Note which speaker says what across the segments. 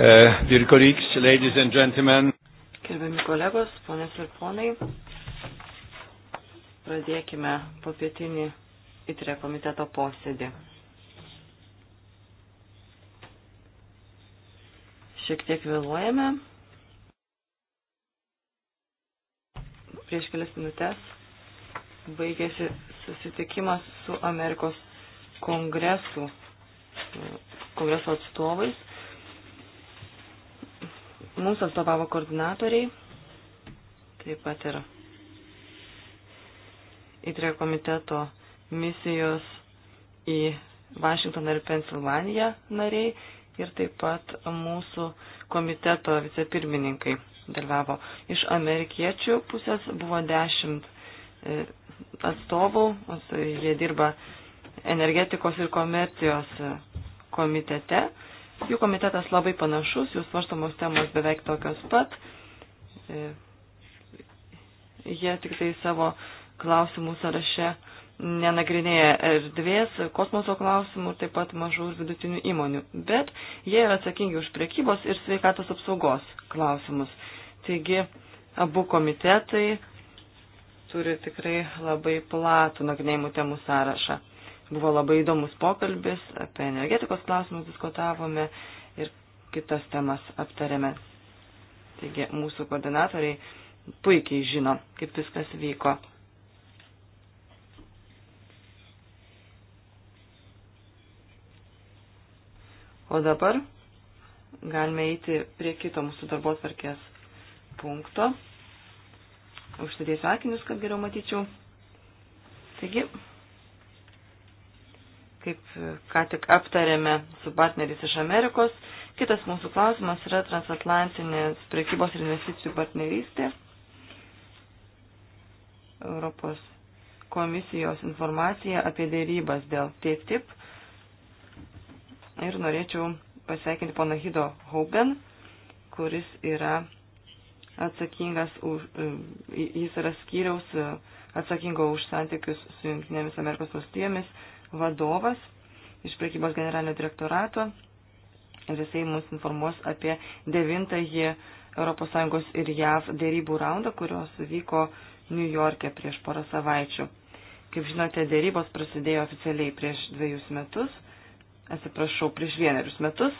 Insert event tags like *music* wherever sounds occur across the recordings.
Speaker 1: Uh,
Speaker 2: dear colleagues, ladies and gentlemen.
Speaker 3: Gerbiami kolegos, ponės ir ponai, pradėkime popietinį įtrė komiteto posėdį. Šiek tiek vėluojame. Prieš kelias minutės baigėsi susitikimas su Amerikos kongresu, kongreso atstovais Mums atstovavo koordinatoriai, taip pat ir įtrė komiteto misijos į Vašingtoną ir Pensilvaniją nariai ir taip pat mūsų komiteto vicepirmininkai dalyvavo. Iš amerikiečių pusės buvo dešimt e, atstovų, jie dirba energetikos ir komercijos e, komitete Jų komitetas labai panašus, jų svarstamos temos beveik tokios pat. E, jie tik tai savo klausimų sąraše nenagrinėja erdvės, kosmoso klausimų, taip pat mažų ir vidutinių įmonių. Bet jie yra atsakingi už priekybos ir sveikatos apsaugos klausimus. Taigi, abu komitetai turi tikrai labai platų nagrinėjimų temų sąrašą. Buvo labai įdomus pokalbis, apie energetikos klausimus diskutavome ir kitas temas aptarėme. Taigi mūsų koordinatoriai puikiai žino, kaip viskas vyko. O dabar galime eiti prie kito mūsų darbo tvarkės punkto. Užsidėsiu akinius, kad geriau matyčiau. Taigi, kaip ką tik aptarėme su partneriais iš Amerikos. Kitas mūsų klausimas yra transatlantinės prekybos ir investicijų partnerystė. Europos komisijos informacija apie dėrybas dėl TTIP. Ir norėčiau pasveikinti poną Hido Hauben, kuris yra atsakingas už, e, jis yra skyriaus e, atsakingo už santykius su Junktinėmis Amerikos valstijomis vadovas iš priekybos generalinio direktorato ir jisai mus informuos apie devintąjį ES ir JAV dėrybų raundą, kurios vyko New York'e prieš porą savaičių. Kaip žinote, dėrybos prasidėjo oficialiai prieš dviejus metus, atsiprašau, prieš vienerius metus.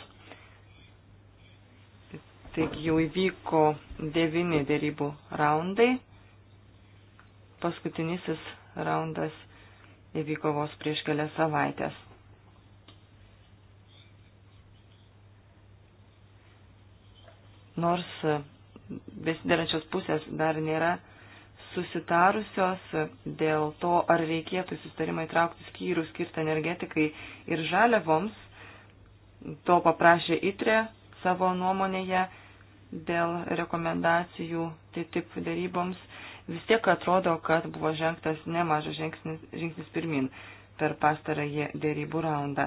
Speaker 3: Taigi jau įvyko devyni dėrybų raundai. Paskutinisis raundas įvyko vos prieš kelias savaitės. Nors besidarančios pusės dar nėra susitarusios dėl to, ar reikėtų susitarimą įtraukti skyrių skirtą energetikai ir žaliavoms, to paprašė ITRE savo nuomonėje dėl rekomendacijų tai taip daryboms vis tiek atrodo, kad buvo žengtas nemažas žingsnis, žingsnis pirmin per pastarąjį dėrybų raundą.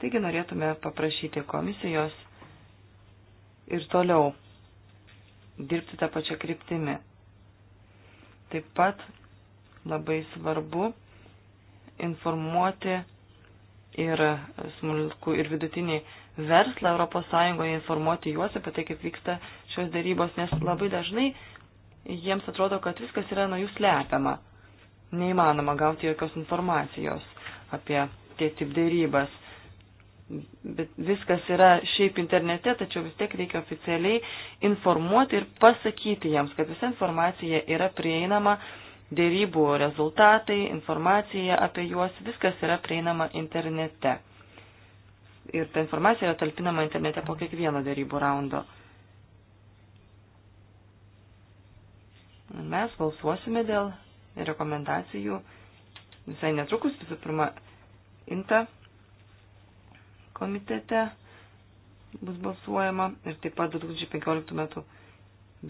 Speaker 3: Taigi norėtume paprašyti komisijos ir toliau dirbti tą pačią kryptimį. Taip pat labai svarbu informuoti ir smulkų ir vidutinį verslą ES, informuoti juos apie tai, kaip vyksta šios darybos, nes labai dažnai jiems atrodo, kad viskas yra nuo jų slepiama. Neįmanoma gauti jokios informacijos apie tie tip dėrybas. Bet viskas yra šiaip internete, tačiau vis tiek reikia oficialiai informuoti ir pasakyti jiems, kad visa informacija yra prieinama, dėrybų rezultatai, informacija apie juos, viskas yra prieinama internete. Ir ta informacija yra talpinama internete po kiekvieno dėrybų raundo. Mes balsuosime dėl rekomendacijų visai netrukus, visų pirma, INTA komitete bus balsuojama ir taip pat 2015 metų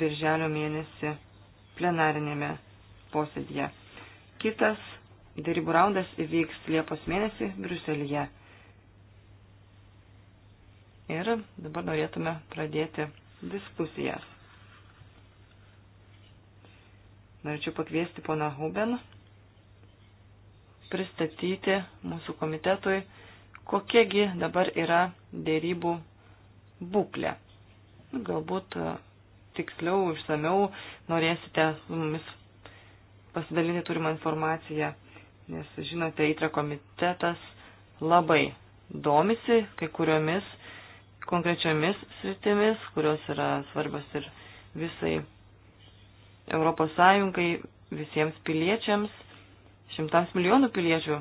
Speaker 3: birželio mėnesį plenarinėme posėdėje. Kitas dėrybų raundas įvyks Liepos mėnesį Briuselyje. Ir dabar norėtume pradėti diskusijas. Norėčiau pakviesti poną Huben pristatyti mūsų komitetui, kokiegi dabar yra dėrybų būklė. Galbūt e, tiksliau, išsameu norėsite su mumis pasidalinti turimą informaciją, nes žinote, įtra komitetas labai domisi kai kuriomis konkrečiomis sritimis, kurios yra svarbios ir visai Europos Sąjungai, visiems piliečiams, šimtams milijonų piliečių,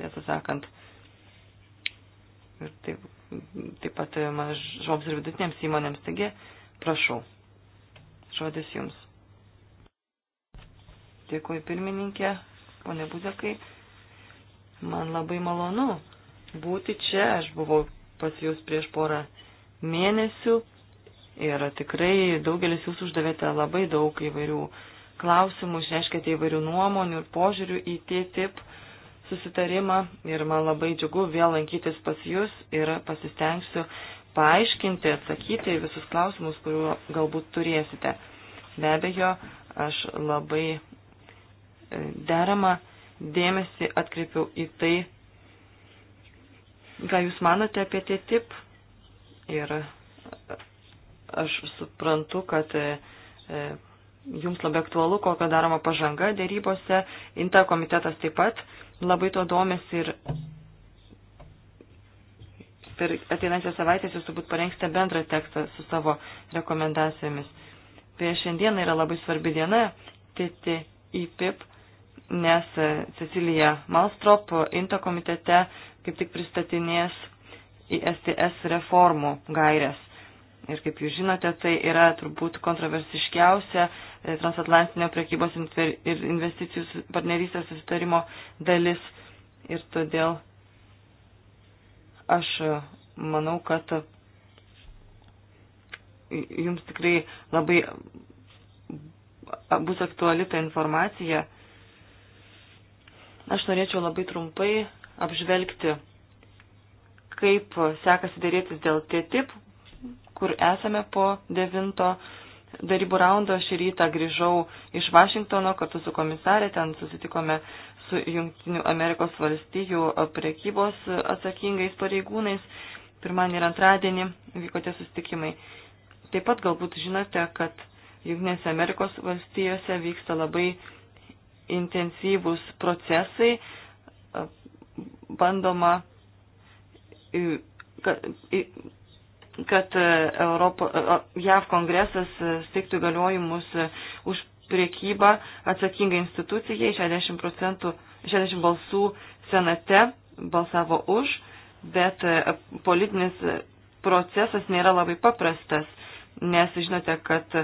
Speaker 3: tiesą sakant. Ir taip, taip pat mažoms ir vidutinėms įmonėms. Taigi, prašau, žodis jums. Dėkui pirmininkė, ponė Buzekai. Man labai malonu būti čia. Aš buvau pas jūs prieš porą mėnesių Ir tikrai daugelis jūs uždavėte labai daug įvairių klausimų, išreiškėte įvairių nuomonių ir požiūrių į TTIP susitarimą. Ir man labai džiugu vėl lankytis pas jūs ir pasistengsiu paaiškinti, atsakyti į visus klausimus, kuriuo galbūt turėsite. Be abejo, aš labai e, deramą dėmesį atkreipiau į tai, ką jūs manote apie TTIP ir Aš suprantu, kad e, e, jums labai aktualu, kokia daroma pažanga dėrybose. Inta komitetas taip pat labai to domėsi ir per ateinančią savaitę jūs turbūt parengsite bendrą tekstą su savo rekomendacijomis. Beje, šiandien yra labai svarbi diena, TTIPIP, nes e, Cecilija Malstrop Inta komitete kaip tik pristatinės ISTS reformų gairias. Ir kaip jūs žinote, tai yra turbūt kontroversiškiausia e, transatlantinio prekybos ir investicijų partnerystės susitarimo dalis. Ir todėl aš e, manau, kad jums tikrai labai bus aktuali ta informacija. Aš norėčiau labai trumpai apžvelgti, kaip sekasi dėrėtis dėl TTIP, kur esame po devinto darybų raundo. Šį rytą grįžau iš Vašingtono kartu su komisarė, ten susitikome su Junktinių Amerikos valstijų priekybos atsakingais pareigūnais. Pirmadienį ir antradienį vyko tie sustikimai. Taip pat galbūt žinote, kad Junktinėse Amerikos valstijose vyksta labai intensyvūs procesai, bandoma kad e, Europo, e, JAV kongresas e, steigtų galiojimus už priekybą atsakingai institucijai, 60, procentų, 60 balsų senate balsavo už, bet politinis procesas nėra labai paprastas, nes žinote, kad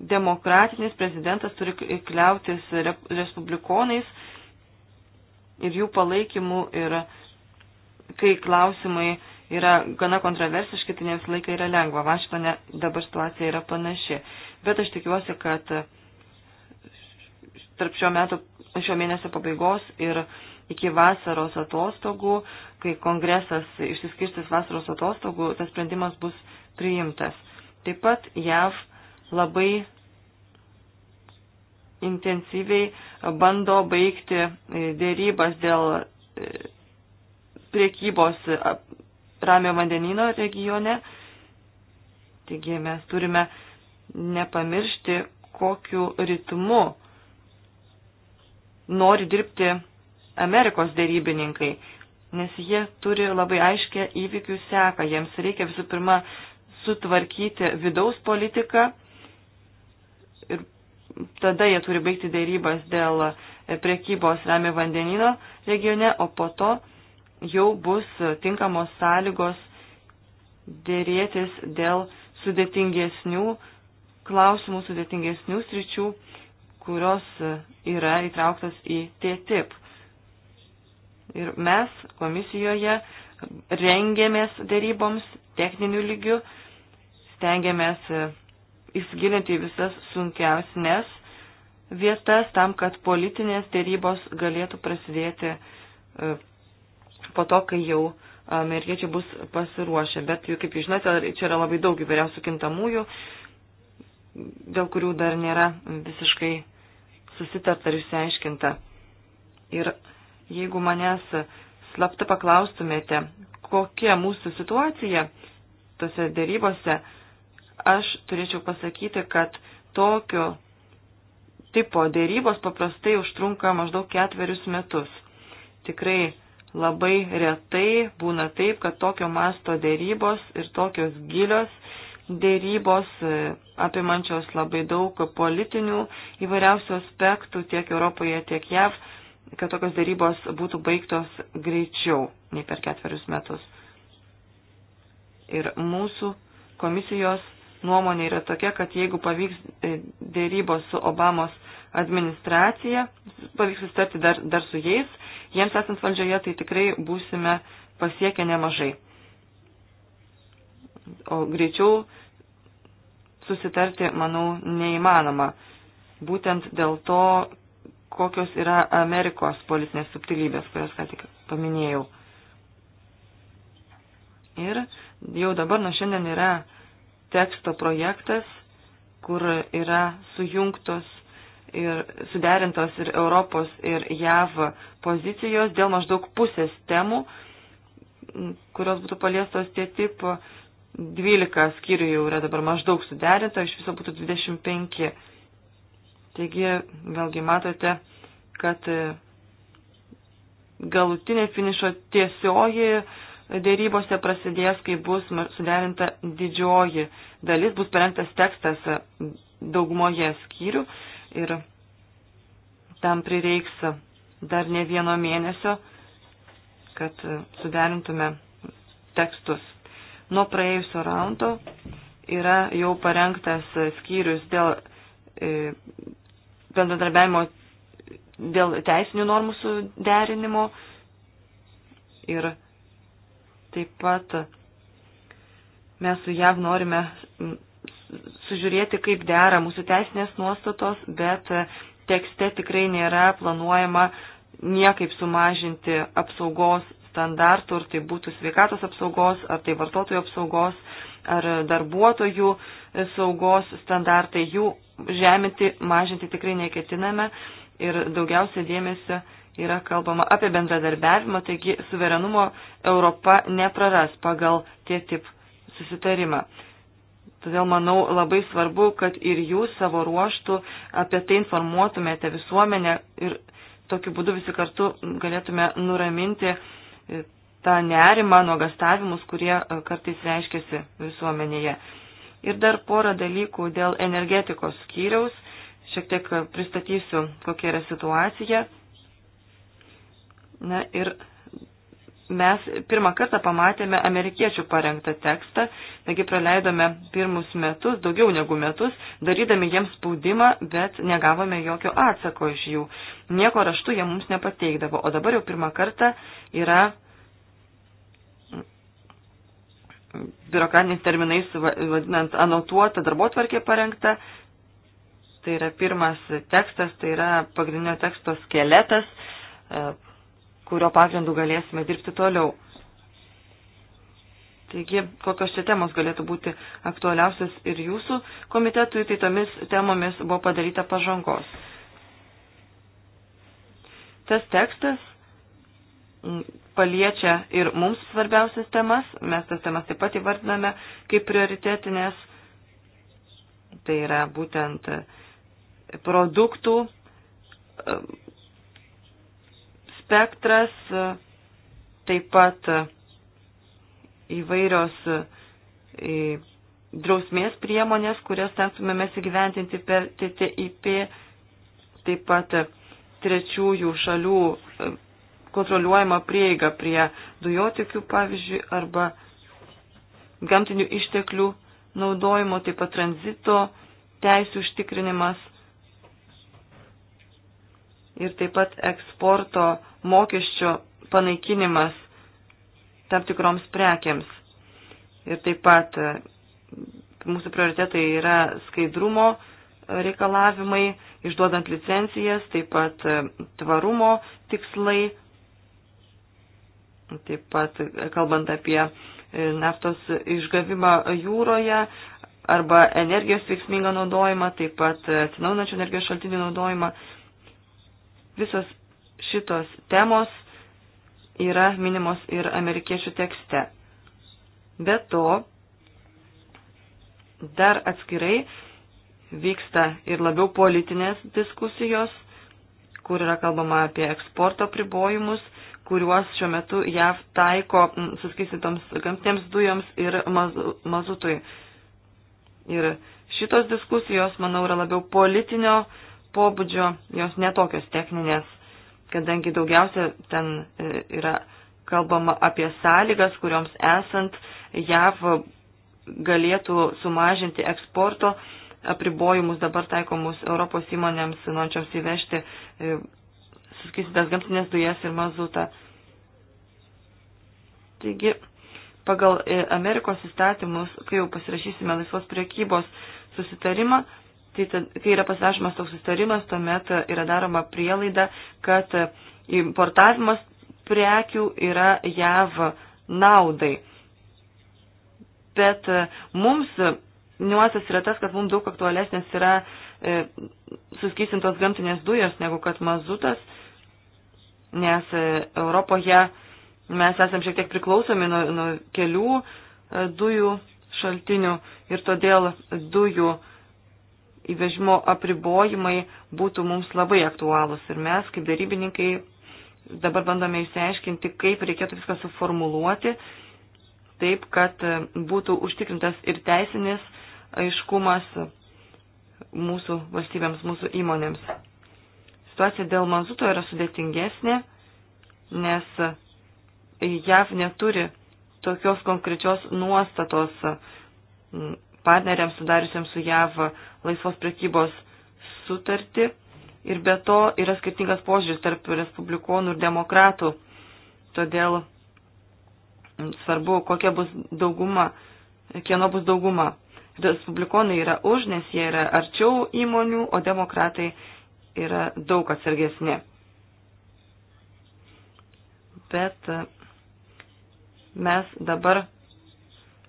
Speaker 3: demokratinis prezidentas turi kliautis respublikonais ir jų palaikymu ir kai klausimai yra gana kontraversiški, tai ne visą laiką yra lengva. Vašingtone dabar situacija yra panaši. Bet aš tikiuosi, kad tarp šio, metų, šio mėnesio pabaigos ir iki vasaros atostogų, kai kongresas išsiskirstys vasaros atostogų, tas sprendimas bus priimtas. Taip pat JAV labai intensyviai bando baigti dėrybas dėl e, priekybos Ramio vandenino regione. Taigi mes turime nepamiršti, kokiu ritmu nori dirbti Amerikos dėrybininkai, nes jie turi labai aiškę įvykių seką. Jiems reikia visų pirma sutvarkyti vidaus politiką ir tada jie turi baigti dėrybas dėl prekybos Ramio vandenino regione, o po to jau bus tinkamos sąlygos dėrėtis dėl sudėtingesnių klausimų, sudėtingesnių sričių, kurios yra įtrauktas į TTIP. Ir mes komisijoje rengėmės dėryboms techninių lygių, stengiamės įsigilinti visas sunkiausnes vietas tam, kad politinės dėrybos galėtų prasidėti e, po to, kai jau amerikiečiai bus pasiruošę. Bet, kaip jūs žinote, čia yra labai daug įvairiausių kintamųjų, dėl kurių dar nėra visiškai susitarta ir išsiaiškinta. Ir jeigu manęs slapta paklaustumėte, kokia mūsų situacija tose dėrybose, aš turėčiau pasakyti, kad tokio tipo dėrybos paprastai užtrunka maždaug ketverius metus. Tikrai Labai retai būna taip, kad tokio masto dėrybos ir tokios gilios dėrybos e, apimančios labai daug politinių įvairiausių aspektų tiek Europoje, tiek JAV, kad tokios dėrybos būtų baigtos greičiau nei per ketverius metus. Ir mūsų komisijos nuomonė yra tokia, kad jeigu pavyks e, dėrybos su Obamos administracija, pavyks sustarti dar, dar su jais, jiems esant valdžioje, tai tikrai būsime pasiekę nemažai. O greičiau susitarti, manau, neįmanoma. Būtent dėl to, kokios yra Amerikos politinės subtilybės, kurias ką tik paminėjau. Ir jau dabar nuo šiandien yra teksto projektas, kur yra sujungtos ir suderintos ir Europos ir JAV pozicijos dėl maždaug pusės temų, kurios būtų paliestos tie tip 12 skyrių jau yra dabar maždaug suderinta, iš viso būtų 25. Taigi, vėlgi matote, kad galutinė finišo tiesioji dėrybose prasidės, kai bus suderinta didžioji dalis, bus parengtas tekstas daugumoje skyrių ir tam prireiks dar ne vieno mėnesio, kad suderintume tekstus. Nuo praėjusio raundo yra jau parengtas skyrius dėl e, bendradarbiavimo dėl teisinių normų suderinimo ir taip pat mes su JAV norime sužiūrėti, kaip dera mūsų teisinės nuostatos, bet tekste tikrai nėra planuojama niekaip sumažinti apsaugos standartų, ar tai būtų sveikatos apsaugos, ar tai vartotojų apsaugos, ar darbuotojų saugos standartai, jų žeminti, mažinti tikrai neketiname ir daugiausia dėmesio yra kalbama apie bendradarbiavimą, taigi suverenumo Europa nepraras pagal tie tip susitarimą. Todėl manau labai svarbu, kad ir jūs savo ruoštų apie tai informuotumėte visuomenę ir tokiu būdu visi kartu galėtume nuraminti e, tą nerimą, nuogastavimus, kurie e, kartais reiškiasi visuomenėje. Ir dar porą dalykų dėl energetikos skyriaus. Šiek tiek e, pristatysiu, kokia yra situacija. Na ir mes pirmą kartą pamatėme amerikiečių parengtą tekstą, taigi praleidome pirmus metus, daugiau negu metus, darydami jiems spaudimą, bet negavome jokio atsako iš jų. Nieko raštu jie mums nepateikdavo, o dabar jau pirmą kartą yra biurokratiniais terminais vadinant anotuota darbotvarkė parengta. Tai yra pirmas tekstas, tai yra pagrindinio teksto skeletas, e, kurio pagrindų galėsime dirbti toliau. Taigi, kokios čia temos galėtų būti aktualiausios ir jūsų komitetui, tai tomis temomis buvo padaryta pažangos. Tas tekstas mm, paliečia ir mums svarbiausias temas, mes tas temas taip pat įvardiname kaip prioritetinės, tai yra būtent produktų spektras, taip pat įvairios e, drausmės priemonės, kurias tenktumėmės įgyventinti per TTIP, taip pat trečiųjų šalių e, kontroliuojama prieiga prie dujotikių, pavyzdžiui, arba gamtinių išteklių naudojimo, taip pat tranzito teisų užtikrinimas ir taip pat eksporto mokesčio panaikinimas tam tikroms prekiams. Ir taip pat e, mūsų prioritetai yra skaidrumo e, reikalavimai, išduodant licencijas, taip pat e, tvarumo tikslai, taip pat kalbant apie naftos išgavimą jūroje arba energijos veiksmingą naudojimą, taip pat atsinaunančių energijos šaltinių naudojimą. Visos šitos temos yra minimos ir amerikiečių tekste. Be to, dar atskirai vyksta ir labiau politinės diskusijos, kur yra kalbama apie eksporto pribojimus, kuriuos šiuo metu JAV taiko mm, suskaisintoms gamtėms dujoms ir mazutui. Ir šitos diskusijos, manau, yra labiau politinio pobūdžio, jos netokios techninės kadangi daugiausia ten e, yra kalbama apie sąlygas, kurioms esant JAV galėtų sumažinti eksporto apribojimus dabar taikomus Europos įmonėms, norinčioms įvežti e, suskaistytas gamtinės dujas ir mazutą. Taigi, pagal e, Amerikos įstatymus, kai jau pasirašysime laisvos priekybos susitarimą, Tai tad, kai yra pasirašomas toks sustarimas, tuomet yra daroma prielaida, kad importavimas prekių yra JAV naudai. Bet e, mums niuansas yra tas, kad mums daug aktualesnės yra e, suskysintos gamtinės dujos negu kad mazutas, nes e, Europoje mes esam šiek tiek priklausomi nuo, nuo kelių e, dujų šaltinių ir todėl dujų įvežimo apribojimai būtų mums labai aktualūs ir mes, kaip darybininkai, dabar bandome įsiaiškinti, kaip reikėtų viską suformuluoti taip, kad e, būtų užtikrintas ir teisinis aiškumas mūsų valstybėms, mūsų įmonėms. Situacija dėl mazuto yra sudėtingesnė, nes e, JAV neturi tokios konkrečios nuostatos partneriams sudariusiems su JAV laisvos prekybos sutartį ir be to yra skirtingas požiūris tarp respublikonų ir demokratų. Todėl svarbu, kokia bus dauguma, kieno bus dauguma. Respublikonai yra už, nes jie yra arčiau įmonių, o demokratai yra daug atsargesni. Bet mes dabar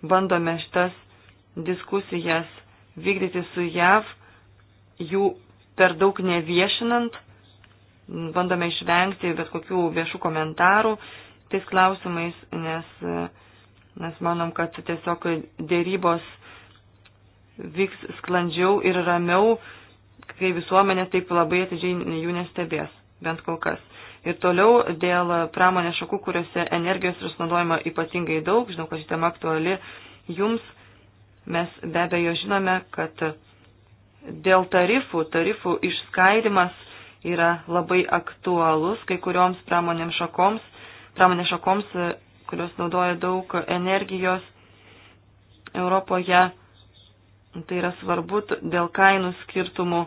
Speaker 3: bandome šitas diskusijas vykdyti su JAV, jų per daug neviešinant, bandome išvengti bet kokių viešų komentarų tais klausimais, nes mes manom, kad tiesiog dėrybos vyks sklandžiau ir ramiau, kai visuomenė taip labai atidžiai jų nestebės, bent kol kas. Ir toliau dėl pramonės šakų, kuriuose energijos yra sunaudojama ypatingai daug, žinau, kad ši tema aktuali jums Mes be abejo žinome, kad dėl tarifų, tarifų išskaidimas yra labai aktualus kai kurioms pramonėms šakoms, pramonės šakoms, e, kurios naudoja daug energijos Europoje. Tai yra svarbu dėl kainų skirtumų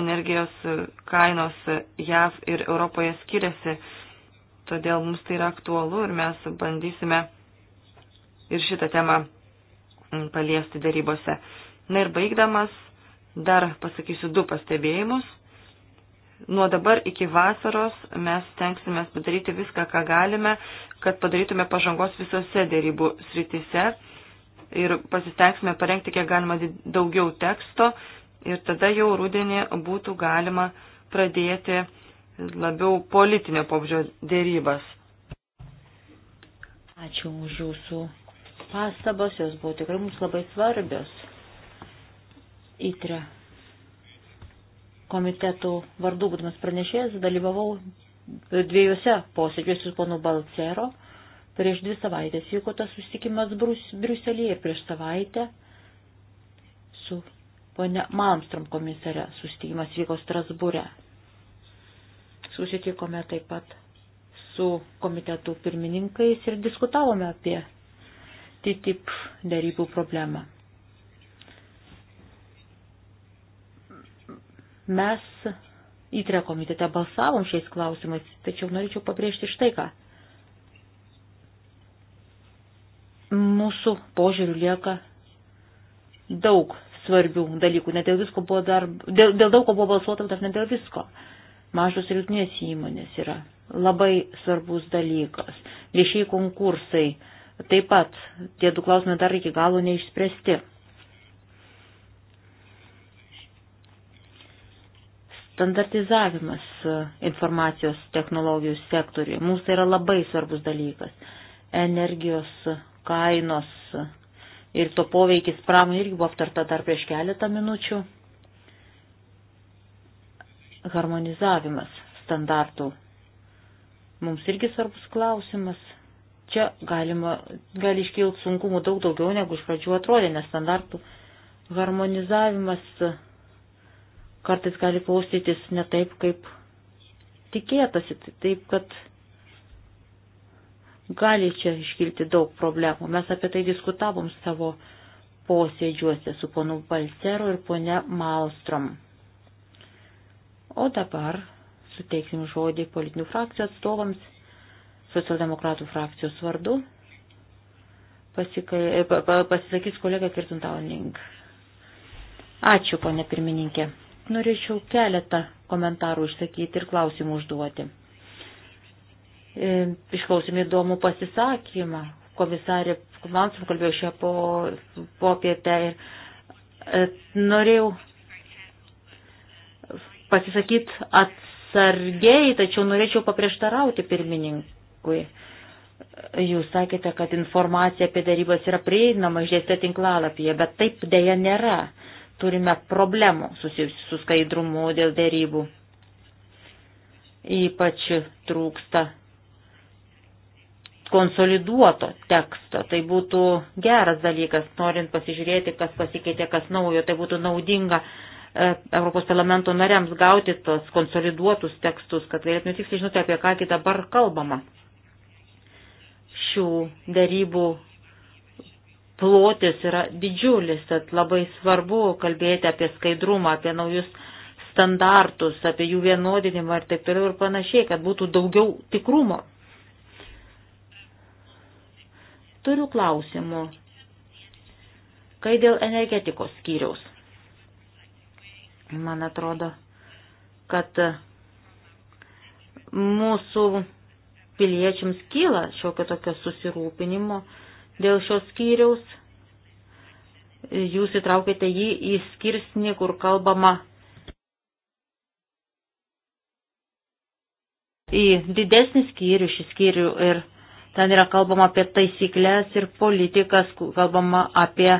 Speaker 3: energijos e, kainos e, JAV ir Europoje skiriasi. Todėl mums tai yra aktualu ir mes bandysime ir šitą temą paliesti darybose. Na ir baigdamas, dar pasakysiu du pastebėjimus. Nuo dabar iki vasaros mes tenksime padaryti viską, ką galime, kad padarytume pažangos visose dėrybų srityse ir pasistengsime parengti kiek galima daugiau teksto ir tada jau rudenį būtų galima pradėti labiau politinio pobūdžio dėrybas.
Speaker 4: Ačiū už jūsų pastabos, jos buvo tikrai mums labai svarbios. Įtre komitetų vardu, būdamas pranešėjas, dalyvavau dviejose posėdžiuose su ponu Balcero. Prieš dvi savaitės vyko tas susitikimas Briuselėje ir prieš savaitę su ponia Malmstrom komisare susitikimas vyko Strasbūre. Susitikome taip pat su komitetų pirmininkais ir diskutavome apie TTIP darybų problemą. Mes įtre komitete balsavom šiais klausimais, tačiau norėčiau pabrėžti štai ką. Mūsų požiūrių lieka daug svarbių dalykų, net dėl visko buvo dar, dėl, dėl daug ko buvo balsuota, bet ne dėl visko. Mažos ir jūtinės įmonės yra labai svarbus dalykas. Viešiai konkursai, Taip pat tie du klausimai dar iki galo neišspręsti. Standartizavimas informacijos technologijų sektoriuje. Mums tai yra labai svarbus dalykas. Energijos kainos ir to poveikis pramonė irgi buvo aptarta dar prieš keletą minučių. Harmonizavimas standartų. Mums irgi svarbus klausimas čia galima, gali iškilti sunkumų daug daugiau negu iš pradžių atrodė, nes standartų harmonizavimas kartais gali klausytis ne taip, kaip tikėtasi, tai taip, kad gali čia iškilti daug problemų. Mes apie tai diskutavom savo posėdžiuose su ponu Balceru ir ponia Malstrom. O dabar suteiksim žodį politinių frakcijų atstovams socialdemokratų frakcijos vardu pasikai, e, pasisakys kolega Kirtuntauning. Ačiū, ponė pirmininkė. Norėčiau keletą komentarų išsakyti ir klausimų užduoti. E, Išklausim įdomų pasisakymą. Komisarė Kvansum kalbėjo šią po, popietę ir e, norėjau pasisakyti atsargiai, tačiau norėčiau paprieštarauti pirmininkui Kirkui. Jūs sakėte, kad informacija apie darybas yra prieinama išdėstė tinklalapyje, bet taip dėja nėra. Turime problemų susijusių su skaidrumu dėl darybų. Ypač trūksta konsoliduoto teksto. Tai būtų geras dalykas, norint pasižiūrėti, kas pasikeitė, kas naujo. Tai būtų naudinga e, Europos parlamento nariams gauti tos konsoliduotus tekstus, kad galėtume tiksliai žinoti, apie ką dabar kalbama šių darybų plotis yra didžiulis, tad labai svarbu kalbėti apie skaidrumą, apie naujus standartus, apie jų vienodinimą ir taip toliau ir panašiai, kad būtų daugiau tikrumo. Turiu klausimų. Kai dėl energetikos skyriaus. Man atrodo, kad mūsų piliečiams kyla šiokio tokio susirūpinimo dėl šios skyriaus. Jūs įtraukėte jį į skirsnį, kur kalbama į didesnį skyrių, šį skyrių ir ten yra kalbama apie taisyklės ir politikas, kalbama apie e,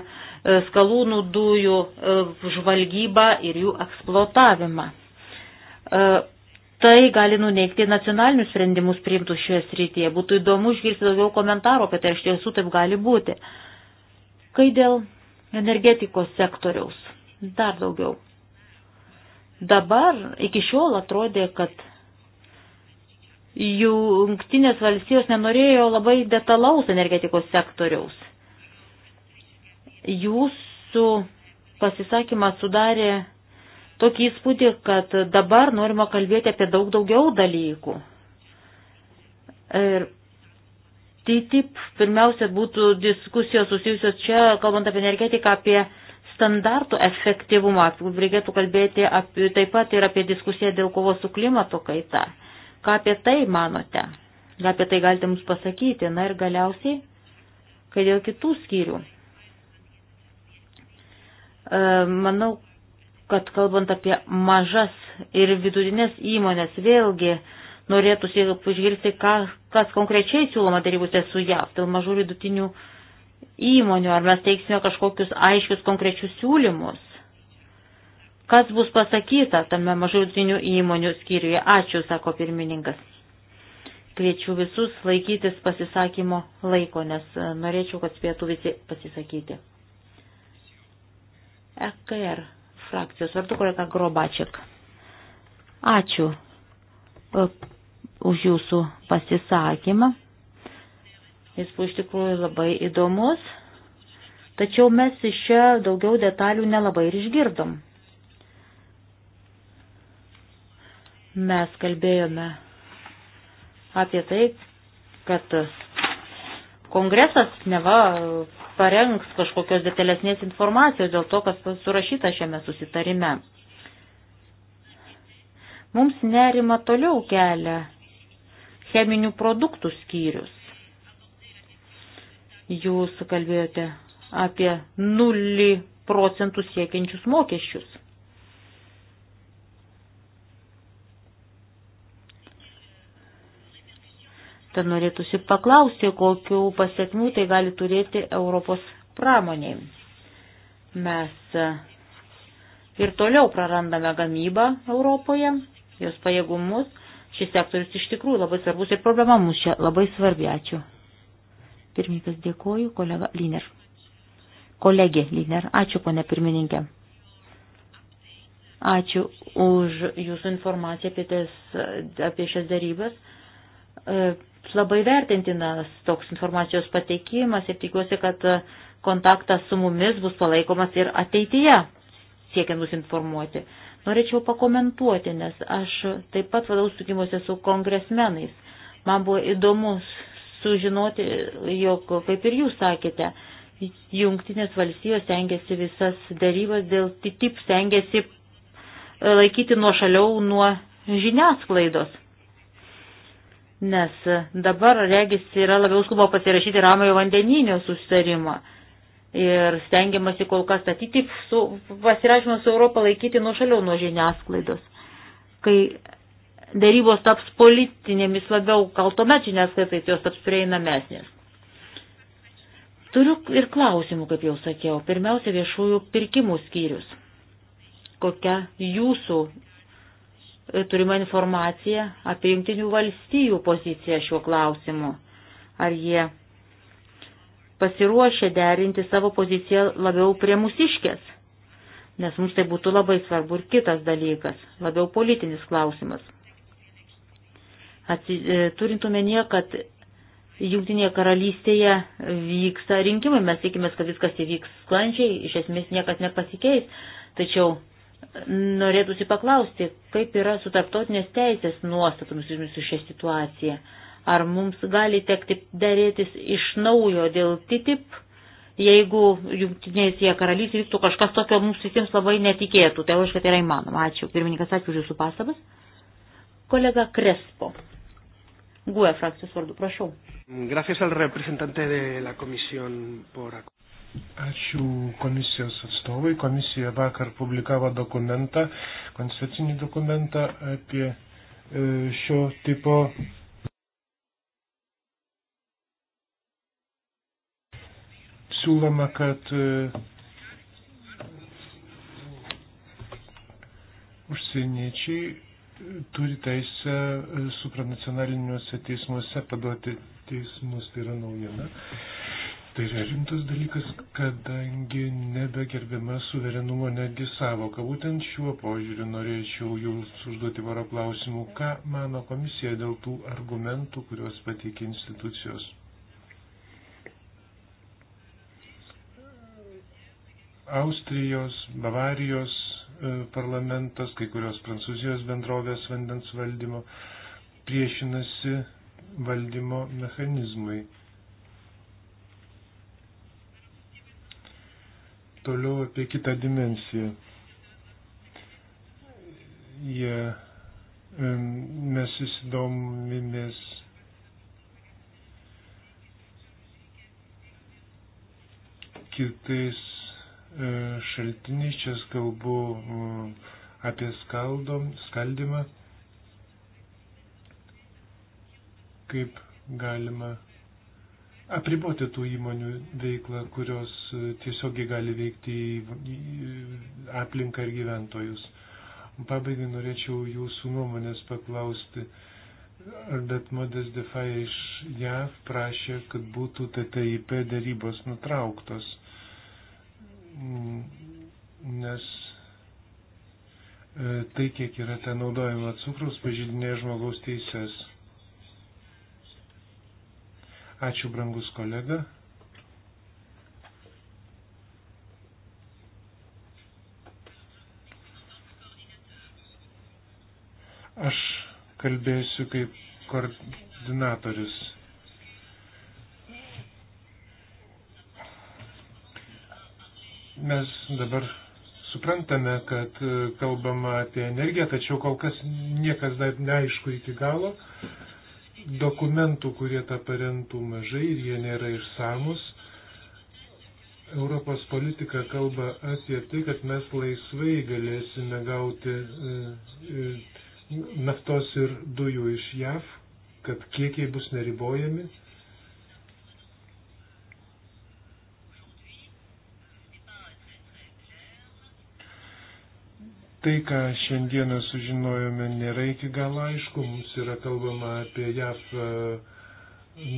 Speaker 4: skalūnų dujų e, žvalgybą ir jų eksploatavimą e, tai gali nuneikti nacionalinius sprendimus priimtus šioje srityje. Būtų įdomu išgirsti daugiau komentarų apie tai, iš tiesų taip gali būti. Kai dėl energetikos sektoriaus dar daugiau. Dabar iki šiol atrodė, kad jungtinės valstijos nenorėjo labai detalaus energetikos sektoriaus. Jūsų pasisakymas sudarė tokį įspūdį, kad dabar norima kalbėti apie daug daugiau dalykų. Ir TTIP pirmiausia būtų diskusijos susijusios čia, kalbant apie energetiką, apie standartų efektyvumą. Reikėtų kalbėti apie, taip pat ir apie diskusiją dėl kovos su klimato kaita. Ką apie tai manote? Ką apie tai galite mums pasakyti? Na ir galiausiai, kai dėl kitų skyrių. Ehm, manau, kad kalbant apie mažas ir vidutinės įmonės, vėlgi norėtųsi išgirsti, kas konkrečiai siūloma darybose su JAV dėl mažų vidutinių įmonių, ar mes teiksime kažkokius aiškius konkrečius siūlymus. Kas bus pasakyta tame mažų vidutinių įmonių skyriuje? Ačiū, sako pirmininkas. Kviečiu visus laikytis pasisakymo laiko, nes e, norėčiau, kad spėtų visi pasisakyti. EKR frakcijos vardu kolega Grobačiak. Ačiū e, už jūsų pasisakymą. Jis buvo iš tikrųjų labai įdomus, tačiau mes iš čia daugiau detalių nelabai ir išgirdom. Mes kalbėjome apie tai, kad kongresas neva parengs kažkokios detalesnės informacijos dėl to, kas surašyta šiame susitarime. Mums nerima toliau kelia cheminių produktų skyrius. Jūs kalbėjote apie nulį procentų siekiančius mokesčius. Tad norėtųsi paklausti, kokiu pasiekmių tai gali turėti Europos pramoniai. Mes e, ir toliau prarandame gamybą Europoje, jos pajėgumus. Šis sektorius iš tikrųjų labai svarbus ir problema mums čia labai svarbi. Ačiū. Pirmininkas dėkoju, kolega Liner. Kolegė Liner, ačiū, ponė pirmininkė. Ačiū už jūsų informaciją apie, tas, apie šias darybas. E, labai vertintinas toks informacijos pateikimas ir tikiuosi, kad kontaktas su mumis bus palaikomas ir ateityje, siekiant mus informuoti. Norėčiau pakomentuoti, nes aš taip pat vadovau sutikimuose su kongresmenais. Man buvo įdomu sužinoti, jog, kaip ir jūs sakėte, jungtinės valstijos stengiasi visas darybas dėl TTIP, stengiasi e, laikyti nuo šaliau nuo žiniasklaidos nes dabar, regis, yra labiau skubo pasirašyti ramojo vandeninio sustarimą. Ir stengiamasi kol kas statyti su pasirašymą su Europą laikyti nuo šaliau nuo žiniasklaidos. Kai darybos taps politinėmis labiau, gal tuomet žiniasklaidai jos taps prieinamesnės. Turiu ir klausimų, kaip jau sakiau. Pirmiausia, viešųjų pirkimų skyrius. Kokia jūsų E, turima informacija apie jungtinių valstijų poziciją šiuo klausimu. Ar jie pasiruošę derinti savo poziciją labiau prie mūsiškės? Nes mums tai būtų labai svarbu ir kitas dalykas, labiau politinis klausimas. Atsi, e, turint omenyje, kad Jungtinėje karalystėje vyksta rinkimai, mes tikimės, kad viskas įvyks sklandžiai, iš esmės niekas nepasikeis, tačiau norėtųsi paklausti, kaip yra su tarptautinės teisės nuostatomis su šią situaciją. Ar mums gali tekti dėrėtis iš naujo dėl TTIP, jeigu jungtinėje karalystėje vyktų kažkas tokio mums visiems labai netikėtų. Tai aišku, tai yra įmanoma. Ačiū. Pirmininkas, ačiū už jūsų pastabas. Kolega Krespo. GUE frakcijos vardu, prašau. Gracias al representante de la comisión por.
Speaker 5: Ačiū komisijos atstovai. Komisija vakar publikavo dokumentą, konstitucinį dokumentą apie e, šio tipo siūloma, kad e, užsieniečiai turi teisę e, supranacionaliniuose teismuose paduoti teismus, tai yra naujiena. Tai yra rimtas dalykas, kadangi nebegerbiama suverenumo netgi savoka. Būtent šiuo požiūriu norėčiau jums užduoti porą klausimų. Ką mano komisija dėl tų argumentų, kuriuos pateikė institucijos? Austrijos, Bavarijos e, parlamentas, kai kurios Prancūzijos bendrovės vandens valdymo priešinasi valdymo mechanizmui Toliau apie kitą dimensiją. Jie, mes įsidomimės kitais e, šaltiniais, čia kalbu apie skaldom, skaldimą, kaip galima apriboti tų įmonių veiklą, kurios e, tiesiogiai gali veikti į aplinką ir gyventojus. Pabaigai norėčiau jūsų nuomonės paklausti. Ar bet Modas Defai iš JAV prašė, kad būtų TTIP darybos nutrauktos, nes e, tai, kiek yra ten naudojama cukraus, pažydinė žmogaus teises. Ačiū, brangus kolega. Aš kalbėsiu kaip koordinatorius. Mes dabar suprantame, kad kalbama apie energiją, tačiau kol kas niekas dar neaišku iki galo. Uh, dokumentų, kurie tą parentų mažai ir jie nėra išsamus. Europos politika kalba apie tai, kad mes laisvai galėsime gauti e, e, naftos ir dujų iš JAV, kad kiekiai bus neribojami Tai, ką šiandieną sužinojome, nėra iki galo aišku. Mums yra kalbama apie JAF e,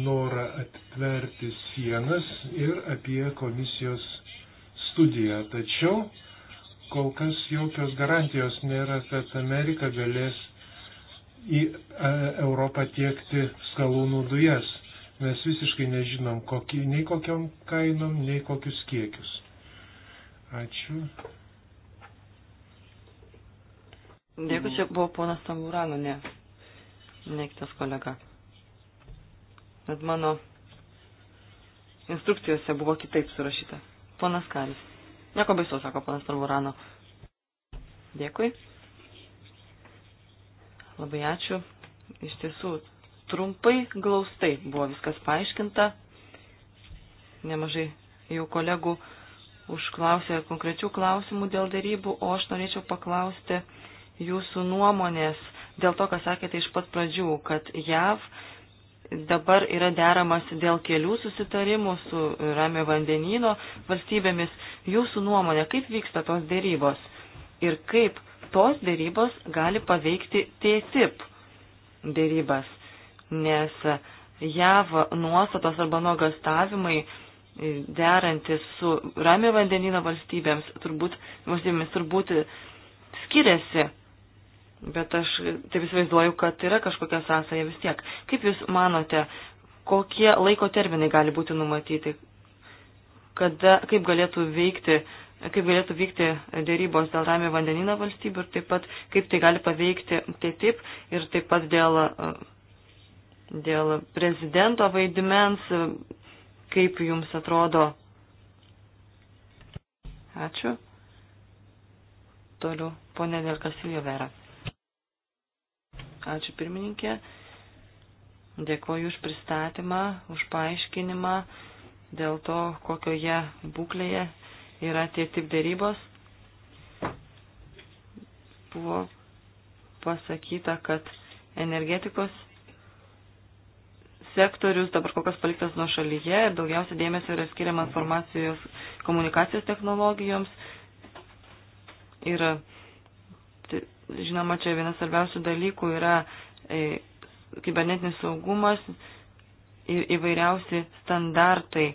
Speaker 5: norą atverti sienas ir apie komisijos studiją. Tačiau kol kas jokios garantijos nėra, kad Amerika galės į e, Europą tiekti skalūnų dujas. Mes visiškai nežinom kokį, nei kokiam kainom, nei kokius kiekius. Ačiū.
Speaker 3: Mhm. Jeigu čia buvo ponas Tamburano, ne, ne kitas kolega. Bet mano instrukcijose buvo kitaip surašyta. Ponas Karis. Nieko baisaus, sako ponas Tamburano. Dėkui. Labai ačiū. Iš tiesų, trumpai, glaustai buvo viskas paaiškinta. Nemažai jau kolegų užklausė konkrečių klausimų dėl darybų, o aš norėčiau paklausti jūsų nuomonės dėl to, ką sakėte iš pat pradžių, kad JAV dabar yra deramas dėl kelių susitarimų su Ramio vandenyno valstybėmis. Jūsų nuomonė, kaip vyksta tos dėrybos ir kaip tos dėrybos gali paveikti TTIP dėrybas, nes JAV nuostatos arba nuogastavimai derantis su Ramio vandenino valstybėms turbūt, valstybėmis turbūt skiriasi Bet aš taip įsivaizduoju, kad yra kažkokia sąsaja vis tiek. Kaip Jūs manote, kokie laiko terminai gali būti numatyti, kada, kaip galėtų veikti, kaip galėtų vykti dėrybos dėl ramio vandenino valstybių ir taip pat, kaip tai gali paveikti tai taip ir taip pat dėl, dėl prezidento vaidmens, kaip Jums atrodo. Ačiū. Toliau, ponė Delkasilio Vera. Ačiū pirmininkė. Dėkoju už pristatymą, už paaiškinimą dėl to, kokioje būklėje yra tie tip dėrybos. Buvo pasakyta, kad energetikos sektorius dabar kol kas paliktas nuo šalyje ir daugiausia dėmesio yra skiriama informacijos komunikacijos technologijoms. Yra Žinoma, čia vienas svarbiausių dalykų yra e, kibernetinis saugumas ir įvairiausi standartai.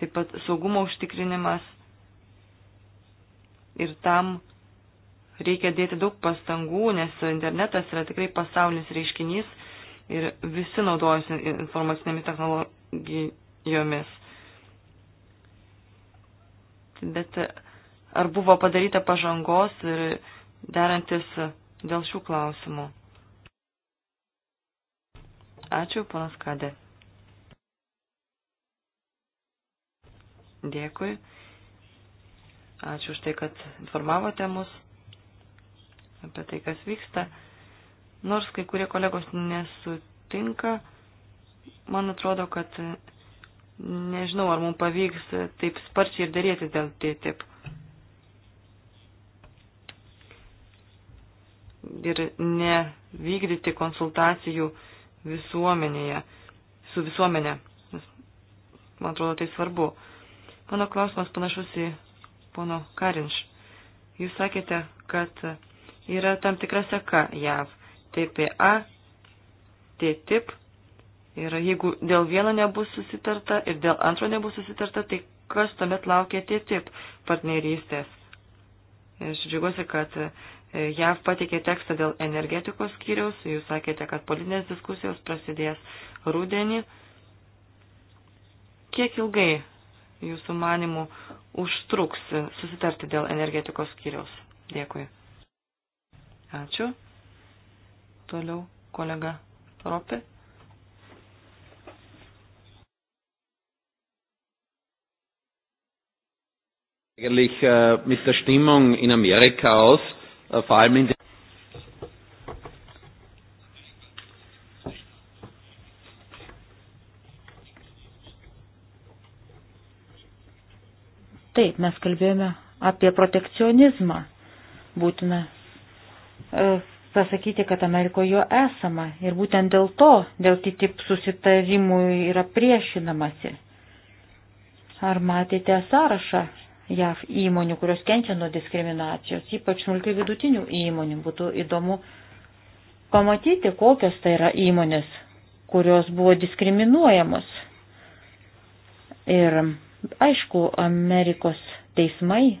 Speaker 3: Taip pat saugumo užtikrinimas ir tam reikia dėti daug pastangų, nes internetas yra tikrai pasaulinis reiškinys ir visi naudojasi informacinėmis technologijomis. Bet ar buvo padaryta pažangos ir derantis dėl šių klausimų. Ačiū, ponas Kadė. Dėkui. Ačiū už tai, kad informavote mus apie tai, kas vyksta. Nors kai kurie kolegos nesutinka, man atrodo, kad nežinau, ar mums pavyks taip sparčiai ir dėrėti dėl TTIP. ir nevykdyti konsultacijų visuomenėje, su visuomenė. Man atrodo, tai svarbu. Mano klausimas panašus į pono Karinš. Jūs sakėte, kad yra tam tikra seka JAV. TPA, TTIP. Ir jeigu dėl vieno nebus susitarta ir dėl antro nebus susitarta, tai kas tuomet laukia TTIP partnerystės? Ir aš džiugiuosi, kad JAV pateikė tekstą dėl energetikos skyriaus, jūs sakėte, kad politinės diskusijos prasidės rudenį. Kiek ilgai jūsų manimų užtruks susitarti dėl energetikos skyriaus? Dėkui. Ačiū. Toliau kolega Ropė.
Speaker 1: Eigentlich äh, mit der Stimmung in Amerika aus vor allem in der
Speaker 4: Taip, mes kalbėjome apie protekcionizmą. Būtina e, pasakyti, kad Amerikoje jo esama. Ir būtent dėl to, dėl TTIP susitarimų yra priešinamasi. Ar matėte sąrašą JAV įmonių, kurios kenčia nuo diskriminacijos, ypač smulkių vidutinių įmonių. Būtų įdomu pamatyti, kokios tai yra įmonės, kurios buvo diskriminuojamos. Ir aišku, Amerikos teismai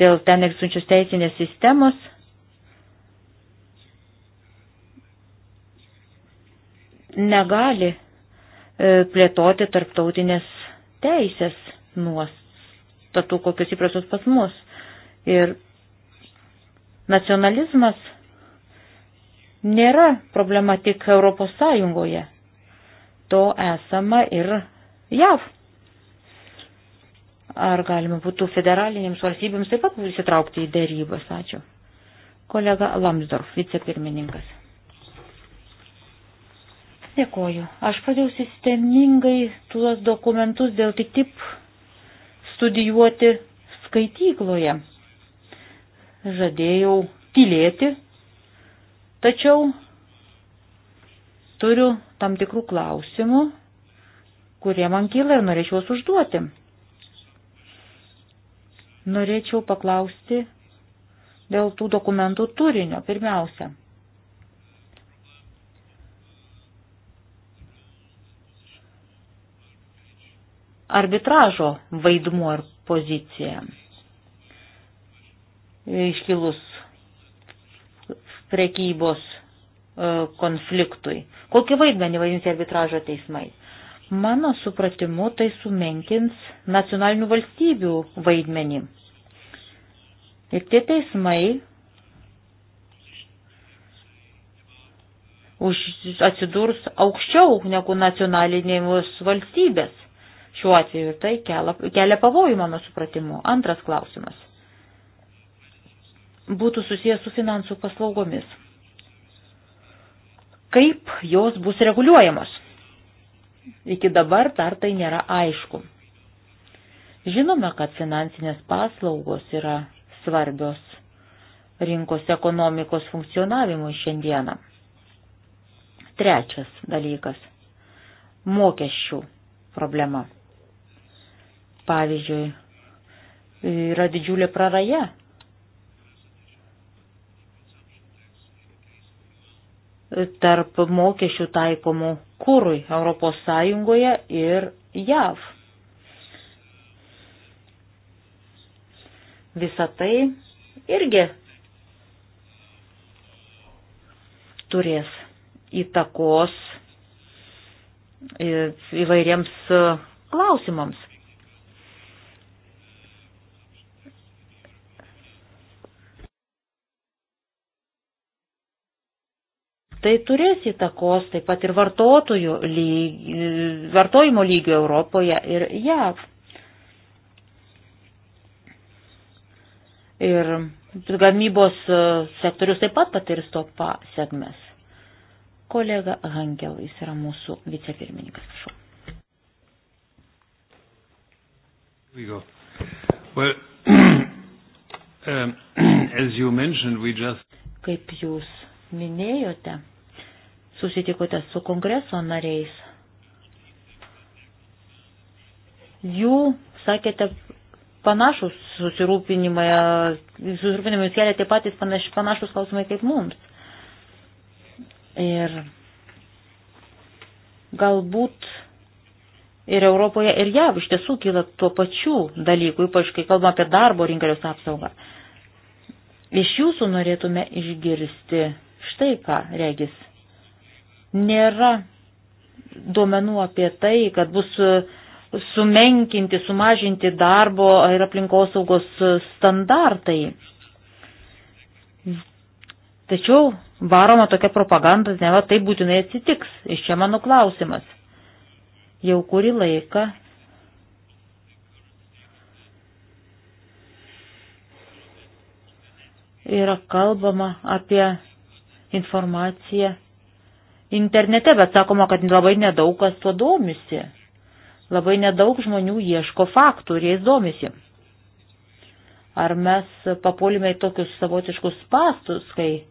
Speaker 4: dėl ten egzistuojančios teisinės sistemos negali e, plėtoti tarptautinės teisės nuostatų nuostatų, kokius įprastus pas mus. Ir nacionalizmas nėra problema tik Europos Sąjungoje. To esama ir JAV. Ar galima būtų federalinėms valstybėms taip pat įsitraukti į dėrybas? Ačiū. Kolega Lamsdorf, vicepirmininkas. Dėkoju. Aš pradėjau sistemingai tuos dokumentus dėl tik tip studijuoti skaitykloje. Žadėjau tylėti, tačiau turiu tam tikrų klausimų, kurie man kyla ir norėčiau juos užduoti. Norėčiau paklausti dėl tų dokumentų turinio pirmiausia. arbitražo vaidmuo ir pozicija. Iškilus prekybos e, konfliktui. Kokį vaidmenį vaidins arbitražo teismai? Mano supratimu, tai sumenkins nacionalinių valstybių vaidmenį. Ir tie teismai už, atsidurs aukščiau negu nacionalinės valstybės šiuo atveju ir tai kelia, kelia pavojų mano supratimu. Antras klausimas būtų susijęs su finansų paslaugomis. Kaip jos bus reguliuojamos? Iki dabar dar tai nėra aišku. Žinome, kad finansinės paslaugos yra svarbios rinkos ekonomikos funkcionavimui šiandieną. Trečias dalykas - mokesčių problema pavyzdžiui, yra didžiulė praraja. tarp mokesčių taikomų kūrui Europos Sąjungoje ir JAV. Visą tai irgi turės įtakos e, įvairiems e, klausimams. Tai turės įtakos taip pat ir vartotojų lyg, vartojimo lygio Europoje ir JAV. Ir gamybos sektorius taip pat patirs to pasiekmes. Kolega Hangel, jis yra mūsų vicepirmininkas. Prašau.
Speaker 5: We go.
Speaker 2: Well, *clears throat* um, *clears throat* as you mentioned, we just...
Speaker 4: Kaip jūs minėjote, susitikote su kongreso nariais. Jų, sakėte, panašus susirūpinimai, susirūpinimai kelia tie patys panaš, panašus klausimai kaip mums. Ir galbūt ir Europoje, ir JAV iš tiesų kyla tuo pačiu dalyku, ypač kai kalbame apie darbo rinkelius apsaugą. Iš jūsų norėtume išgirsti štai ką, regis. Nėra duomenų apie tai, kad bus e, sumenkinti, sumažinti darbo ir aplinkosaugos standartai. Tačiau varoma tokia propaganda, ne va, tai būtinai atsitiks. Iš čia mano klausimas. Jau kurį laiką. Yra kalbama apie informaciją internete, bet sakoma, kad labai nedaug kas tuo domisi. Labai nedaug žmonių ieško faktų ir jais domisi. Ar mes papuolime į tokius savotiškus pastus, kai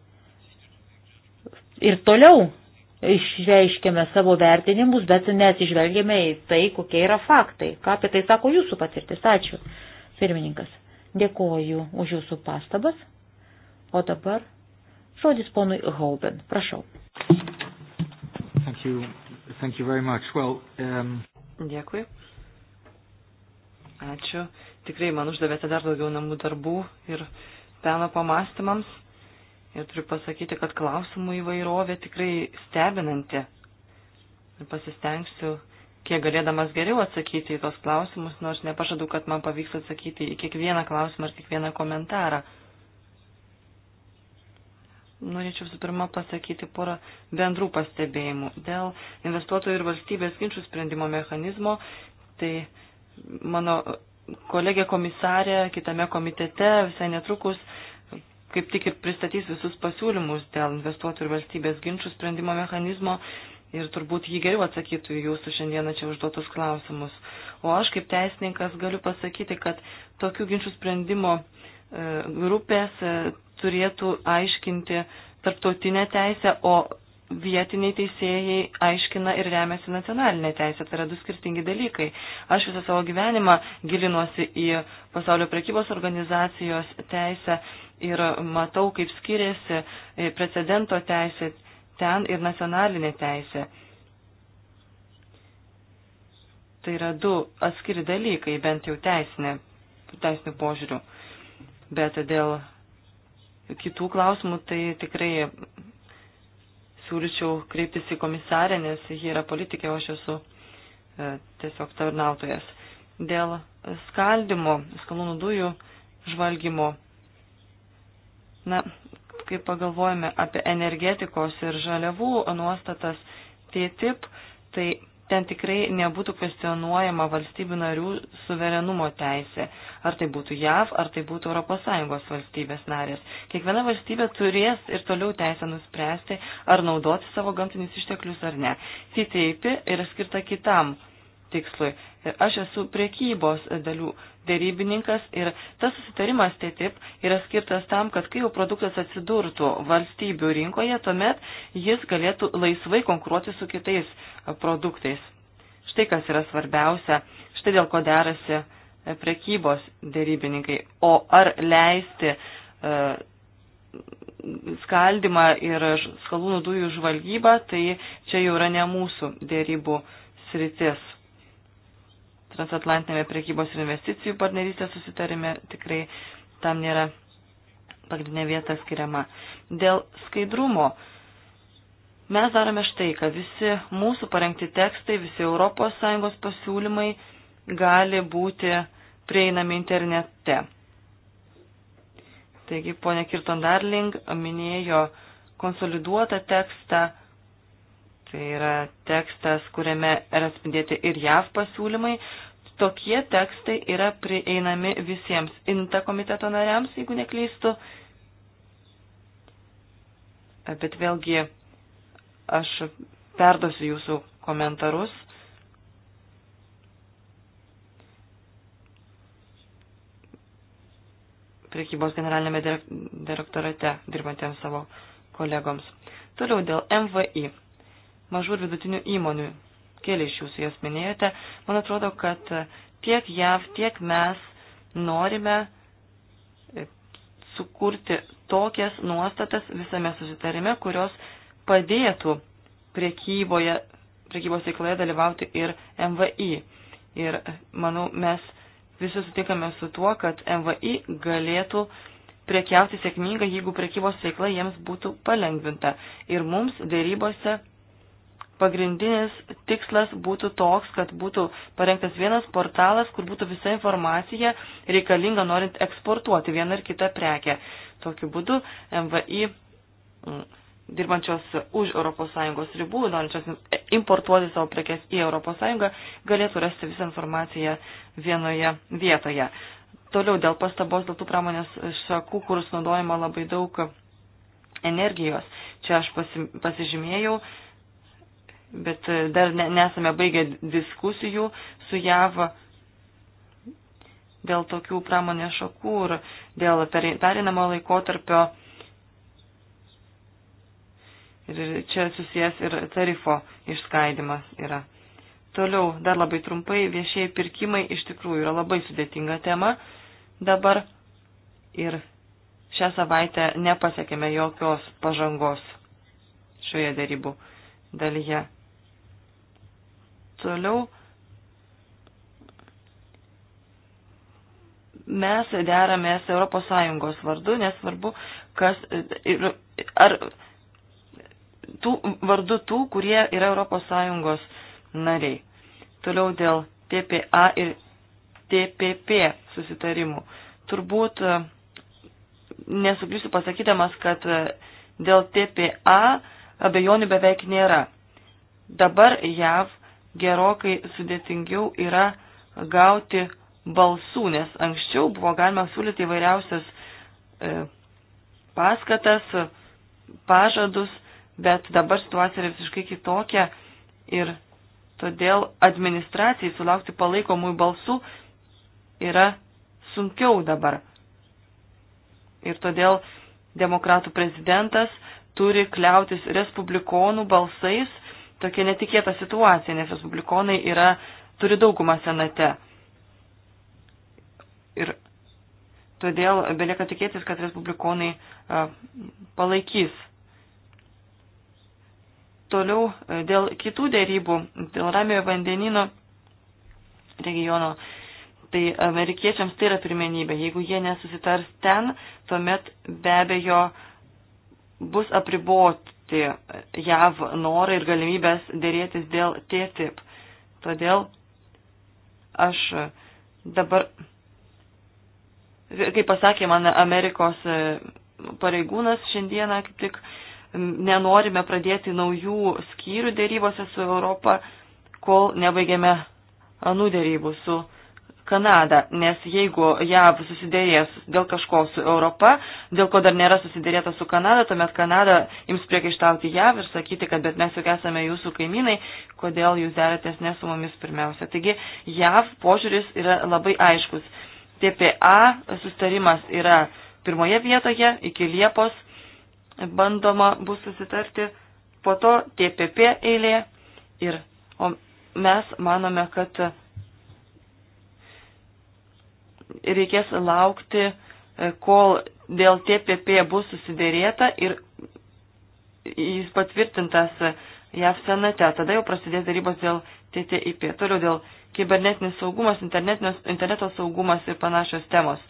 Speaker 4: ir toliau išreiškėme savo vertinimus, bet neatsižvelgėme į tai, kokie yra faktai. Ką apie tai sako jūsų patirtis? Ačiū, pirmininkas. Dėkoju už jūsų pastabas. O dabar žodis ponui Hauben. Prašau
Speaker 3: you. Thank you very much. Well, um... Dėkui. Ačiū. Tikrai man uždavėte dar daugiau namų darbų ir peno pamastymams. Ir turiu pasakyti, kad klausimų įvairovė tikrai stebinanti. Ir pasistengsiu, kiek galėdamas geriau atsakyti į tos klausimus, nors nepažadu, kad man pavyks atsakyti į kiekvieną klausimą ar kiekvieną komentarą norėčiau visų pirma pasakyti porą bendrų pastebėjimų. Dėl investuotojų ir valstybės ginčių sprendimo mechanizmo, tai mano kolegė komisarė kitame komitete visai netrukus kaip tik ir pristatys visus pasiūlymus dėl investuotojų ir valstybės ginčių sprendimo mechanizmo ir turbūt jį geriau atsakytų į jūsų šiandieną čia užduotus klausimus. O aš kaip teisininkas galiu pasakyti, kad tokių ginčių sprendimo e, grupės e, turėtų aiškinti tarptautinę teisę, o vietiniai teisėjai aiškina ir remiasi nacionalinė teisė. Tai yra du skirtingi dalykai. Aš visą savo gyvenimą gilinuosi į pasaulio prekybos organizacijos teisę ir matau, kaip skiriasi precedento teisė ten ir nacionalinė teisė. Tai yra du atskiri dalykai, bent jau teisinė, teisinių požiūrių. Bet dėl kitų klausimų, tai tikrai siūlyčiau kreiptis į komisarę, nes ji yra politikė, o aš esu e, tiesiog tarnautojas. Dėl skaldimo, skalūnų dujų žvalgymo, na, kai pagalvojame apie energetikos ir žaliavų nuostatas, tai taip, tai ten tikrai nebūtų kvestionuojama valstybių narių suverenumo teisė. Ar tai būtų JAV, ar tai būtų ES valstybės narės. Kiekviena valstybė turės ir toliau teisę nuspręsti, ar naudoti savo gamtinius išteklius ar ne. TTIP yra skirta kitam tikslui. Aš esu priekybos dalių dėrybininkas ir tas susitarimas TTIP yra skirtas tam, kad kai jau produktas atsidurtų valstybių rinkoje, tuomet jis galėtų laisvai konkuruoti su kitais produktais. Štai kas yra svarbiausia, štai dėl ko derasi e, prekybos dėrybininkai. O ar leisti uh, e, skaldimą ir skalūnų dujų žvalgybą, tai čia jau yra ne mūsų dėrybų sritis transatlantinėme prekybos ir investicijų partnerystės susitarime tikrai tam nėra pagrindinė vieta skiriama. Dėl skaidrumo mes darome štai, kad visi mūsų parengti tekstai, visi ES pasiūlymai gali būti prieinami internete. Taigi, ponė Kirton Darling minėjo konsoliduotą tekstą Tai yra tekstas, kuriame yra atspindėti ir JAV pasiūlymai. Tokie tekstai yra prieinami visiems INTA komiteto nariams, jeigu neklystu. Bet vėlgi aš perduosiu jūsų komentarus. priekybos generalinėme direktorate dirbantiems savo kolegoms. Toliau dėl MVI mažų ir vidutinių įmonių. Keli iš jūsų jas minėjote. Man atrodo, kad tiek JAV, tiek mes norime e, sukurti tokias nuostatas visame susitarime, kurios padėtų priekyboje, priekybos veikloje dalyvauti ir MVI. Ir e, manau, mes visi sutikame su tuo, kad MVI galėtų prekiauti sėkmingai, jeigu prekybos veikla jiems būtų palengvinta. Ir mums dėrybose pagrindinis tikslas būtų toks, kad būtų parengtas vienas portalas, kur būtų visa informacija reikalinga norint eksportuoti vieną ar kitą prekę. Tokiu būdu MVI mm, dirbančios už ES ribų, norinčios importuoti savo prekes į ES, galėtų rasti visą informaciją vienoje vietoje. Toliau dėl pastabos dėl tų pramonės šakų, kur sunaudojama labai daug energijos. Čia aš pasi, pasižymėjau bet e, dar ne, nesame baigę diskusijų su JAV dėl tokių pramonės šakų ir dėl perinamo laikotarpio. Ir čia susijęs ir tarifo išskaidimas yra. Toliau, dar labai trumpai, viešieji pirkimai iš tikrųjų yra labai sudėtinga tema dabar ir šią savaitę nepasiekėme jokios pažangos šioje darybų dalyje toliau. Mes deramės Europos Sąjungos vardu, nesvarbu, kas ir ar tų, vardu tų, kurie yra Europos Sąjungos nariai. Toliau dėl TPA ir TPP susitarimų. Turbūt nesuklysiu pasakydamas, kad dėl TPA abejonių beveik nėra. Dabar JAV gerokai sudėtingiau yra gauti balsų, nes anksčiau buvo galima siūlyti įvairiausias e, paskatas, pažadus, bet dabar situacija yra visiškai kitokia ir todėl administracijai sulaukti palaikomųjų balsų yra sunkiau dabar. Ir todėl demokratų prezidentas turi kliautis respublikonų balsais tokia netikėta situacija, nes respublikonai yra, turi daugumą senate. Ir todėl belieka tikėtis, kad respublikonai palaikys. Toliau dėl kitų dėrybų, dėl Ramiojo vandenino regiono, tai amerikiečiams tai yra pirmenybė. Jeigu jie nesusitars ten, tuomet be abejo bus apriboti paversti JAV norą ir galimybės dėrėtis dėl TTIP. Todėl aš dabar, kaip pasakė man Amerikos pareigūnas šiandieną, kaip tik nenorime pradėti naujų skyrių dėrybose su Europa, kol nebaigėme anų dėrybų su Europa Kanada, nes jeigu JAV susidėrės dėl kažko su Europa, dėl ko dar nėra susidėrėta su Kanada, tuomet Kanada jums priekaištauti JAV ir sakyti, kad bet mes juk esame jūsų kaimynai, kodėl jūs deratės ne su mumis pirmiausia. Taigi JAV požiūris yra labai aiškus. TPA sustarimas yra pirmoje vietoje, iki Liepos bandoma bus susitarti, po to TPP eilė ir o mes manome, kad reikės laukti, e, kol dėl TPP bus susidėrėta ir jis patvirtintas JAV senate. Tada jau prasidės darybos dėl TTIP. Toliau dėl kibernetinis saugumas, interneto saugumas ir panašios temos.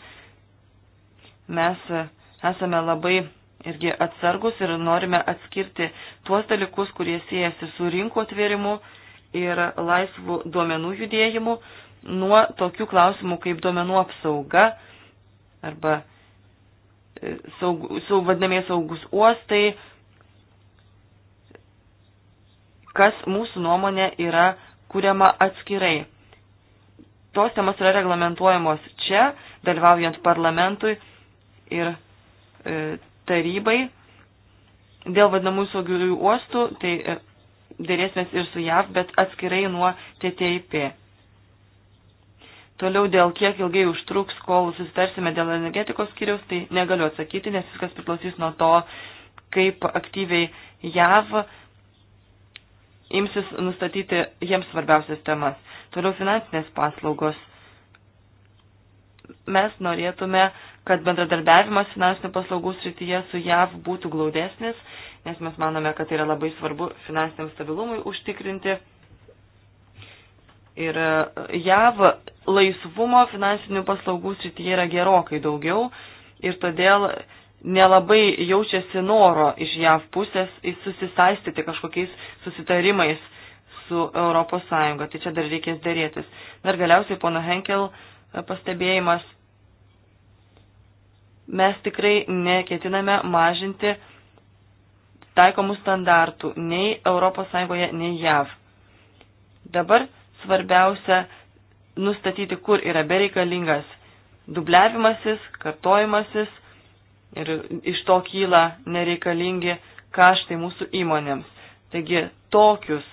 Speaker 3: Mes e, esame labai irgi atsargus ir norime atskirti tuos dalykus, kurie siejasi su rinkų atvėrimu ir laisvų duomenų judėjimu nuo tokių klausimų kaip duomenų apsauga arba e, saug, saug, vadinamie saugus uostai, kas mūsų nuomonė yra kuriama atskirai. Tos temas yra reglamentuojamos čia, dalyvaujant parlamentui ir e, tarybai. Dėl vadinamųjų saugiųjų uostų, tai e, dėrėsimės ir su JAV, bet atskirai nuo TTIP. Toliau dėl kiek ilgai užtruks, kol susitarsime dėl energetikos skiriaus, tai negaliu atsakyti, nes viskas priklausys nuo to, kaip aktyviai JAV imsis nustatyti jiems svarbiausias temas. Toliau finansinės paslaugos. Mes norėtume, kad bendradarbiavimas finansinių paslaugų srityje su JAV būtų glaudesnis, nes mes manome, kad tai yra labai svarbu finansiniam stabilumui užtikrinti Ir e, JAV laisvumo finansinių paslaugų srityje yra gerokai daugiau ir todėl nelabai jaučiasi noro iš JAV pusės susisaistyti kažkokiais susitarimais su ES. Tai čia dar reikės dėrėtis. Dar galiausiai pono Henkel e, pastebėjimas. Mes tikrai neketiname mažinti taikomų standartų nei ES, nei JAV. Dabar svarbiausia nustatyti, kur yra bereikalingas dubliavimasis, kartojimasis ir iš to kyla nereikalingi kaštai mūsų įmonėms. Taigi tokius,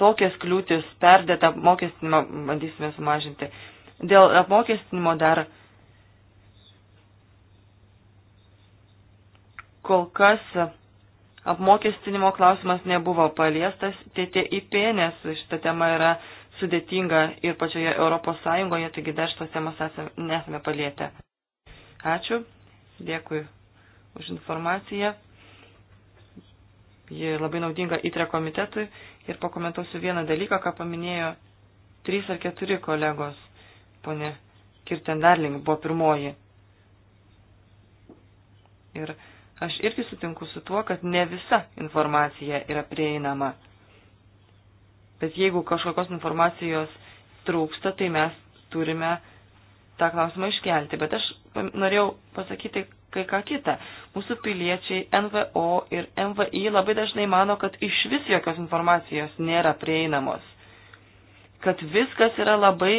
Speaker 3: tokias kliūtis perdėtą apmokestinimą bandysime sumažinti. Dėl apmokestinimo dar kol kas apmokestinimo klausimas nebuvo paliestas TTIP, nes šita tema yra sudėtinga ir pačioje Europos Sąjungoje, taigi dar šitos temos nesame palietę. Ačiū, dėkui už informaciją. Ji labai naudinga įtre komitetui ir pakomentuosiu vieną dalyką, ką paminėjo trys ar keturi kolegos. Pone Kirtendarling buvo pirmoji. Ir Aš irgi sutinku su tuo, kad ne visa informacija yra prieinama. Bet jeigu kažkokios informacijos trūksta, tai mes turime tą klausimą iškelti. Bet aš norėjau pasakyti kai ką kitą. Mūsų piliečiai NVO ir MVI labai dažnai mano, kad iš vis jokios informacijos nėra prieinamos. Kad viskas yra labai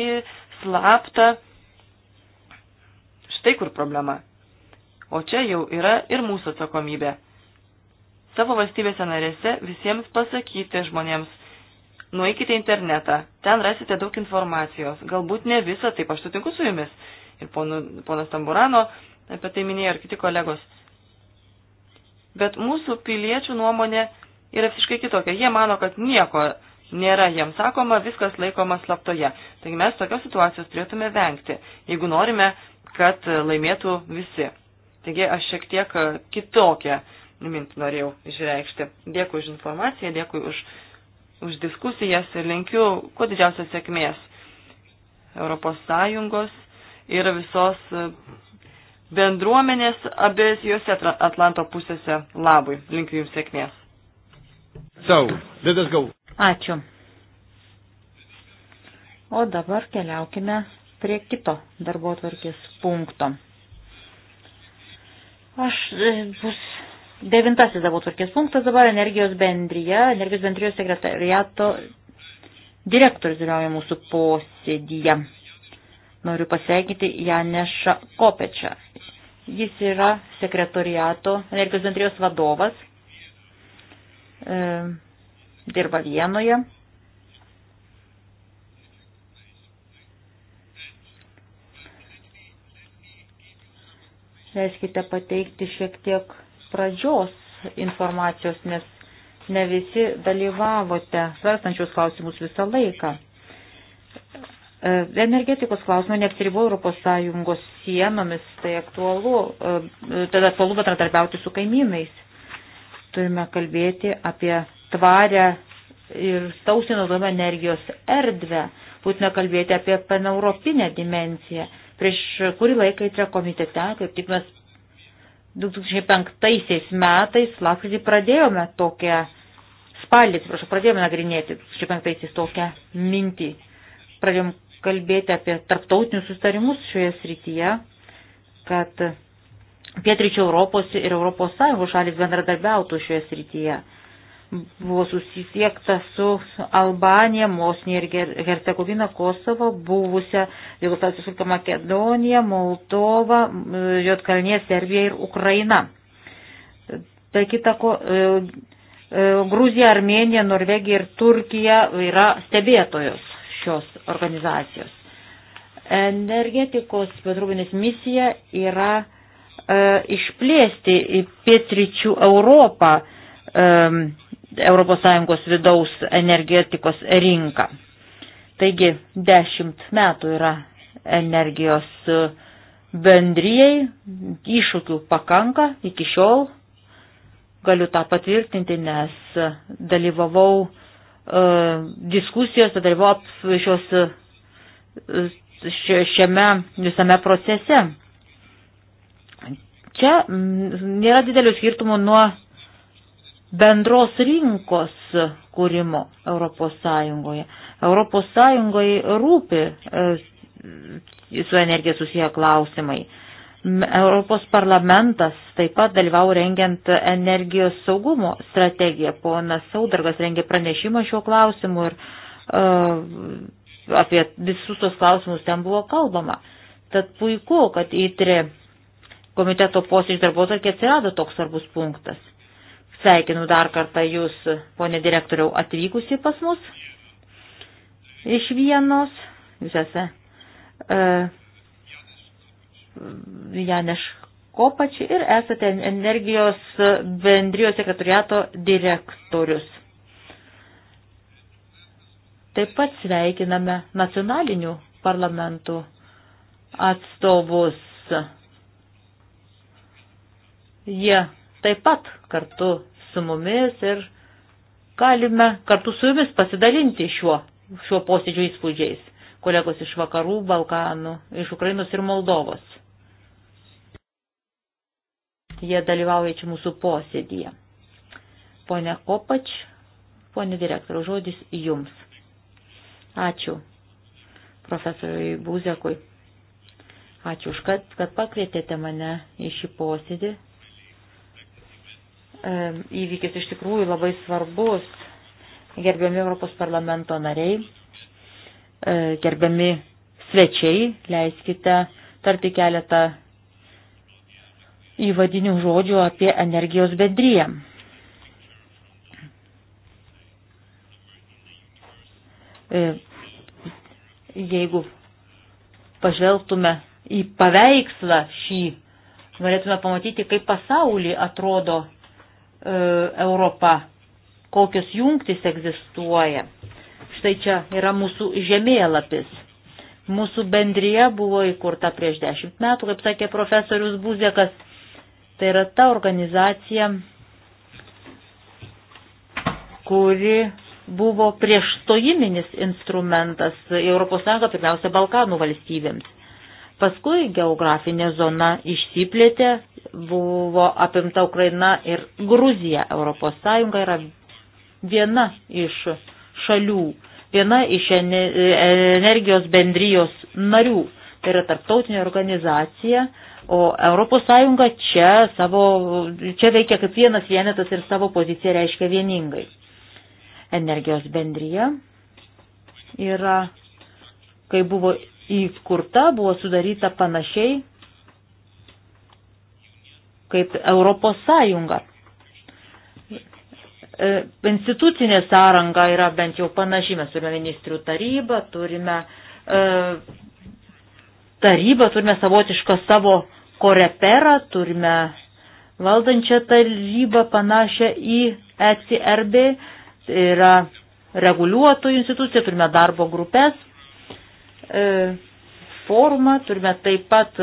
Speaker 3: slapta. Štai kur problema o čia jau yra ir mūsų atsakomybė. Savo valstybėse narėse visiems pasakyti žmonėms, nueikite internetą, ten rasite daug informacijos, galbūt ne visą, taip aš sutinku su jumis. Ir ponu, ponas Tamburano apie tai minėjo ir kiti kolegos. Bet mūsų piliečių nuomonė yra visiškai kitokia. Jie mano, kad nieko nėra jiems sakoma, viskas laikoma slaptoje. Taigi mes tokios situacijos turėtume vengti, jeigu norime, kad laimėtų visi. Taigi aš šiek tiek e, kitokią mintį norėjau išreikšti. Dėkui už informaciją, dėkui už, už diskusijas ir linkiu kuo didžiausios sėkmės Europos Sąjungos ir visos e, bendruomenės abiejose Atlanto pusėse labui. Linkiu Jums sėkmės. So, let us go.
Speaker 4: Ačiū. O dabar keliaukime prie kito darbo tvarkės punkto. Aš e, bus devintasis darbotvarkės punktas dabar energijos bendryje, energijos bendrijos sekretariato direktorius dalyvauja mūsų posėdyje. Noriu pasveikinti Janešą Kopečą. Jis yra sekretoriato energijos bendrijos vadovas, e, dirba Vienoje. leiskite pateikti šiek tiek pradžios informacijos, nes ne visi dalyvavote svarstančius klausimus visą laiką. E, energetikos klausimai neapsiribuoja ES sienomis, tai aktualu, e, tada aktualu bendradarbiauti su kaimynais. Turime kalbėti apie tvarę ir tausiai naudojamą energijos erdvę, būtina kalbėti apie paneuropinę dimenciją Prieš kurį laiką įtrio komitete, kaip tik mes 2005 metais, lapkritį pradėjome tokią, spalį, atsiprašau, pradėjome nagrinėti 2005 tokią mintį. Pradėjom kalbėti apie tarptautinius sustarimus šioje srityje, kad Pietričio Europos ir Europos Sąjungos šalis bendradarbiautų šioje srityje buvo susisiekta su Albanija, Mosnija ir Hercegovina, Kosovo, buvusią Jugoslavijos Respubliką Makedoniją, Moldovą, Jotkalnie, Serbiją ir Ukrainą. Tai kita, ko, e, e, Gruzija, Armenija, Norvegija ir Turkija yra stebėtojos šios organizacijos. Energetikos bendruomenės misija yra e, išplėsti į pietričių Europą e, ES vidaus energetikos rinką. Taigi 10 metų yra energijos bendrijai, iššūkių pakanka iki šiol, galiu tą patvirtinti, nes dalyvavau e, diskusijose, dalyvavau šios, e, šiame visame procese. Čia nėra didelių skirtumų nuo bendros rinkos kūrimo Europos Sąjungoje. Europos Sąjungai rūpi e, su energija susiję klausimai. Europos parlamentas taip pat dalyvau rengiant energijos saugumo strategiją. Ponas Saudargas rengė pranešimą šiuo klausimu ir uh, apie visus tos klausimus ten buvo kalbama. Tad puiku, kad įtri komiteto posėdžio darbo atsirado toks svarbus punktas. Sveikinu dar kartą Jūs, ponė direktoriau, atvykusi pas mus iš Vienos. Jūs esate uh, Janeš Kopač ir esate energijos bendrijos sekretariato direktorius. Taip pat sveikiname nacionalinių parlamentų atstovus. Jie taip pat kartu su mumis ir galime kartu su jumis pasidalinti šiuo, šiuo posėdžio įspūdžiais, kolegos iš vakarų, Balkanų, iš Ukrainos ir Moldovos. Jie dalyvauja čia mūsų posėdyje. Pone Kopač, pone direktorių, žodis jums. Ačiū profesoriui Buzekui. Ačiū už kad, kad pakvietėte mane į šį posėdį. E, įvykis iš tikrųjų labai svarbus. Gerbiami Europos parlamento nariai, e, gerbiami svečiai, leiskite tarti keletą įvadinių žodžių apie energijos bendryją. E, jeigu pažvelgtume į paveikslą šį, norėtume pamatyti, kaip pasaulį atrodo E, Europa, kokios jungtis egzistuoja. Štai čia yra mūsų žemėlapis. Mūsų bendryje buvo įkurta prieš dešimt metų, kaip sakė profesorius Buzekas. Tai yra ta organizacija, kuri buvo priešstojiminis instrumentas Europos Sąjunga, pirmiausia, Balkanų valstybėms. Paskui geografinė zona išsiplėtė, buvo apimta Ukraina ir Gruzija. Europos Sąjunga yra viena iš šalių, viena iš energijos bendrijos narių. Tai yra tarptautinė organizacija, o Europos Sąjunga čia, savo, čia veikia kaip vienas vienetas ir savo poziciją reiškia vieningai. Energijos bendryje yra, kai buvo įkurta, buvo sudaryta panašiai kaip Europos Sąjunga. E, institucinė sąranga yra bent jau panaši. Mes turime ministrių tarybą, turime e, tarybą, turime savotišką savo koreperą, turime valdančią tarybą panašią į ECRB, tai yra reguliuotojų institucija, turime darbo grupės, e, forumą, turime taip pat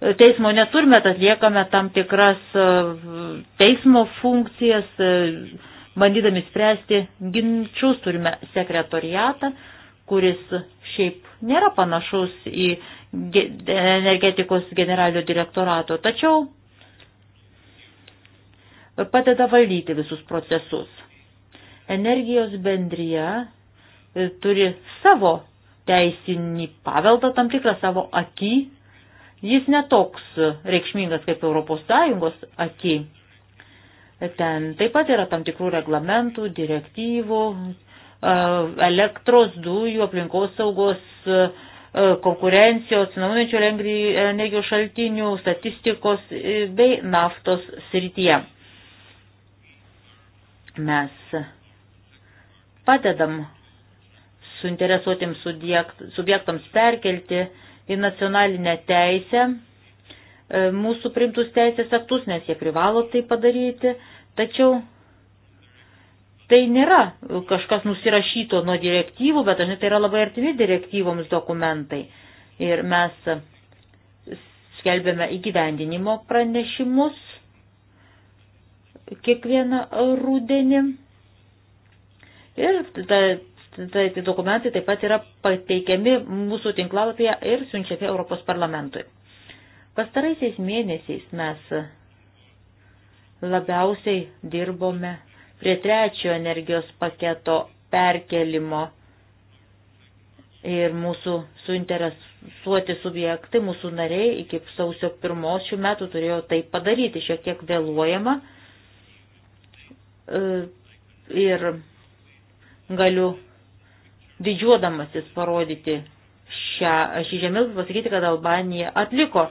Speaker 4: teismo neturime, tad liekame tam tikras e, teismo funkcijas, e, bandydami spręsti ginčius, turime sekretoriatą, kuris šiaip nėra panašus į energetikos generalinio direktorato, tačiau padeda valdyti visus procesus. Energijos bendryje turi savo teisinį paveldą, tam tikrą savo akį Jis netoks reikšmingas kaip ES aki. Ten taip pat yra tam tikrų reglamentų, direktyvų, e, elektros dujų, aplinkos saugos, e, e, konkurencijos, atsinaujinančių energijos šaltinių, statistikos bei naftos srityje. Mes padedam suinteresuotiems subjektams perkelti uh, į nacionalinę teisę e, mūsų primtus teisės aktus, nes jie privalo tai padaryti, tačiau tai nėra kažkas nusirašyto nuo direktyvų, bet dažnai tai yra labai artimi direktyvoms dokumentai. Ir mes skelbėme įgyvendinimo pranešimus kiekvieną rudenį. Ir Tai, tai dokumentai taip pat yra pateikiami mūsų tinklalapyje ir siunčiami Europos parlamentui. Pastaraisiais mėnesiais mes labiausiai dirbome prie trečiojo energijos paketo perkelimo ir mūsų suinteresuoti subjektai, mūsų nariai iki sausio pirmos šių metų turėjo tai padaryti, šiek tiek vėluojama. E, ir galiu didžiuodamasis parodyti šią, šį žemėlapį, pasakyti, kad Albanija atliko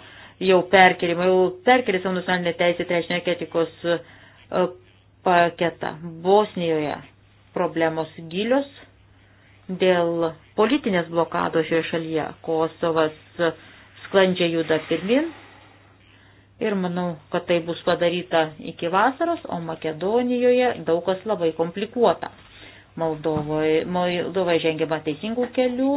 Speaker 4: jau perkelimą, jau perkelė savo nacionalinę teisę trečiojo energetikos e, paketą. Bosnijoje problemos gilios dėl politinės blokados šioje šalyje. Kosovas sklandžiai juda pirmin ir manau, kad tai bus padaryta iki vasaros, o Makedonijoje daug kas labai komplikuota. Moldovoje, Moldovoje žengiama teisingų kelių,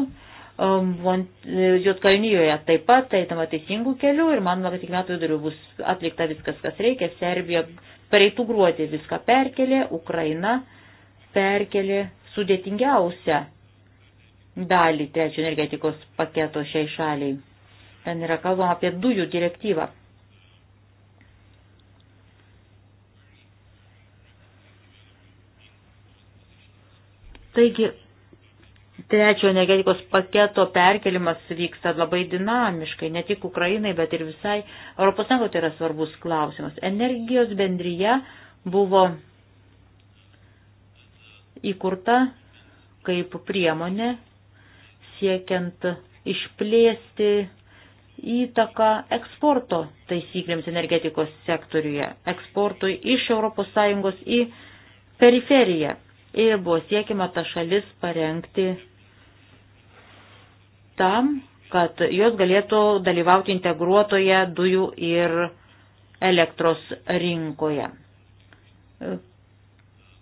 Speaker 4: um, e, Jotkalnyjoje taip pat eitama teisingų kelių ir manoma, kad tik metų vidurių bus atlikta viskas, kas reikia. Serbija pareitų gruodį viską perkelė, Ukraina perkelė sudėtingiausią dalį trečio energetikos paketo šiai šaliai. Ten yra kalbama apie dujų direktyvą. Taigi, trečio energetikos paketo perkelimas vyksta labai dinamiškai, ne tik Ukrainai, bet ir visai ES tai yra svarbus klausimas. Energijos bendryje buvo įkurta kaip priemonė siekiant išplėsti įtaką eksporto taisyklėms energetikos sektoriuje, eksportui iš ES į periferiją ir buvo siekiama tą šalis parengti tam, kad jos galėtų dalyvauti integruotoje dujų ir elektros rinkoje.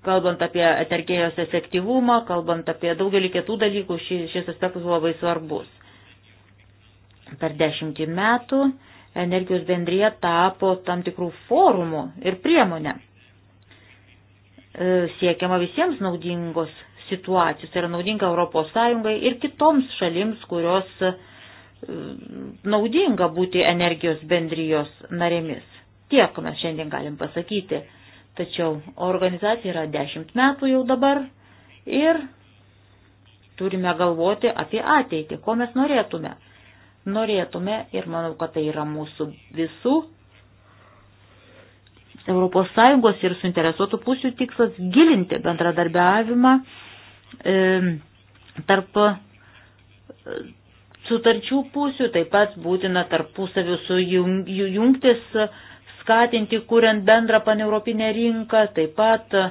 Speaker 4: Kalbant apie eterkėjos efektyvumą, kalbant apie daugelį kitų dalykų, šis, šis aspektas buvo labai svarbus. Per dešimtį metų energijos bendrija tapo tam tikrų forumų ir priemonę. E, siekiama visiems naudingos situacijos, tai yra naudinga Europos Sąjungai ir kitoms šalims, kurios e, naudinga būti energijos bendrijos narėmis. Tiek mes šiandien galim pasakyti. Tačiau organizacija yra dešimt metų jau dabar ir turime galvoti apie ateitį, ko mes norėtume. Norėtume ir manau, kad tai yra mūsų visų ES ir suinteresuotų pusių tikslas gilinti bendradarbiavimą e, tarp e, sutarčių pusių, taip pat būtina tarpusavių sujungtis, skatinti, kuriant bendrą paneuropinę rinką, taip pat e,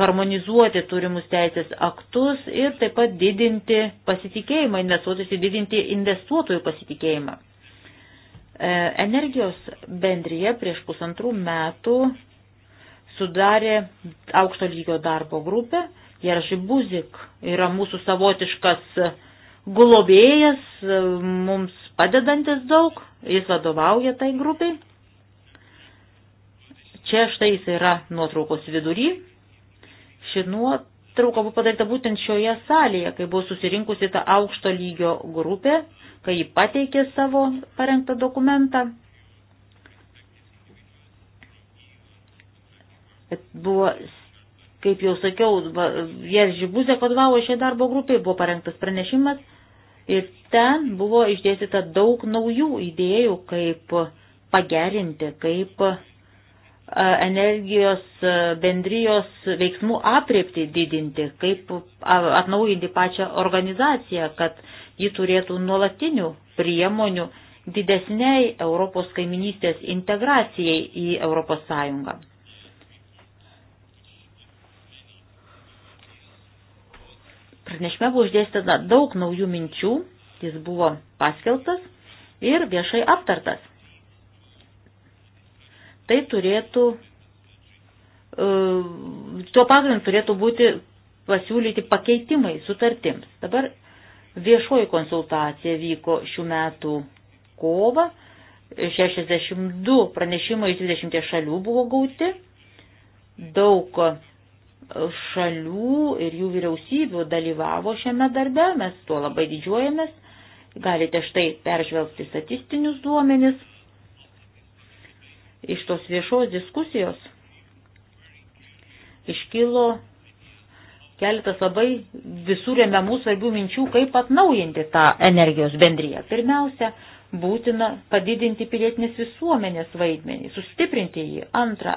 Speaker 4: harmonizuoti turimus teisės aktus ir taip pat didinti pasitikėjimą, investuotis į didinti investuotojų pasitikėjimą. E, energijos bendryje prieš pusantrų metų sudarė aukšto lygio darbo grupę. Jerži Buzik yra mūsų savotiškas globėjas, e, mums padedantis daug, jis vadovauja tai grupiai. Čia štai jis yra nuotraukos vidury. Ši nuotrauka pertrauka buvo padaryta būtent šioje salėje, kai buvo susirinkusi ta aukšto lygio grupė, kai ji pateikė savo parengtą dokumentą. Bet buvo, kaip jau sakiau, Jerzy Buzek vadovavo šiai darbo grupiai, buvo parengtas pranešimas ir ten buvo išdėstyta daug naujų idėjų, kaip pagerinti, kaip energijos bendrijos veiksmų apriepti didinti, kaip atnaujinti pačią organizaciją, kad ji turėtų nuolatinių priemonių didesniai Europos kaiminystės integracijai į Europos Sąjungą. Pranešme buvo uždėstyta daug naujų minčių, jis buvo paskeltas ir viešai aptartas tai turėtų, e, tuo pagrindu turėtų būti pasiūlyti pakeitimai sutartims. Dabar viešoji konsultacija vyko šių metų kovą, 62 pranešimai iš 20 šalių buvo gauti, daug e, šalių ir jų vyriausybių dalyvavo šiame darbe, mes tuo labai didžiuojamės, galite štai peržvelgti statistinius duomenis iš tos viešos diskusijos iškilo keletas labai visų remiamų svarbių minčių, kaip atnaujinti tą energijos bendryją. Pirmiausia, būtina padidinti pilietinės visuomenės vaidmenį, sustiprinti jį. Antra,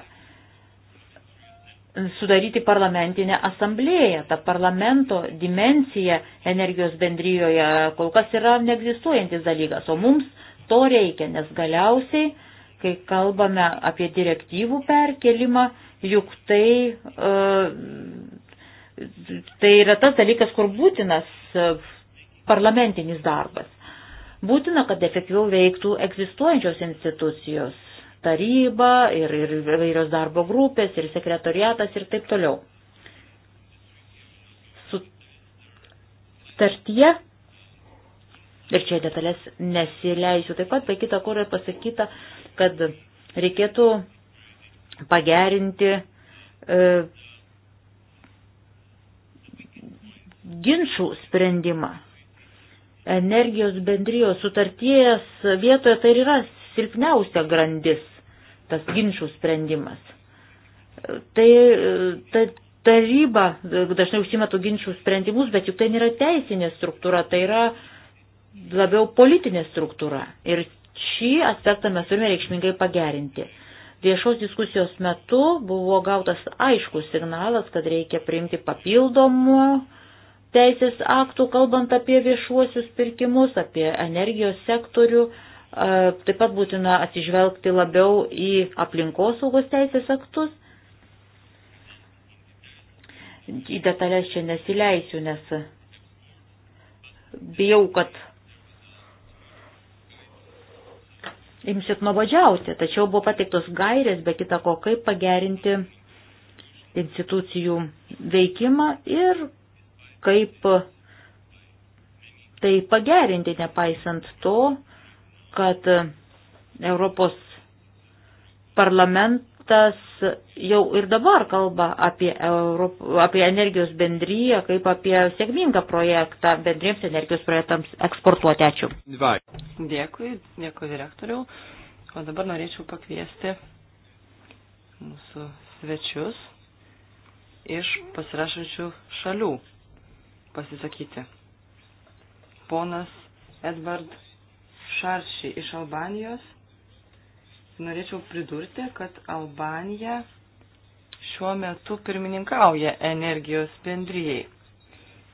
Speaker 4: sudaryti parlamentinę asamblėją. Ta parlamento dimencija energijos bendryjoje kol kas yra neegzistuojantis dalykas, o mums to reikia, nes galiausiai kai kalbame apie direktyvų perkelimą, juk tai, e, tai yra tas dalykas, kur būtinas e, parlamentinis darbas. Būtina, kad efektyviau veiktų egzistuojančios institucijos - taryba ir, ir vairios darbo grupės ir sekretariatas ir taip toliau. Sutartie ir čia detalės nesileisiu. Taip pat be kita, kur yra pasakyta, kad reikėtų pagerinti e, ginčių sprendimą. Energijos bendrijos sutarties vietoje tai yra silpniausia grandis, tas ginčių sprendimas. Tai, tai taryba dažnai užsima tų ginčių sprendimus, bet juk tai nėra teisinė struktūra, tai yra labiau politinė struktūra. Ir šį aspektą mes turime reikšmingai pagerinti. Viešos diskusijos metu buvo gautas aiškus signalas, kad reikia priimti papildomų teisės aktų, kalbant apie viešuosius pirkimus, apie energijos sektorių. Taip pat būtina atsižvelgti labiau į aplinkosaugos teisės aktus. Į detalės čia nesileisiu, nes bijau, kad imsit nuobodžiauti, tačiau buvo pateiktos gairės, be kita ko, kaip pagerinti institucijų veikimą ir kaip tai pagerinti, nepaisant to, kad Europos parlament, tas jau ir dabar kalba apie, Europą, apie energijos bendryją, kaip apie sėkmingą projektą bendriems energijos projektams eksportuoti. Ačiū. Dėkui, dėkui direktoriau.
Speaker 3: O dabar norėčiau pakviesti mūsų svečius iš pasirašančių šalių pasisakyti. Ponas Edvard Šarši iš Albanijos norėčiau pridurti, kad Albanija šiuo metu pirmininkauja energijos bendryjei.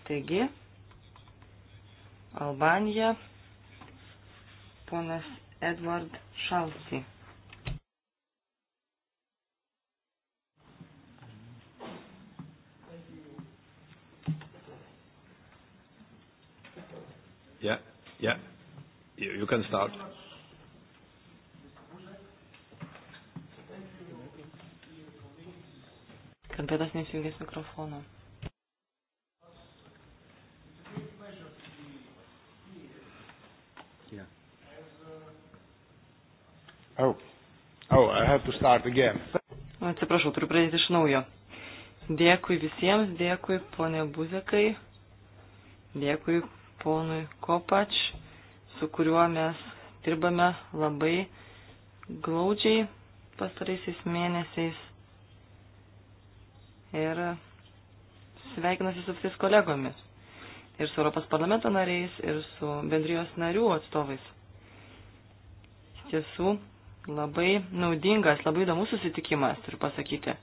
Speaker 3: Taigi, Albanija, ponas Edward Šalsi.
Speaker 2: Yeah, yeah. You, you can start.
Speaker 3: Kalbėtas nesijungęs mikrofoną. Yeah. Oh. Oh, I have to start again. Atsiprašau, turiu pradėti iš naujo. Dėkui visiems, dėkui ponė Buzekai, dėkui ponui Kopač, su kuriuo mes dirbame labai glaudžiai pastaraisiais mėnesiais ir sveikinuosi su visais kolegomis, ir su Europos parlamento nariais, ir su bendrijos narių atstovais. Iš tiesų, labai naudingas, labai įdomus susitikimas, turiu pasakyti.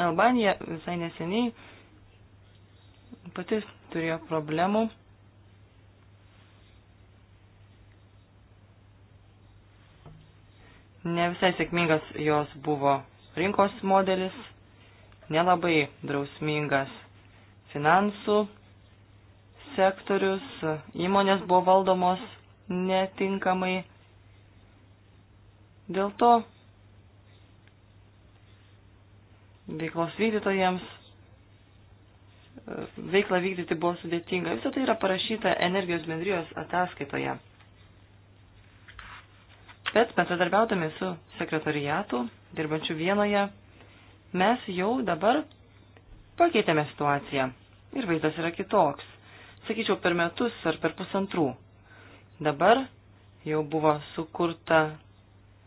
Speaker 3: Albanija visai neseniai patys turėjo problemų. Ne visai sėkmingas jos buvo rinkos modelis nelabai drausmingas. Finansų sektorius, įmonės buvo valdomos netinkamai. Dėl to veiklos vykdytojams e, veiklą vykdyti buvo sudėtinga. Visą tai yra parašyta energijos bendrijos ataskaitoje. Bet bendradarbiaudami su sekretariatu, dirbančiu vienoje, mes jau dabar pakeitėme situaciją ir vaizdas yra kitoks. Sakyčiau, per metus ar per pusantrų. Dabar jau buvo sukurta,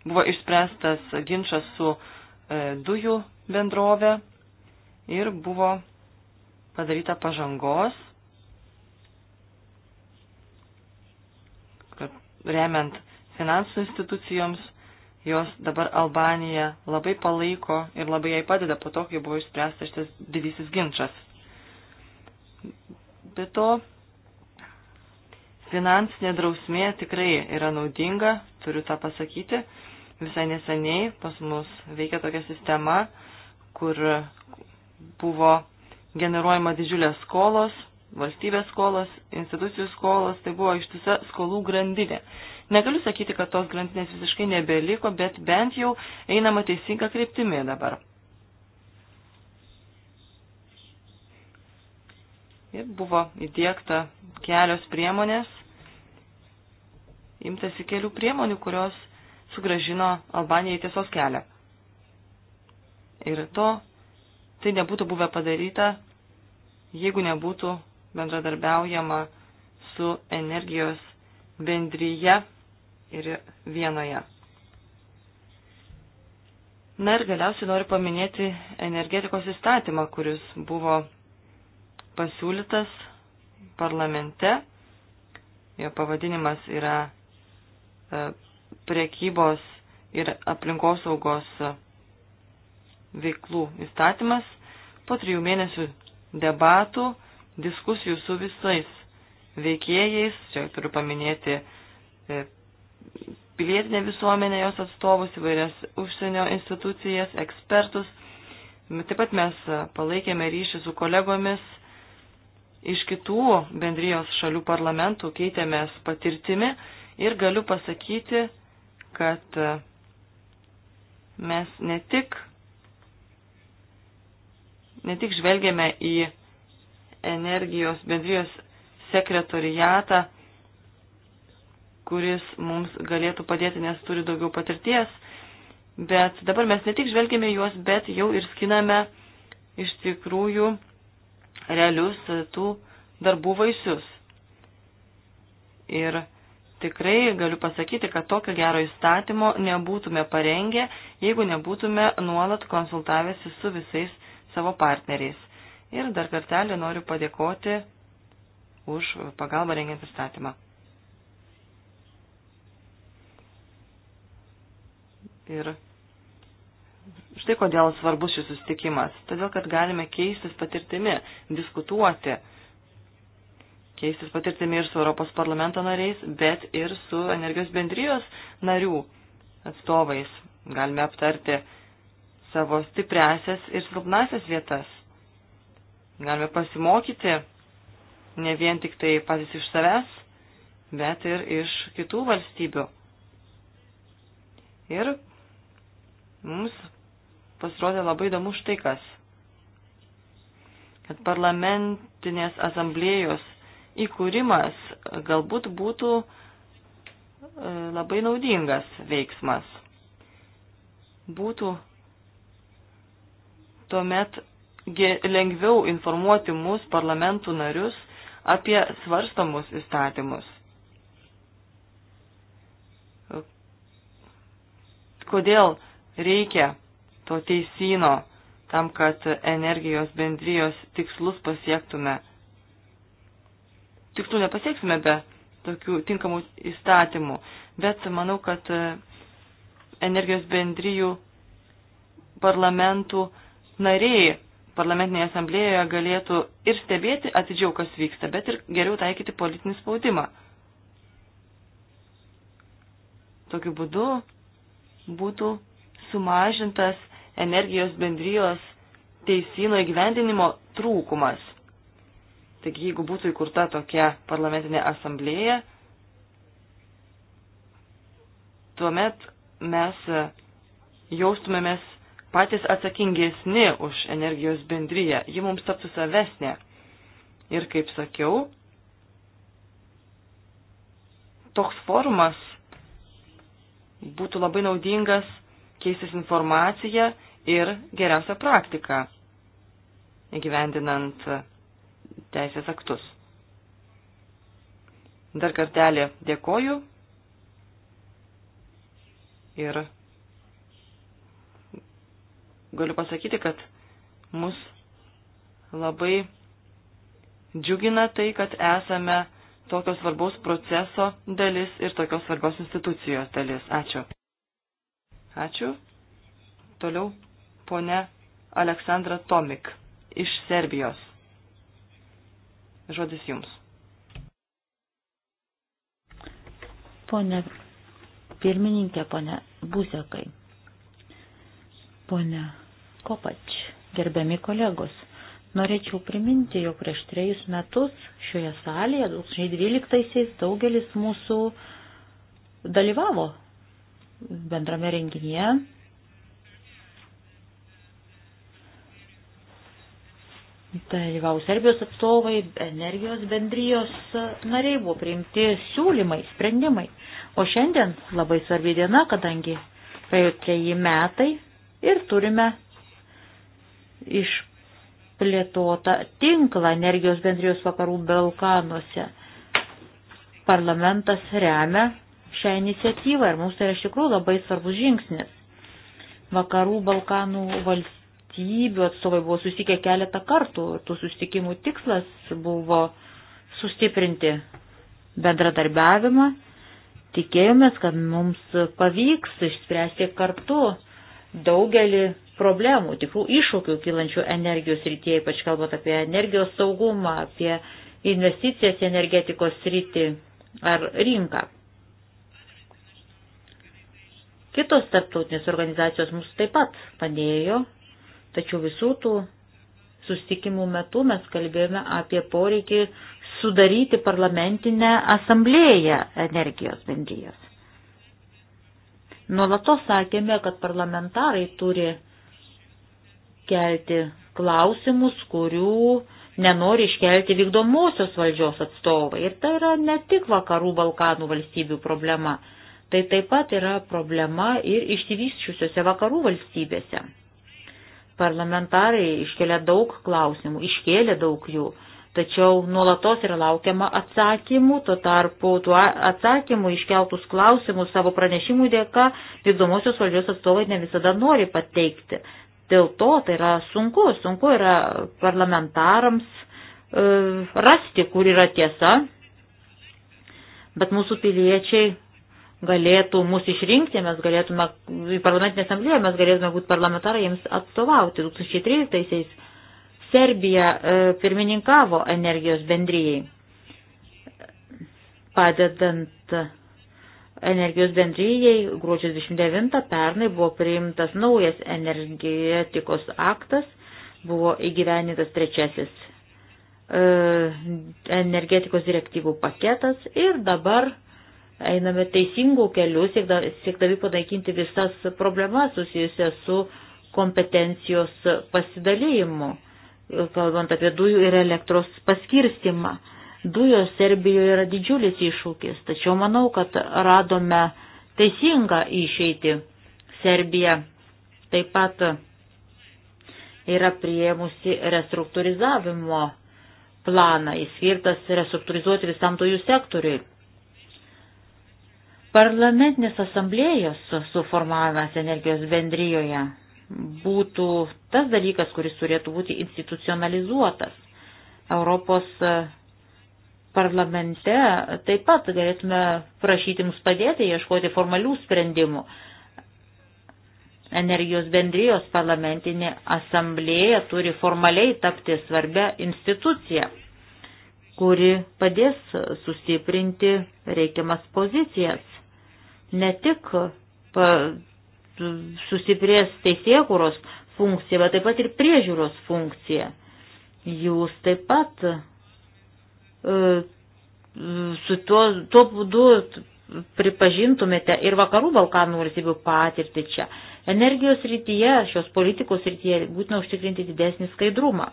Speaker 3: buvo išspręstas ginčas su e, dujų bendrove ir buvo padaryta pažangos, kad remiant finansų institucijoms. Jos dabar Albanija labai palaiko ir labai jai padeda po to, kai buvo išspręstas šitas didysis ginčas. Be to, finansinė drausmė tikrai yra naudinga, turiu tą pasakyti. Visai neseniai pas mus veikia tokia sistema, kur buvo generuojama didžiulės skolos, valstybės skolos, institucijų skolos, tai buvo ištisa skolų grandinė. Negaliu sakyti, kad tos grantinės visiškai nebeliko, bet bent jau einama teisinga kryptimi dabar. Ir buvo įdėkta kelios priemonės, imtasi kelių priemonių, kurios sugražino Albaniją į tiesos kelią. Ir to tai nebūtų buvę padaryta, jeigu nebūtų bendradarbiaujama su energijos bendryje ir Vienoje. Na ir galiausiai noriu paminėti energetikos įstatymą, kuris buvo pasiūlytas parlamente. Jo pavadinimas yra e, priekybos ir aplinkosaugos veiklų įstatymas. Po trijų mėnesių debatų, diskusijų su visais veikėjais, čia turiu paminėti e, pilietinę visuomenę, jos atstovus, įvairias užsienio institucijas, ekspertus. Taip pat mes palaikėme ryšį su kolegomis iš kitų bendrijos šalių parlamentų, keitėmės patirtimi ir galiu pasakyti, kad mes ne tik, ne tik žvelgėme į energijos bendrijos sekretoriatą, kuris mums galėtų padėti, nes turi daugiau patirties. Bet dabar mes ne tik žvelgėme juos, bet jau ir skiname iš tikrųjų realius tų darbų vaisius. Ir tikrai galiu pasakyti, kad tokio gero įstatymo nebūtume parengę, jeigu nebūtume nuolat konsultavęsi su visais savo partneriais. Ir dar kartelį noriu padėkoti už pagalbą rengiant įstatymą. Ir štai kodėl svarbus šis sustikimas. Todėl, kad galime keistis patirtimi, diskutuoti, keistis patirtimi ir su Europos parlamento nariais, bet ir su energijos bendrijos narių atstovais. Galime aptarti savo stipresias ir silpnasias vietas. Galime pasimokyti ne vien tik tai patys iš savęs, bet ir iš kitų valstybių. Ir Mums pasirodė labai įdomu štai kas, kad parlamentinės asamblėjos įkūrimas galbūt būtų e, labai naudingas veiksmas. Būtų tuomet lengviau informuoti mus, parlamentų narius, apie svarstamus įstatymus. Kodėl Reikia to teisino tam, kad energijos bendrijos tikslus pasiektume. Tikslų nepasieksime be tokių tinkamų įstatymų, bet manau, kad energijos bendrijų parlamentų nariai parlamentinėje asamblėjoje galėtų ir stebėti atidžiau, kas vyksta, bet ir geriau taikyti politinį spaudimą. Tokiu būdu būtų sumažintas energijos bendrijos teisino įgyvendinimo trūkumas. Taigi, jeigu būtų įkurta tokia parlamentinė asamblėja, tuomet mes jaustumėmės patys atsakingesni už energijos bendryją, ji mums taptų savesnė. Ir kaip sakiau, toks forumas būtų labai naudingas keistis informacija ir geriausia praktika įgyvendinant teisės aktus. Dar kartelį dėkoju ir galiu pasakyti, kad mus labai džiugina tai, kad esame tokios svarbos proceso dalis ir tokios svarbios institucijos dalis. Ačiū. Ačiū. Toliau ponia Aleksandra Tomik iš Serbijos. Žodis jums.
Speaker 4: Pone pirmininkė, pone Buzekai, pone Kopač, gerbiami kolegos, norėčiau priminti, jog prieš trejus metus šioje salėje 2012-aisiais daugelis mūsų dalyvavo bendrame renginyje. Dalyvau Serbijos atstovai, energijos bendrijos nariai buvo priimti siūlymai, sprendimai. O šiandien labai svarbi diena, kadangi praėjo treji metai ir turime išplėtotą tinklą energijos bendrijos vakarų Balkanuose. Parlamentas remia šią iniciatyvą ir mums tai yra iš tikrųjų labai svarbus žingsnis. Vakarų Balkanų valstybių atstovai buvo susitikę keletą kartų ir tų susitikimų tikslas buvo sustiprinti bendradarbiavimą. Tikėjomės, kad mums pavyks išspręsti kartu daugelį problemų, tikrų iššūkių kylančių energijos rytyje, ypač kalbant apie energijos saugumą, apie investicijas į energetikos rytį ar rinką. Kitos tarptautinės organizacijos mums taip pat padėjo, tačiau visų tų sustikimų metu mes kalbėjome apie poreikį sudaryti parlamentinę asamblėją energijos bendrijos. Nuolatos sakėme, kad parlamentarai turi kelti klausimus, kurių nenori iškelti vykdomosios valdžios atstovai. Ir tai yra ne tik vakarų Balkanų valstybių problema Tai taip pat yra problema ir išsivyščiusiuose vakarų valstybėse. Parlamentarai iškelia daug klausimų, iškėlė daug jų, tačiau nuolatos yra laukiama atsakymų, tuo tarpu tuo atsakymu iškeltus klausimus savo pranešimų dėka vykdomosios valdžios atstovai ne visada nori pateikti. Dėl to tai yra sunku, sunku yra parlamentarams e, rasti, kur yra tiesa, bet mūsų piliečiai galėtų mus išrinkti, mes galėtume, į parlamentinę asamblėją mes galėtume būti parlamentarai jiems atstovauti. 2013-aisiais Serbija e, pirmininkavo energijos bendryjai, padedant energijos bendryjai gruodžio 29 pernai buvo priimtas naujas energetikos aktas, buvo įgyvenintas trečiasis e, energetikos direktyvų paketas ir dabar einame teisingų kelių, siekdami panaikinti visas problemas susijusias su kompetencijos pasidalėjimu, kalbant apie dujų ir elektros paskirstimą. Dujos Serbijoje yra didžiulis iššūkis, tačiau manau, kad radome teisingą išeitį. Serbija taip pat yra prieimusi restruktūrizavimo planą, jis skirtas restruktūrizuoti visam dujų sektoriui. Parlamentinės asamblėjos suformavimas energijos bendryjoje būtų tas dalykas, kuris turėtų būti institucionalizuotas. Europos e, parlamente taip pat galėtume prašyti mums padėti ieškoti formalių sprendimų. Energijos bendrijos parlamentinė asamblėja turi formaliai tapti svarbę instituciją, kuri padės sustiprinti reikiamas pozicijas ne tik pa, sustiprės teisėkuros funkcija, bet taip pat ir priežiūros funkcija. Jūs taip pat e, su tuo, tuo būdu pripažintumėte ir vakarų Balkanų valstybių patirtį čia. Energijos rytyje, šios politikos rytyje būtina užtikrinti didesnį skaidrumą.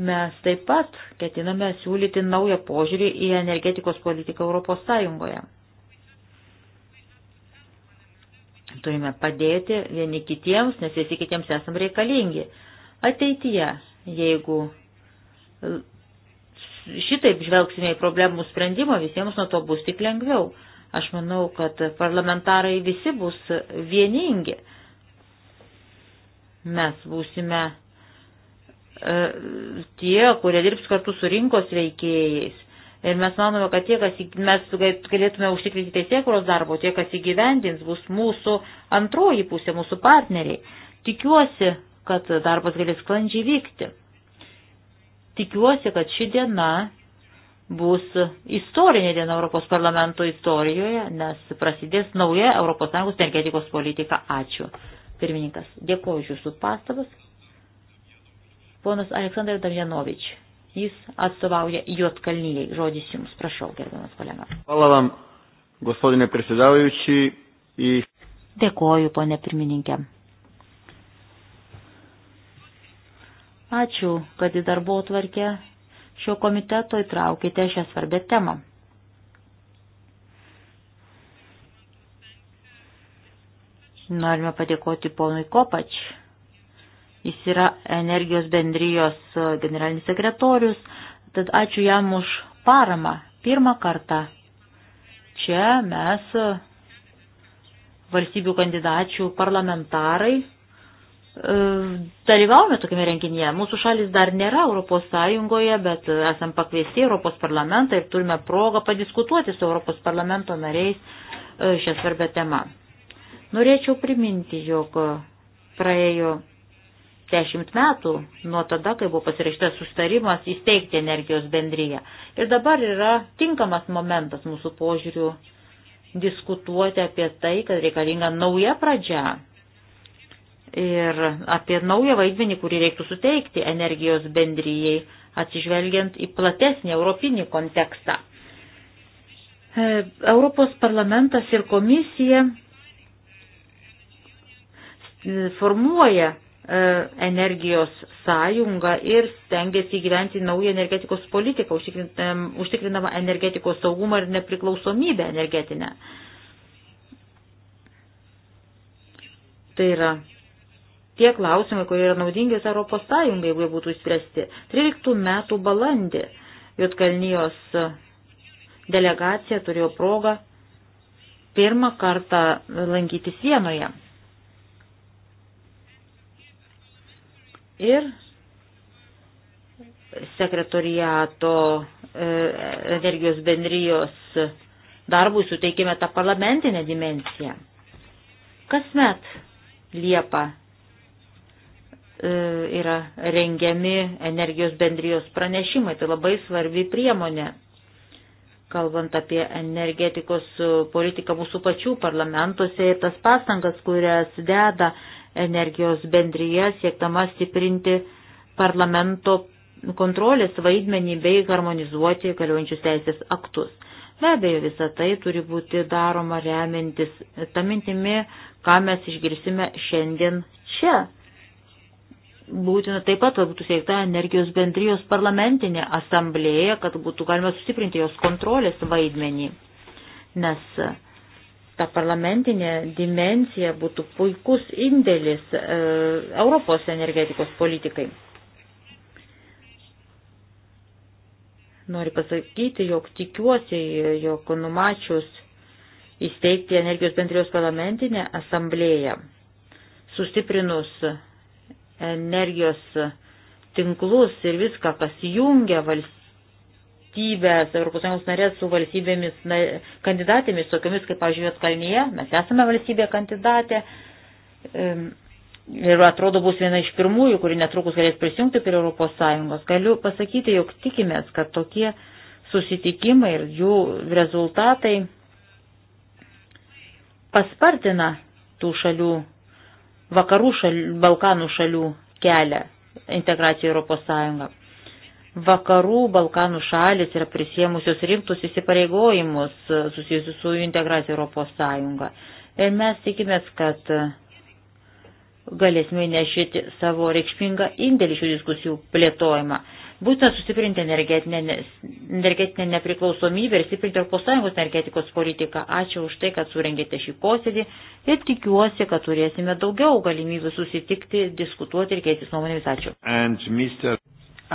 Speaker 4: Mes taip pat ketiname siūlyti naują požiūrį į energetikos politiką Europos Sąjungoje. Turime padėti vieni kitiems, nes visi kitiems esam reikalingi. Ateityje, jeigu šitaip žvelgsime į problemų sprendimą, visiems nuo to bus tik lengviau. Aš manau, kad parlamentarai visi bus vieningi. Mes būsime e, tie, kurie dirbs kartu su rinkos veikėjais Ir mes manome, kad tie, kas mes galėtume užtikrinti teisėkuros darbo, tie, kas įgyvendins, bus mūsų antroji pusė, mūsų partneriai. Tikiuosi, kad darbas galės sklandžiai vykti. Tikiuosi, kad ši diena bus istorinė diena Europos parlamento istorijoje, nes prasidės nauja ES energetikos politika. Ačiū. Pirmininkas, dėkuoju už jūsų pastabas. Ponas Aleksandras Damjanovičius. Jis atstovauja Juotkalnyjai. Žodis jums, prašau, gerbiamas kolega.
Speaker 1: Palavam, gospodinė
Speaker 2: prisidaujučiai. Į...
Speaker 4: Dėkoju, ponė pirmininkė. Ačiū, kad į darbo tvarkę šio komiteto įtraukite šią svarbę temą. Norime padėkoti ponui Kopač Jis yra energijos bendrijos e, generalinis sekretorius. Tad ačiū jam už paramą pirmą kartą. Čia mes e, valstybių kandidačių parlamentarai e, dalyvaujame tokiame renginyje. Mūsų šalis dar nėra Europos Sąjungoje, bet esam pakviesti Europos parlamentą ir turime progą padiskutuoti su Europos parlamento nariais šią svarbę temą. Norėčiau priminti, jog praėjo dešimt metų nuo tada, kai buvo pasirašytas sustarimas įsteigti energijos bendryje. Ir dabar yra tinkamas momentas mūsų požiūrių diskutuoti apie tai, kad reikalinga nauja pradžia ir apie naują vaidmenį, kurį reiktų suteikti energijos bendryjei, atsižvelgiant į platesnį europinį kontekstą. E, Europos parlamentas ir komisija formuoja E, energijos sąjungą ir stengiasi įgyventi naują energetikos politiką, užtikrinamą energetikos saugumą ir nepriklausomybę energetinę. Tai yra tie klausimai, kurie yra naudingi Europos Sąjungai, jeigu jie būtų išspręsti. 13 metų balandį Jotkalnijos delegacija turėjo progą pirmą kartą lankytis Vienoje. ir sekretoriato e, energijos bendrijos darbui suteikėme tą parlamentinę dimenciją. Kasmet Liepa e, yra rengiami energijos bendrijos pranešimai. Tai labai svarbi priemonė, kalbant apie energetikos politiką mūsų pačių parlamentuose ir tas pastangas, kurias deda energijos bendryje, siektama stiprinti parlamento kontrolės vaidmenį bei harmonizuoti galiojančius teisės aktus. Be abejo, visa tai turi būti daroma remintis tą mintimį, ką mes išgirsime šiandien čia. Būtina taip pat, kad būtų siekta energijos bendrijos parlamentinė asamblėja, kad būtų galima sustiprinti jos kontrolės vaidmenį. Nes ta parlamentinė dimencija būtų puikus indėlis e, Europos energetikos politikai. Noriu pasakyti, jog tikiuosi, jog numačius įsteigti energijos bendrijos parlamentinę asamblėją, sustiprinus energijos tinklus ir viską, kas jungia valstybę, valstybės, ES narės su valstybėmis na, kandidatėmis, tokiamis kaip, pavyzdžiui, Jotkalnyje, mes esame valstybė kandidatė ir atrodo bus viena iš pirmųjų, kuri netrukus galės prisijungti prie ES. Galiu pasakyti, jog tikimės, kad tokie susitikimai ir jų rezultatai paspartina tų šalių, vakarų šalių, Balkanų šalių kelią integraciją Europos Sąjungą. Vakarų Balkanų šalis yra prisėmusios rimtus įsipareigojimus e, susijusius su integracija Europos Sąjunga. Ir e, mes tikimės, kad galėsime nešyti savo reikšmingą indėlį šių diskusijų plėtojimą. Būtina sustiprinti energetinę, energetinę nepriklausomybę ir stiprinti Europos Sąjungos energetikos politiką. Ačiū už tai, kad surengėte šį posėdį ir tikiuosi, kad turėsime daugiau galimybių susitikti, diskutuoti ir keistis nuomonėmis. Ačiū.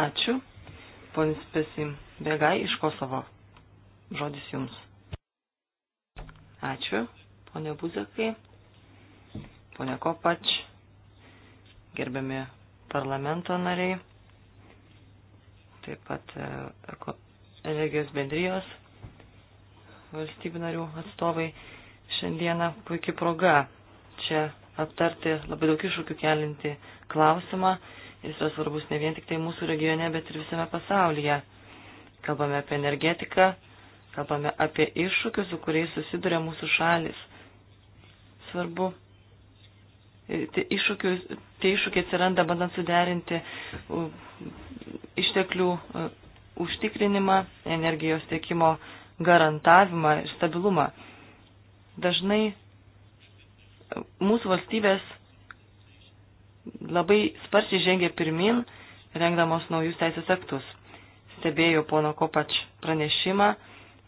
Speaker 4: Ačiū. Ponis Pesim
Speaker 3: Begai iš Kosovo. Žodis jums. Ačiū, ponė Buzekai, ponė Kopač, gerbiami parlamento nariai, taip pat e, energijos bendrijos valstybių narių atstovai. Šiandieną puikia proga čia aptarti labai daug iššūkių kelinti klausimą Jis yra svarbus ne vien tik tai mūsų regione, bet ir visame pasaulyje. Kalbame apie energetiką, kalbame apie iššūkius, su kuriais susiduria mūsų šalis. Svarbu. E, tie iššūkiai, tie iššūkiai atsiranda bandant suderinti išteklių e, užtikrinimą, energijos tiekimo garantavimą ir stabilumą. Dažnai e, mūsų valstybės labai sparčiai žengė pirmin, rengdamos naujus teisės aktus. Stebėjau pono Kopač pranešimą,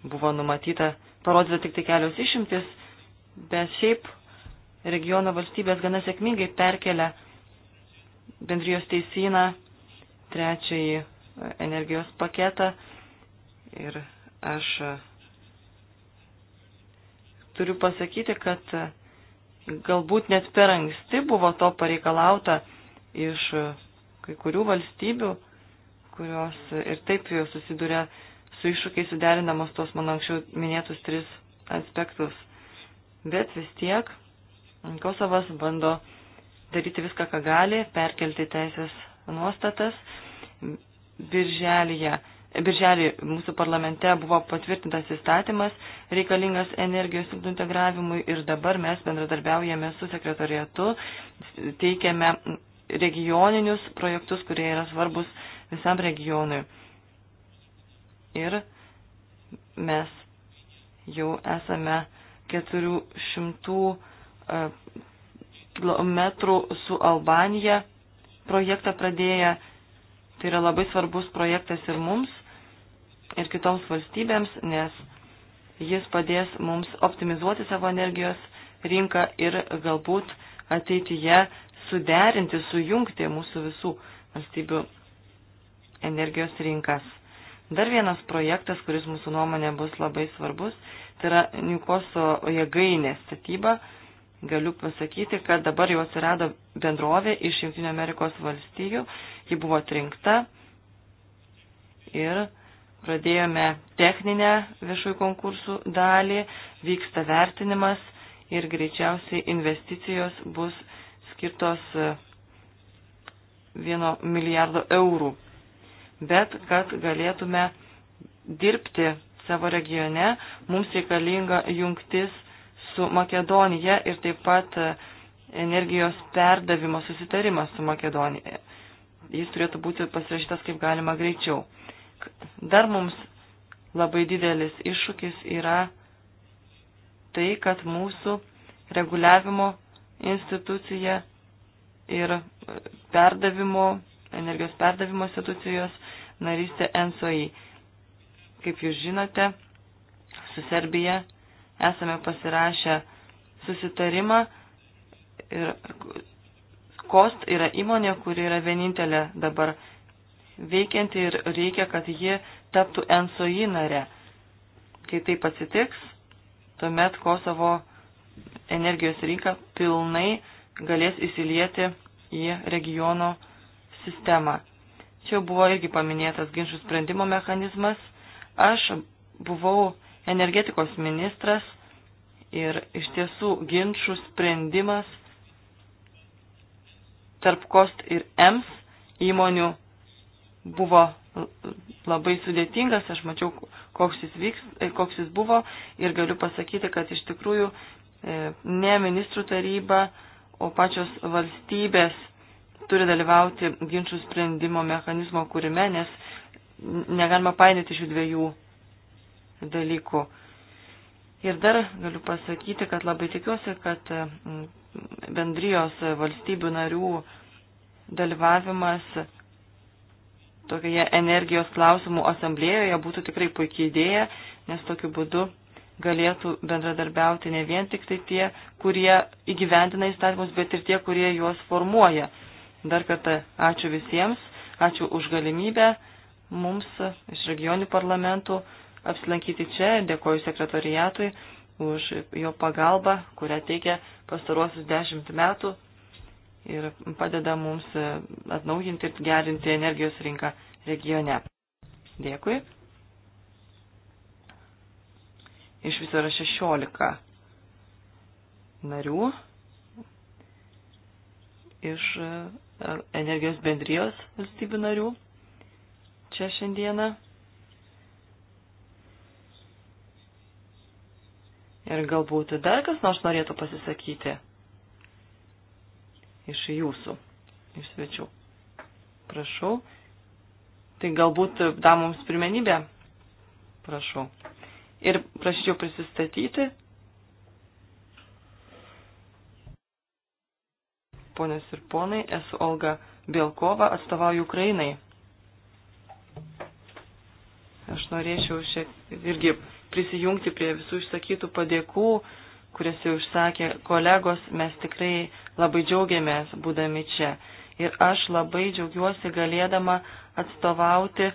Speaker 3: buvo numatyta, parodyta tik tai kelios išimtis, bet šiaip regiono valstybės gana sėkmingai perkelia bendrijos teisyną, trečiąjį e, energijos paketą ir aš e, turiu pasakyti, kad e, Galbūt net per anksti buvo to pareikalauta iš kai kurių valstybių, kurios ir taip jau susiduria su iššūkiai suderinamos tos mano anksčiau minėtus tris aspektus. Bet vis tiek Kosovas bando daryti viską, ką gali, perkelti teisės nuostatas. Birželėje birželį mūsų parlamente buvo patvirtintas įstatymas reikalingas energijos tinklų integravimui ir dabar mes bendradarbiaujame su sekretorietu, teikiame regioninius projektus, kurie yra svarbus visam regionui. Ir mes jau esame 400 e, kilometrų su Albanija projektą pradėję Tai yra labai svarbus projektas ir mums, ir kitoms valstybėms, nes jis padės mums optimizuoti savo energijos rinką ir galbūt ateityje suderinti, sujungti mūsų visų valstybių energijos rinkas. Dar vienas projektas, kuris mūsų nuomonė bus labai svarbus, tai yra Niukoso jėgainės statyba galiu pasakyti, kad dabar jau atsirado bendrovė iš Junktinio Amerikos valstijų, ji buvo atrinkta ir pradėjome techninę viešųjų konkursų dalį, vyksta vertinimas ir greičiausiai investicijos bus skirtos e, vieno milijardo eurų. Bet kad galėtume dirbti savo regione, mums reikalinga jungtis su Makedonija ir taip pat e, energijos perdavimo susitarimas su Makedonija. Jis turėtų būti pasirašytas kaip galima greičiau. Dar mums labai didelis iššūkis yra tai, kad mūsų reguliavimo institucija ir e, perdavimo, energijos perdavimo institucijos narystė NSOI. Kaip jūs žinote, su Serbija esame pasirašę susitarimą ir Kost yra įmonė, kuri yra vienintelė dabar veikianti ir reikia, kad ji taptų NSOI nare. Kai taip atsitiks, tuomet Kosovo energijos rinka pilnai galės įsilieti į regiono sistemą. Čia buvo irgi paminėtas ginčių sprendimo mechanizmas. Aš buvau energetikos ministras ir iš tiesų ginčių sprendimas tarp kost ir EMS įmonių buvo labai sudėtingas, aš mačiau, koks jis, vyks, e, koks jis buvo ir galiu pasakyti, kad iš tikrųjų e, ne ministrų taryba, o pačios valstybės turi dalyvauti ginčių sprendimo mechanizmo kūrime, nes negalima painėti šių dviejų dalykų. Ir dar galiu pasakyti, kad labai tikiuosi, kad mm, bendrijos valstybių narių dalyvavimas tokioje energijos klausimų asamblėjoje būtų tikrai puikiai idėja, nes tokiu būdu galėtų bendradarbiauti ne vien tik tai tie, kurie įgyvendina įstatymus, bet ir tie, kurie juos formuoja. Dar kartą ačiū visiems, ačiū už galimybę mums iš regionių parlamentų apsilankyti čia. Dėkoju sekretoriatui už jo pagalbą, kurią teikia pastaruosius dešimt metų ir padeda mums atnaujinti ir gerinti energijos rinką regione. Dėkui. Iš viso yra 16 narių iš e, energijos bendrijos valstybių narių čia šiandieną. Ir galbūt dar kas nors norėtų pasisakyti iš jūsų, iš svečių. Prašau. Tai galbūt damoms pirmenybė. Prašau. Ir prašyčiau prisistatyti. Ponės ir ponai, esu Olga Bielkova, atstovauju Ukrainai. Aš norėčiau šiek tiek irgi prisijungti prie visų išsakytų padėkų, kurias jau išsakė kolegos. Mes tikrai labai džiaugiamės būdami čia. Ir aš labai džiaugiuosi galėdama atstovauti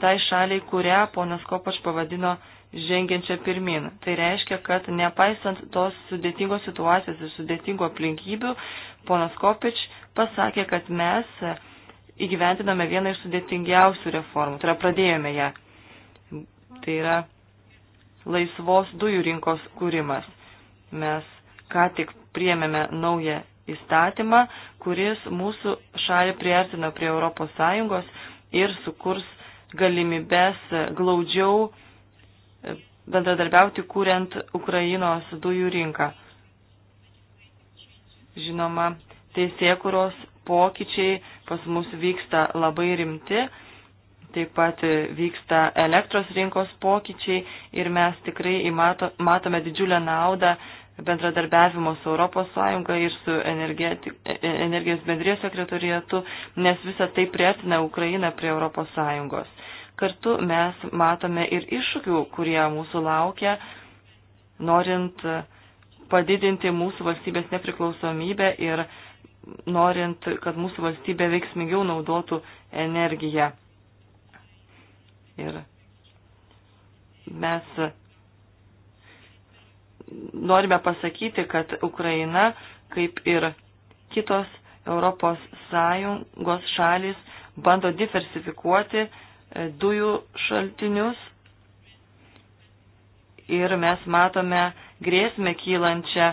Speaker 3: tai šaliai, kurią ponas Kopač pavadino žengiančią pirmin. Tai reiškia, kad nepaisant tos sudėtingos situacijos ir sudėtingų aplinkybių, ponas Kopič pasakė, kad mes įgyventiname vieną iš sudėtingiausių reformų, tai yra pradėjome ją. Tai yra laisvos dujų rinkos kūrimas. Mes ką tik priemėme naują įstatymą, kuris mūsų šalį priartina prie ES ir sukurs galimybės glaudžiau e, bendradarbiauti, kuriant Ukrainos dujų rinką. Žinoma, teisėkuros pokyčiai pas mus vyksta labai rimti Taip pat vyksta elektros rinkos pokyčiai ir mes tikrai įmato, matome didžiulę naudą bendradarbiavimo su ES ir su e, e, energijos bendrijos sekretorijatu, nes visa tai prietina Ukrainą prie ES. Kartu mes matome ir iššūkių, kurie mūsų laukia, norint padidinti mūsų valstybės nepriklausomybę ir norint, kad mūsų valstybė veiksmingiau naudotų energiją. Ir mes norime pasakyti, kad Ukraina, kaip ir kitos Europos Sąjungos šalis, bando diversifikuoti e, dujų šaltinius ir mes matome grėsmę kylančią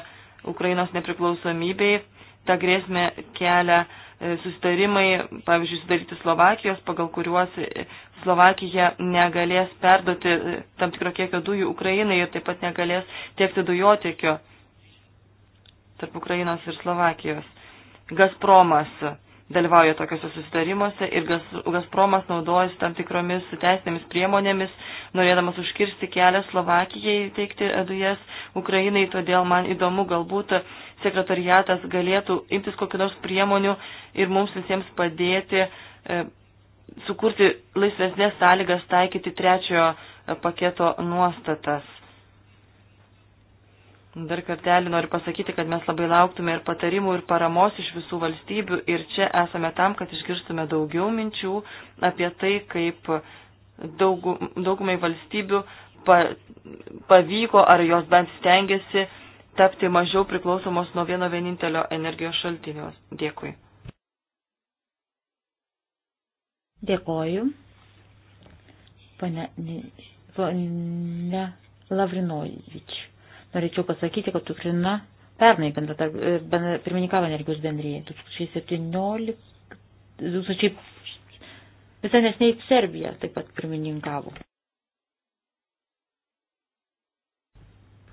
Speaker 3: Ukrainos nepriklausomybei. Ta grėsmė kelia e, susitarimai, pavyzdžiui, sudaryti Slovakijos, pagal kuriuos e, Slovakija negalės perduoti e, tam tikro kiekio dujų Ukrainai ir taip pat negalės tiekti dujotiekio tarp Ukrainos ir Slovakijos. Gazpromas dalyvauja tokiuose susitarimuose ir Gazpromas naudojasi tam tikromis teisinėmis priemonėmis, norėdamas užkirsti kelią Slovakijai teikti e, dujas Ukrainai, todėl man įdomu galbūt sekretariatas galėtų imtis kokiu nors priemonių ir mums visiems padėti e, sukurti laisvesnės sąlygas taikyti trečiojo e, paketo nuostatas. Dar kartelį noriu pasakyti, kad mes labai lauktume ir patarimų, ir paramos iš visų valstybių, ir čia esame tam, kad išgirstume daugiau minčių apie tai, kaip daugum, daugumai valstybių pa, pavyko, ar jos bent stengiasi tapti mažiau priklausomos nuo vieno vienintelio energijos šaltinio. Dėkui.
Speaker 4: Dėkoju. Pane, pane Lavrinovič, norėčiau pasakyti, kad Ukraina pernai pirmininkavo energijos bendryje 2017, 2000, visai nesnei Serbija taip pat pirmininkavo.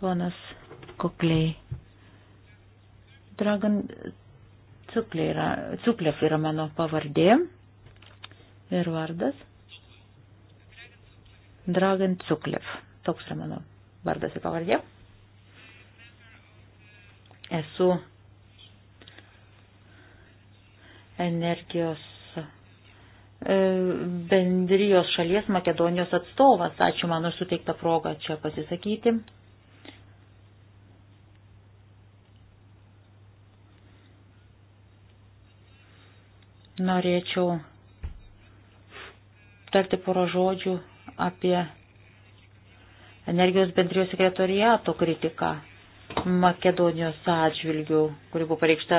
Speaker 4: Ponas Kokliai. Dragan Cuklev yra, Cuklev yra mano pavardė ir vardas. Dragan Cuklev. Toks yra mano vardas ir pavardė. Esu energijos e, bendrijos šalies Makedonijos atstovas. Ačiū man už suteiktą progą čia pasisakyti. Norėčiau tarti porą žodžių apie energijos bendrijos sekretoriato kritiką Makedonijos atžvilgių, kuri buvo pareikšta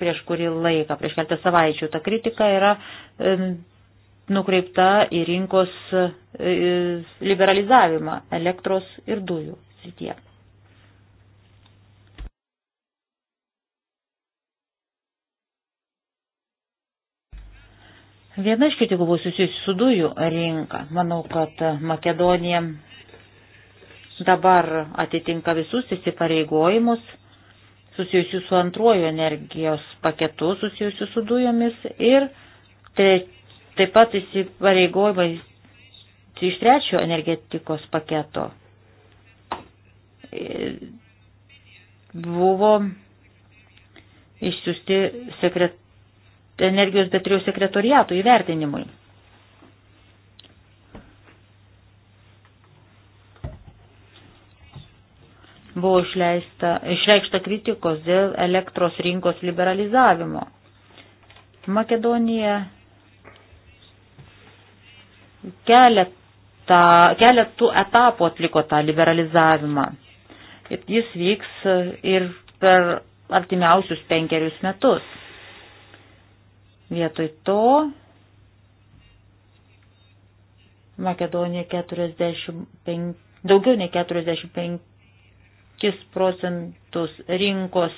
Speaker 4: prieš kurį laiką, prieš keltą savaičių. Ta kritika yra nukreipta į rinkos e, liberalizavimą elektros ir dujų srityje. Viena iš kritikų buvo susijusi su dujų rinka. Manau, kad Makedonija dabar atitinka visus įsipareigojimus susijusių su antruoju energijos paketu, susijusių su dujomis ir tai, taip pat įsipareigojimai iš trečiojo energetikos paketo buvo išsiusti sekret, energijos bendrijos sekretoriatų įvertinimui. Buvo išleista, išreikšta kritikos dėl elektros rinkos liberalizavimo. Makedonija keletą, keletų etapų atliko tą liberalizavimą. Jis vyks ir per artimiausius penkerius metus. Vietoj to Makedonija 45, daugiau nei 45 procentus rinkos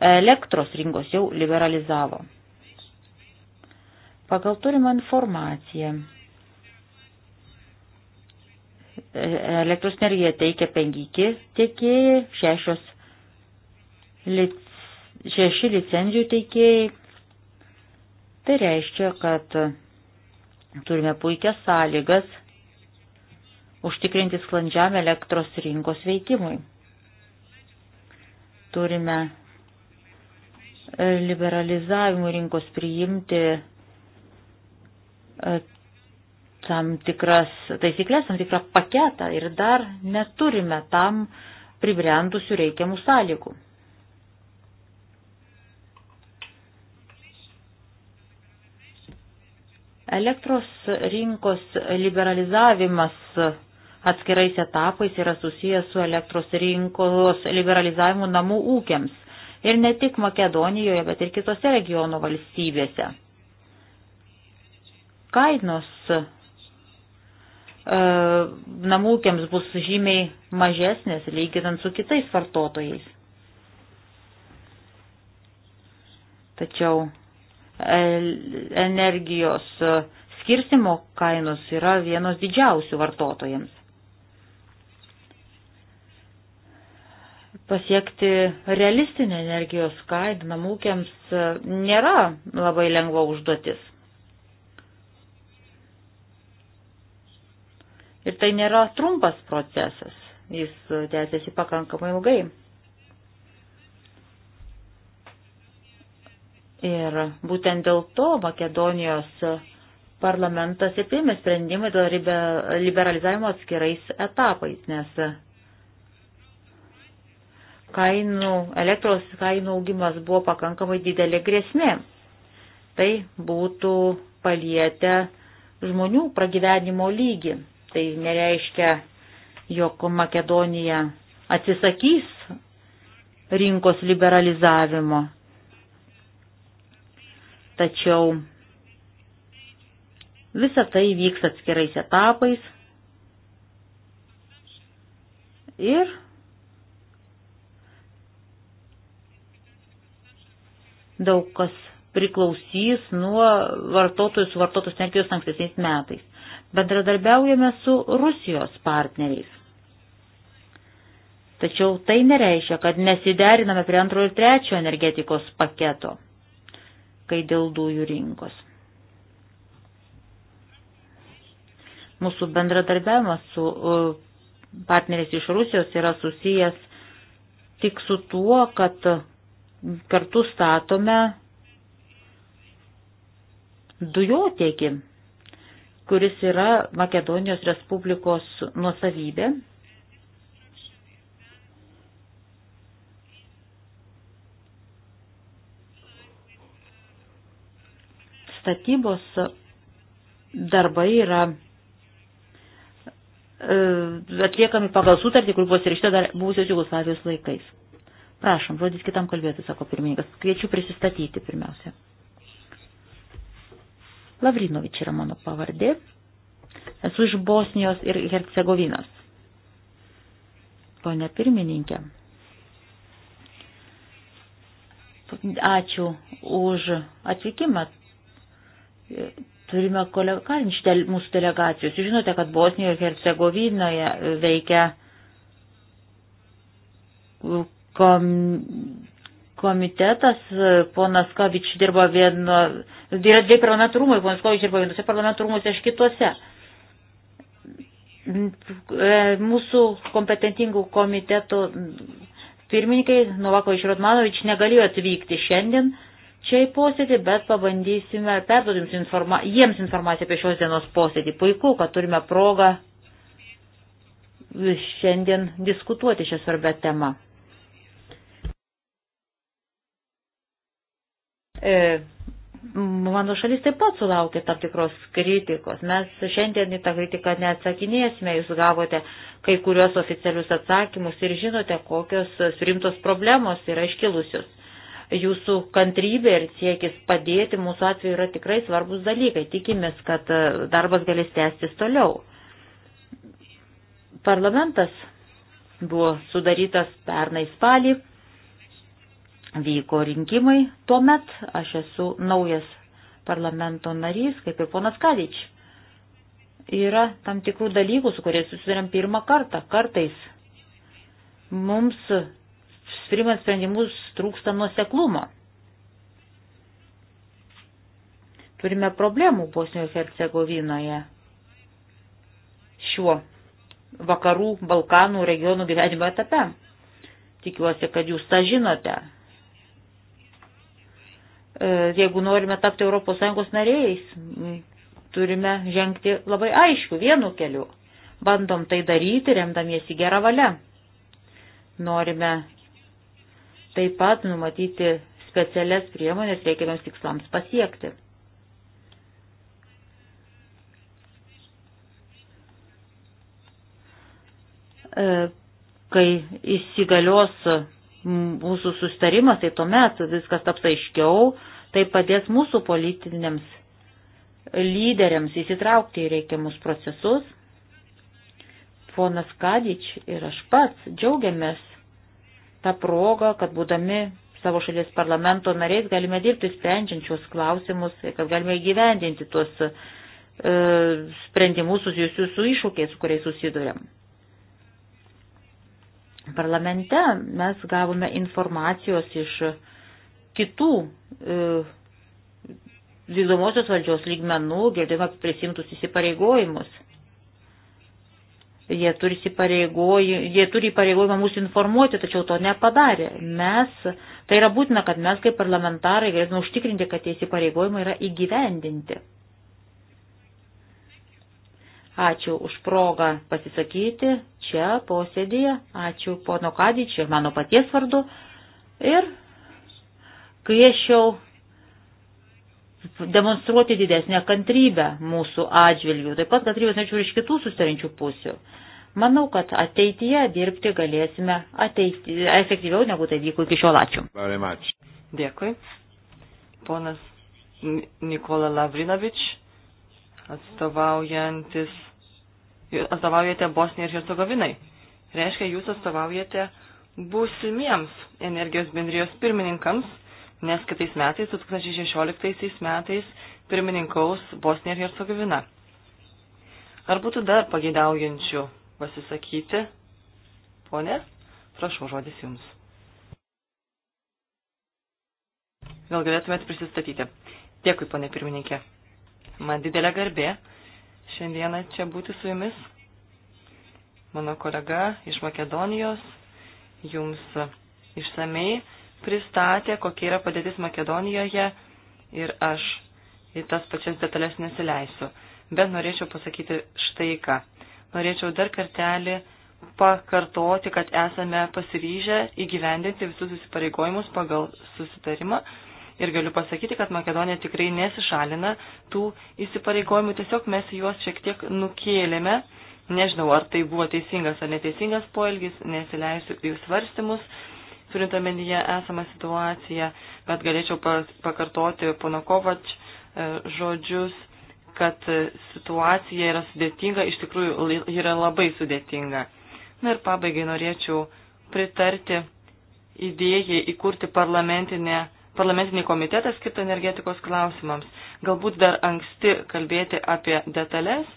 Speaker 4: elektros rinkos jau liberalizavo. Pagal turimą informaciją elektros energiją teikia 5 tiekėjai, 6 lic, šeši licenzijų teikėjai, Tai reiškia, kad turime puikias sąlygas užtikrinti sklandžiam elektros rinkos veikimui. Turime e, liberalizavimų rinkos priimti e, tam tikras taisyklės, tam tikrą paketą ir dar neturime tam pribrendusių reikiamų sąlygų. Elektros rinkos liberalizavimas atskirais etapais yra susijęs su elektros rinkos liberalizavimu namų ūkiams. Ir ne tik Makedonijoje, bet ir kitose regiono valstybėse. Kainos e, namų ūkiams bus žymiai mažesnės lyginant su kitais vartotojais. Tačiau energijos skirstimo kainos yra vienos didžiausių vartotojams. Pasiekti realistinę energijos kainą namūkiams nėra labai lengva užduotis. Ir tai nėra trumpas procesas, jis tęsiasi pakankamai ilgai. Ir būtent dėl to Makedonijos parlamentas ir priėmė sprendimą dėl liberalizavimo atskirais etapais, nes kainų, elektros kainų augimas buvo pakankamai didelė grėsmė. Tai būtų palietę žmonių pragyvenimo lygį. Tai nereiškia, jog Makedonija atsisakys rinkos liberalizavimo. Tačiau visa tai vyks atskirais etapais ir daug kas priklausys nuo vartotojų suvartotos energijos ankstesniais metais. Bendradarbiaujame su Rusijos partneriais. Tačiau tai nereiškia, kad nesideriname prie antrojo ir trečiojo energetikos paketo kai dėl dujų rinkos. Mūsų bendradarbiavimas su e, partneriais iš Rusijos yra susijęs tik su tuo, kad kartu statome dujotiekį, kuris yra Makedonijos Respublikos nuosavybė statybos darbai yra e, atliekami pagal sutartį, kur buvo sirišta dar buvusios Jugoslavijos laikais. Prašom, žodis kitam kalbėti, sako pirmininkas. Kviečiu prisistatyti pirmiausia. Lavrinovič yra mano pavardė. Esu iš Bosnijos ir Hercegovinos. Pone pirmininkė. Ačiū už atvykimą. Turime kolegą Kalinštel mūsų delegacijos. Jūs žinote, kad Bosnijoje ir Hercegovinoje veikia kom, komitetas, ponas Kavič dirba vieno, yra dviejų parlamentų rūmai, ponas Kavič dirba vienose parlamentų rūmose, aš kitose. E, mūsų kompetentingų komitetų pirmininkai Novako iš Rodmanovič negalėjo atvykti šiandien, čia į posėdį, bet pabandysime perduoti informa jiems informaciją apie šios dienos posėdį. Puiku, kad turime progą šiandien diskutuoti šią svarbę temą. E, mano šalis taip pat sulaukė tam tikros kritikos. Mes šiandien į tą kritiką neatsakinėsime, jūs gavote kai kuriuos oficialius atsakymus ir žinote, kokios rimtos problemos yra iškilusios. Jūsų kantrybė ir siekis padėti mūsų atveju yra tikrai svarbus dalykai. Tikimės, kad e, darbas galės tęstis toliau. Parlamentas buvo sudarytas pernai spalį, vyko rinkimai, tuomet aš esu naujas parlamento narys, kaip ir ponas Kadič. Yra tam tikrų dalykų, su kuriais susidurėm pirmą kartą. Kartais mums primant sprendimus trūksta nuoseklumo. Turime problemų Bosnijoje Hercegovinoje šiuo vakarų Balkanų regionų gyvenimo etape. Tikiuosi, kad jūs tą žinote. E, jeigu norime tapti ES nariais, turime žengti labai aišku vienu keliu. Bandom tai daryti, remdamiesi gerą valią. Norime taip pat numatyti specialias priemonės reikiamiams tikslams pasiekti. E, kai įsigalios mūsų sustarimas, tai tuomet viskas taps aiškiau, tai padės mūsų politiniams lyderiams įsitraukti į reikiamus procesus. Ponas Kadič ir aš pats džiaugiamės tą progą, kad būdami savo šalies parlamento nariais galime dirbti sprendžiančios klausimus, kad galime įgyvendinti tuos e, sprendimus susijusius su iššūkiais, su kuriais susidurėm. Parlamente mes gavome informacijos iš kitų e, vykdomosios valdžios lygmenų, girdėjome prisimtus įsipareigojimus. Jie turi, jie turi įpareigojimą mūsų informuoti, tačiau to nepadarė. Mes, tai yra būtina, kad mes kaip parlamentarai galėtume užtikrinti, kad tie įsipareigojimai yra įgyvendinti. Ačiū už progą pasisakyti čia posėdėje. Ačiū pono Kadičiui, mano paties vardu. Ir kviešiau demonstruoti didesnę kantrybę mūsų atžvilgių, taip pat kantrybės nečiau ir iš kitų sustarinčių pusių. Manau, kad ateityje dirbti galėsime ateity, efektyviau negu tai vyko iki šiol. Ačiū. Dėkui. Ponas
Speaker 3: Nikola Lavrinovič, atstovaujantis, atstovaujate Bosniją ir Hercegovinai. Reiškia, jūs atstovaujate būsimiems energijos bendrijos pirmininkams nes kitais metais, 2016 metais, pirmininkaus Bosnija ir Hercegovina. Ar būtų dar pageidaujančių pasisakyti? Pone, prašau žodis Jums. Gal galėtumėt prisistatyti. Dėkui, ponė pirmininkė. Man didelė garbė šiandieną čia būti su Jumis. Mano kolega iš Makedonijos Jums išsamei pristatė, kokia yra padėtis Makedonijoje ir aš į tas pačias detalės nesileisiu. Bet norėčiau pasakyti štai ką. Norėčiau dar kartelį pakartoti, kad esame pasiryžę įgyvendinti visus įsipareigojimus pagal susitarimą. Ir galiu pasakyti, kad Makedonija tikrai nesišalina tų įsipareigojimų, tiesiog mes juos šiek tiek nukėlėme. Nežinau, ar tai buvo teisingas ar neteisingas poelgis, nesileisiu į svarstymus turint omenyje esamą situaciją, bet galėčiau pakartoti pono Kovač e, žodžius, kad situacija yra sudėtinga, iš tikrųjų yra labai sudėtinga. Na ir pabaigai norėčiau pritarti idėjai įkurti parlamentinę parlamentinį komitetą skirtą energetikos klausimams. Galbūt dar anksti kalbėti apie detalės,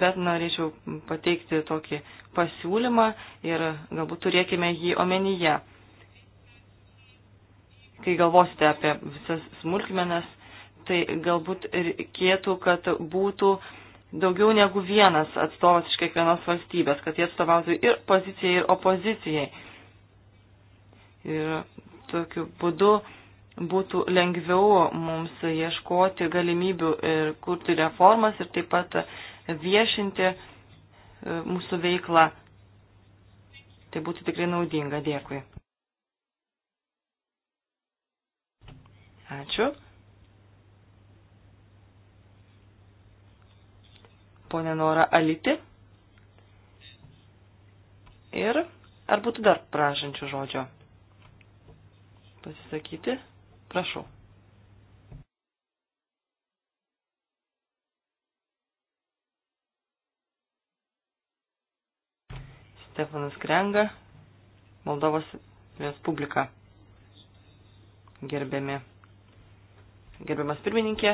Speaker 3: bet norėčiau pateikti tokį pasiūlymą ir galbūt turėkime jį omenyje kai galvosite apie visas smulkmenas, tai galbūt reikėtų, kad būtų daugiau negu vienas atstovas iš kiekvienos valstybės, kad jie atstovautų ir pozicijai, ir opozicijai. Ir tokiu būdu būtų lengviau mums ieškoti galimybių ir kurti reformas ir taip pat viešinti e, mūsų veiklą. Tai būtų tikrai naudinga. Dėkui. Ačiū. Pone Nora Aliti. Ir ar būtų dar prašančių žodžio? Pasisakyti? Prašau. Stefanas Krenga, Moldovos Respublika. Gerbiami gerbiamas pirmininkė,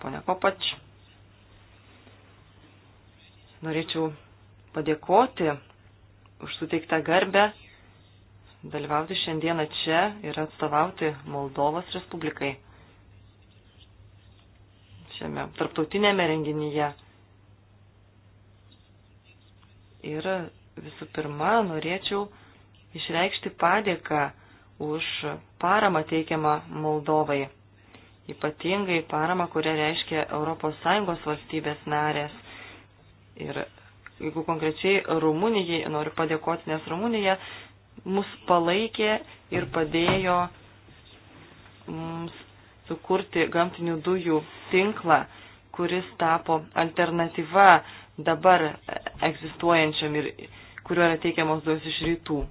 Speaker 3: ponia Kopač. Norėčiau padėkoti už suteiktą garbę dalyvauti šiandieną čia ir atstovauti Moldovos Respublikai šiame tarptautinėme renginyje. Ir visų pirma, norėčiau išreikšti padėką už paramą teikiamą Moldovai, ypatingai paramą, kurią reiškia ES valstybės narės. Ir jeigu konkrečiai Rumunijai, noriu padėkoti, nes Rumunija mus palaikė ir padėjo mums sukurti gamtinių dujų tinklą, kuris tapo alternatyva dabar egzistuojančiam ir kuriuo yra teikiamos dujos iš rytų.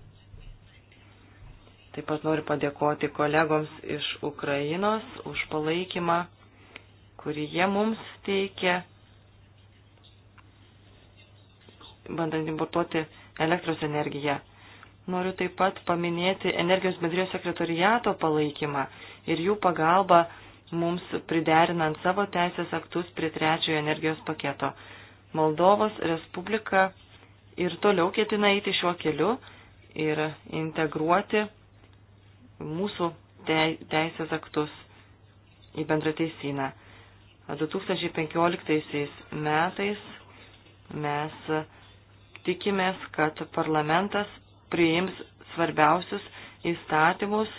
Speaker 3: Taip pat noriu padėkoti kolegoms iš Ukrainos už palaikymą, kurį jie mums teikia, bandant importuoti elektros energiją. Noriu taip pat paminėti energijos bendrijos sekretoriato palaikymą ir jų pagalbą mums priderinant savo teisės aktus prie trečiojo energijos paketo. Moldovos Respublika ir toliau ketina eiti šiuo keliu ir integruoti mūsų teisės aktus į bendrą teisyną. 2015 metais mes tikimės, kad parlamentas priims svarbiausius įstatymus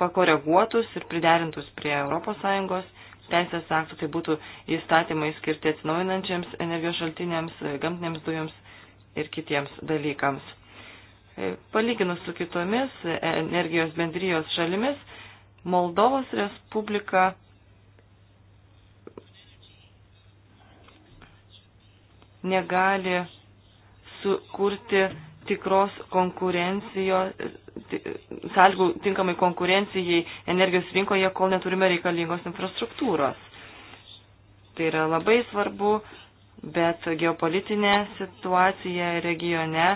Speaker 3: pakoreguotus ir priderintus prie ES teisės aktų, tai būtų įstatymai skirti atsinaujinančiams energijos šaltiniams, gamtiniams dujams ir kitiems dalykams. Palyginus su kitomis energijos bendrijos šalimis, Moldovos Respublika negali sukurti tikros konkurencijos, sąlygų tinkamai konkurencijai energijos rinkoje, kol neturime reikalingos infrastruktūros. Tai yra labai svarbu, bet geopolitinė situacija regione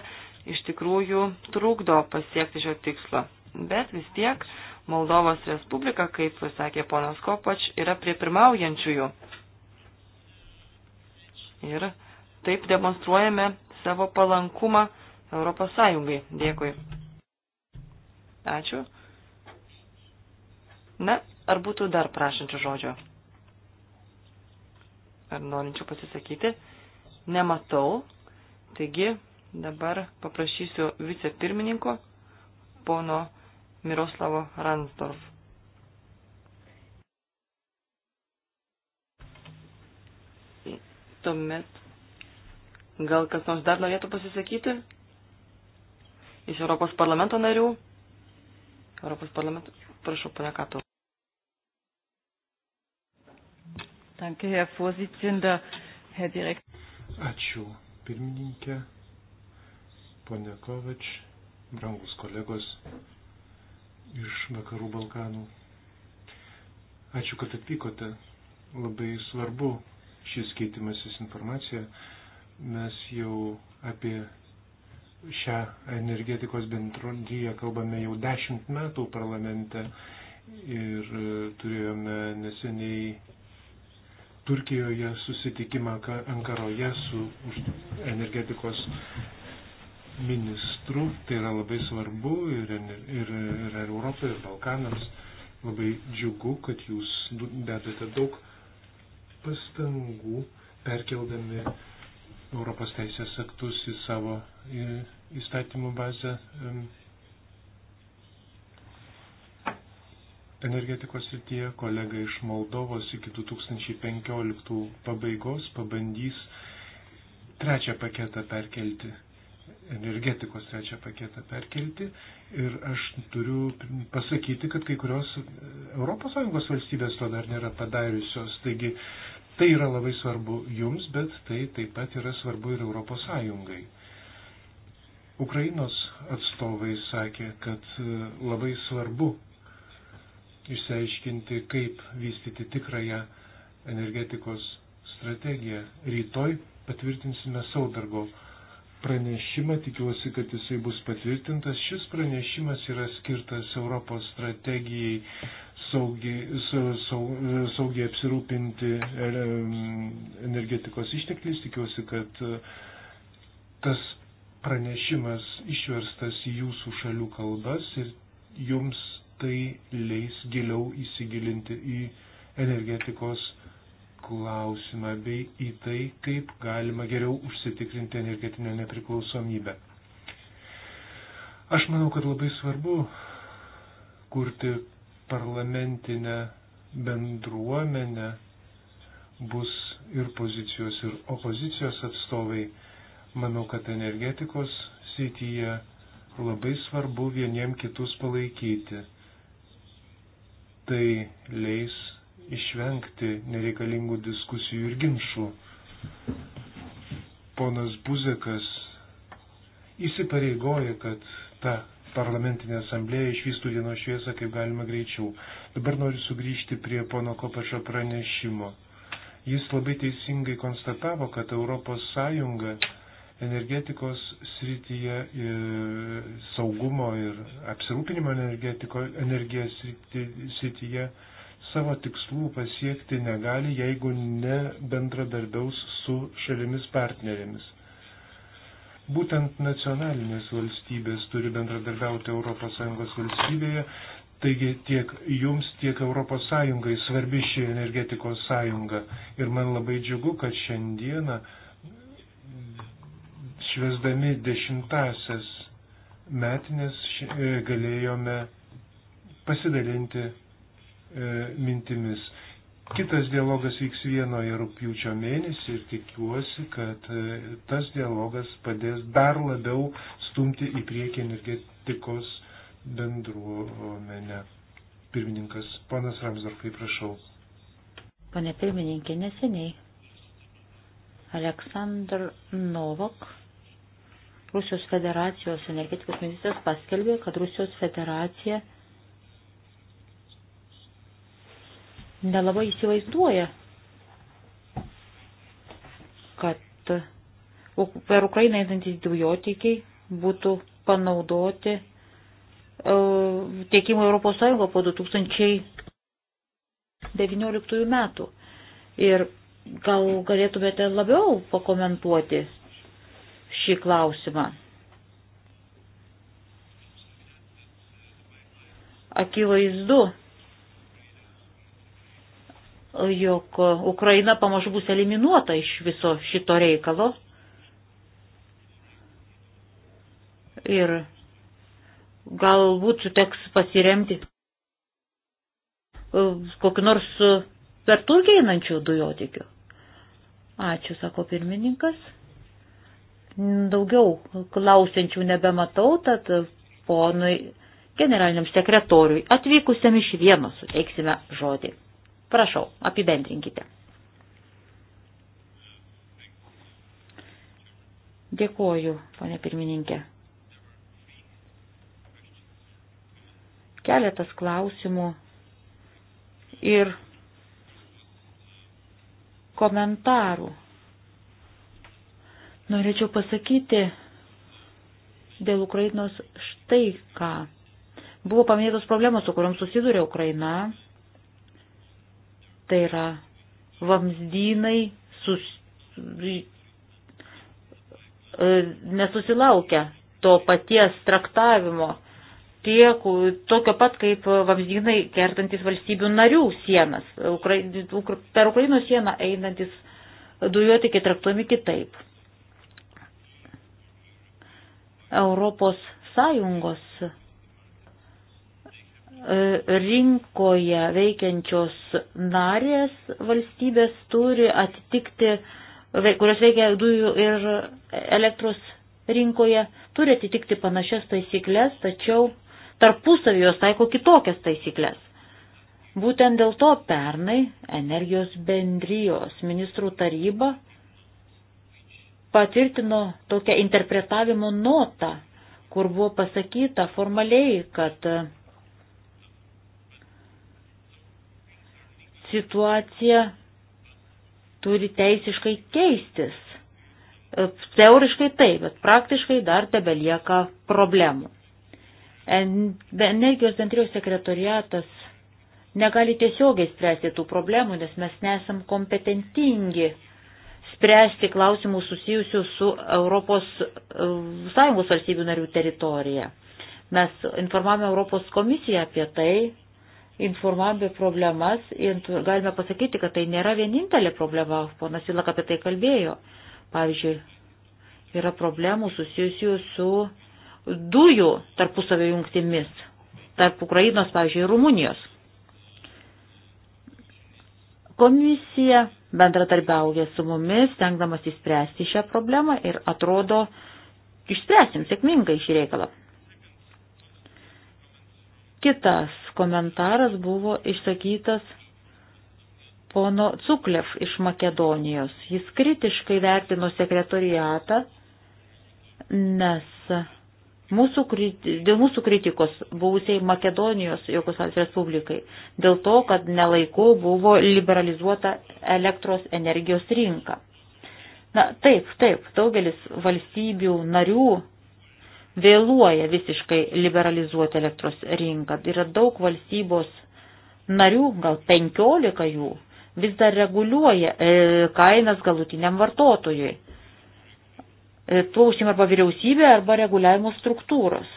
Speaker 3: iš tikrųjų trukdo pasiekti šio tikslo. Bet vis tiek Moldovos Respublika, kaip sakė ponas Kopač, yra prie pirmaujančiųjų. Ir taip demonstruojame savo palankumą Europos Sąjungai. Dėkui. Ačiū. Na, ar būtų dar prašančių žodžio? Ar norinčių pasisakyti? Nematau. Taigi, Dabar paprašysiu vicepirmininko pono Miroslavo Ransdorf. Tuomet gal kas nors dar norėtų pasisakyti? Iš Europos parlamento narių? Europos parlamento. Prašau, pane Kato. Danke, Herr Vorsitzender, Herr Direktor.
Speaker 5: Ačiū, pirmininkė. Pone Kovač, brangus kolegos iš Vakarų Balkanų. Ačiū, kad atvykote. Labai svarbu šis keitimasis informacija. Mes jau apie šią energetikos bendrondyje kalbame jau dešimt metų parlamente ir e, turėjome neseniai Turkijoje susitikimą Ankaroje su energetikos ministrų. Tai yra labai svarbu ir, ir, ir Europai, ir Balkanams. Labai džiugu, kad jūs dedate daug pastangų perkeldami Europos teisės aktus į savo įstatymų bazę energetikos srityje kolega iš Moldovos iki 2015 pabaigos pabandys trečią paketą perkelti energetikos trečią paketą perkelti ir aš turiu pasakyti, kad kai kurios ES valstybės to dar nėra padariusios. Taigi tai yra labai svarbu jums, bet tai taip pat yra svarbu ir ES. Ukrainos atstovai sakė, kad e, labai svarbu išsiaiškinti, kaip vystyti tikrąją energetikos strategiją. Rytoj patvirtinsime Saudargo pranešimą, tikiuosi, kad jisai bus patvirtintas. Šis pranešimas yra skirtas Europos strategijai saugiai, saugiai, saugiai apsirūpinti e, energetikos ištekliais. Tikiuosi, kad e, tas pranešimas išverstas į jūsų šalių kalbas ir jums tai leis giliau įsigilinti į energetikos klausimą bei į tai, kaip galima geriau užsitikrinti energetinę nepriklausomybę. Aš manau, kad labai svarbu kurti parlamentinę bendruomenę, bus ir pozicijos, ir opozicijos atstovai. Manau, kad energetikos srityje labai svarbu vieniem kitus palaikyti. Tai leis išvengti nereikalingų diskusijų ir ginčių. Ponas Buzekas įsipareigoja, kad ta parlamentinė asamblėja išvystų dienos šviesą kaip galima greičiau. Dabar noriu sugrįžti prie pono Kopačio pranešimo. Jis labai teisingai konstatavo, kad ES energetikos srityje, ir e, saugumo ir apsirūpinimo energetikos energijos srityje savo tikslų pasiekti negali, jeigu ne bendradarbiaus su šalimis partnerėmis. Būtent nacionalinės valstybės turi bendradarbiauti ES valstybėje, taigi tiek jums, tiek ES svarbi ši energetikos sąjunga. Ir man labai džiugu, kad šiandieną švesdami dešimtasias metinės e, galėjome pasidalinti E, mintimis. Kitas dialogas vyks vienoje rūpjūčio mėnesį ir tikiuosi, kad e, tas dialogas padės dar labiau stumti į priekį energetikos bendruomenę. Pirmininkas, ponas Ramsdorfai, prašau.
Speaker 4: Pane pirmininkė, neseniai Aleksandr Novok, Rusijos federacijos energetikos ministras, paskelbė, kad Rusijos federacija nelabai įsivaizduoja, kad per Ukrainą einantys dujotikiai būtų panaudoti uh, e, tiekimo Europos Sąjungo po 2019 metų. Ir gal galėtumėte labiau pakomentuoti šį klausimą. Akivaizdu, jog Ukraina pamažu bus eliminuota iš viso šito reikalo. Ir galbūt teks pasiremti kokiu nors per Turkiją einančių dujotikių. Ačiū, sako pirmininkas. Daugiau klausiančių nebematau, tad ponui generaliniam sekretoriui atvykusiam iš Vienos suteiksime žodį. Prašau, apibendrinkite. Dėkuoju, ponė pirmininkė. Keletas klausimų ir komentarų. Norėčiau pasakyti dėl Ukrainos štai ką. Buvo paminėtos problemos, su kuriuom susiduria Ukraina, Tai yra vamzdynai sus... E, nesusilaukia to paties traktavimo tiek tokio pat kaip vamzdynai kertantis valstybių narių sienas, Ukrai, per Ukrainos sieną einantis dujotikiai traktuomi kitaip. Europos Sąjungos E, rinkoje veikiančios narės valstybės turi atitikti, kurios veikia dujų ir elektros rinkoje, turi atitikti panašias taisyklės, tačiau tarpusavį jos taiko kitokias taisyklės. Būtent dėl to pernai energijos bendrijos ministrų taryba patvirtino tokią interpretavimo notą, kur buvo pasakyta formaliai, kad situacija turi teisiškai keistis. E, teoriškai taip, bet praktiškai dar tebelieka problemų. Energijos bendrijos sekretoriatas negali tiesiogiai spręsti tų problemų, nes mes nesam kompetentingi spręsti klausimų susijusių su Europos e, Sąjungos valstybių narių teritorija. Mes informavome Europos komisiją apie tai, informavome apie problemas ir galime pasakyti, kad tai nėra vienintelė problema, ponas Vilak apie tai kalbėjo. Pavyzdžiui, yra problemų susijusių su dujų tarpusavio jungtimis tarp Ukrainos, pavyzdžiui, ir Rumunijos. Komisija bendradarbiauja su mumis, tenkdamas įspręsti šią problemą ir atrodo, išspręsim sėkmingai šį reikalą. Kitas komentaras buvo išsakytas pono Cuklev iš Makedonijos. Jis kritiškai vertino sekretoriatą, nes mūsų, dėl mūsų kritikos buvusiai Makedonijos Jugoslavijos Respublikai, dėl to, kad nelaiku buvo liberalizuota elektros energijos rinka. Na taip, taip, daugelis valstybių narių vėluoja visiškai liberalizuoti elektros rinką. Yra daug valstybos narių, gal penkiolika jų, vis dar reguliuoja e, kainas galutiniam vartotojui. E, tuo užsima arba vyriausybė, arba reguliavimo struktūros.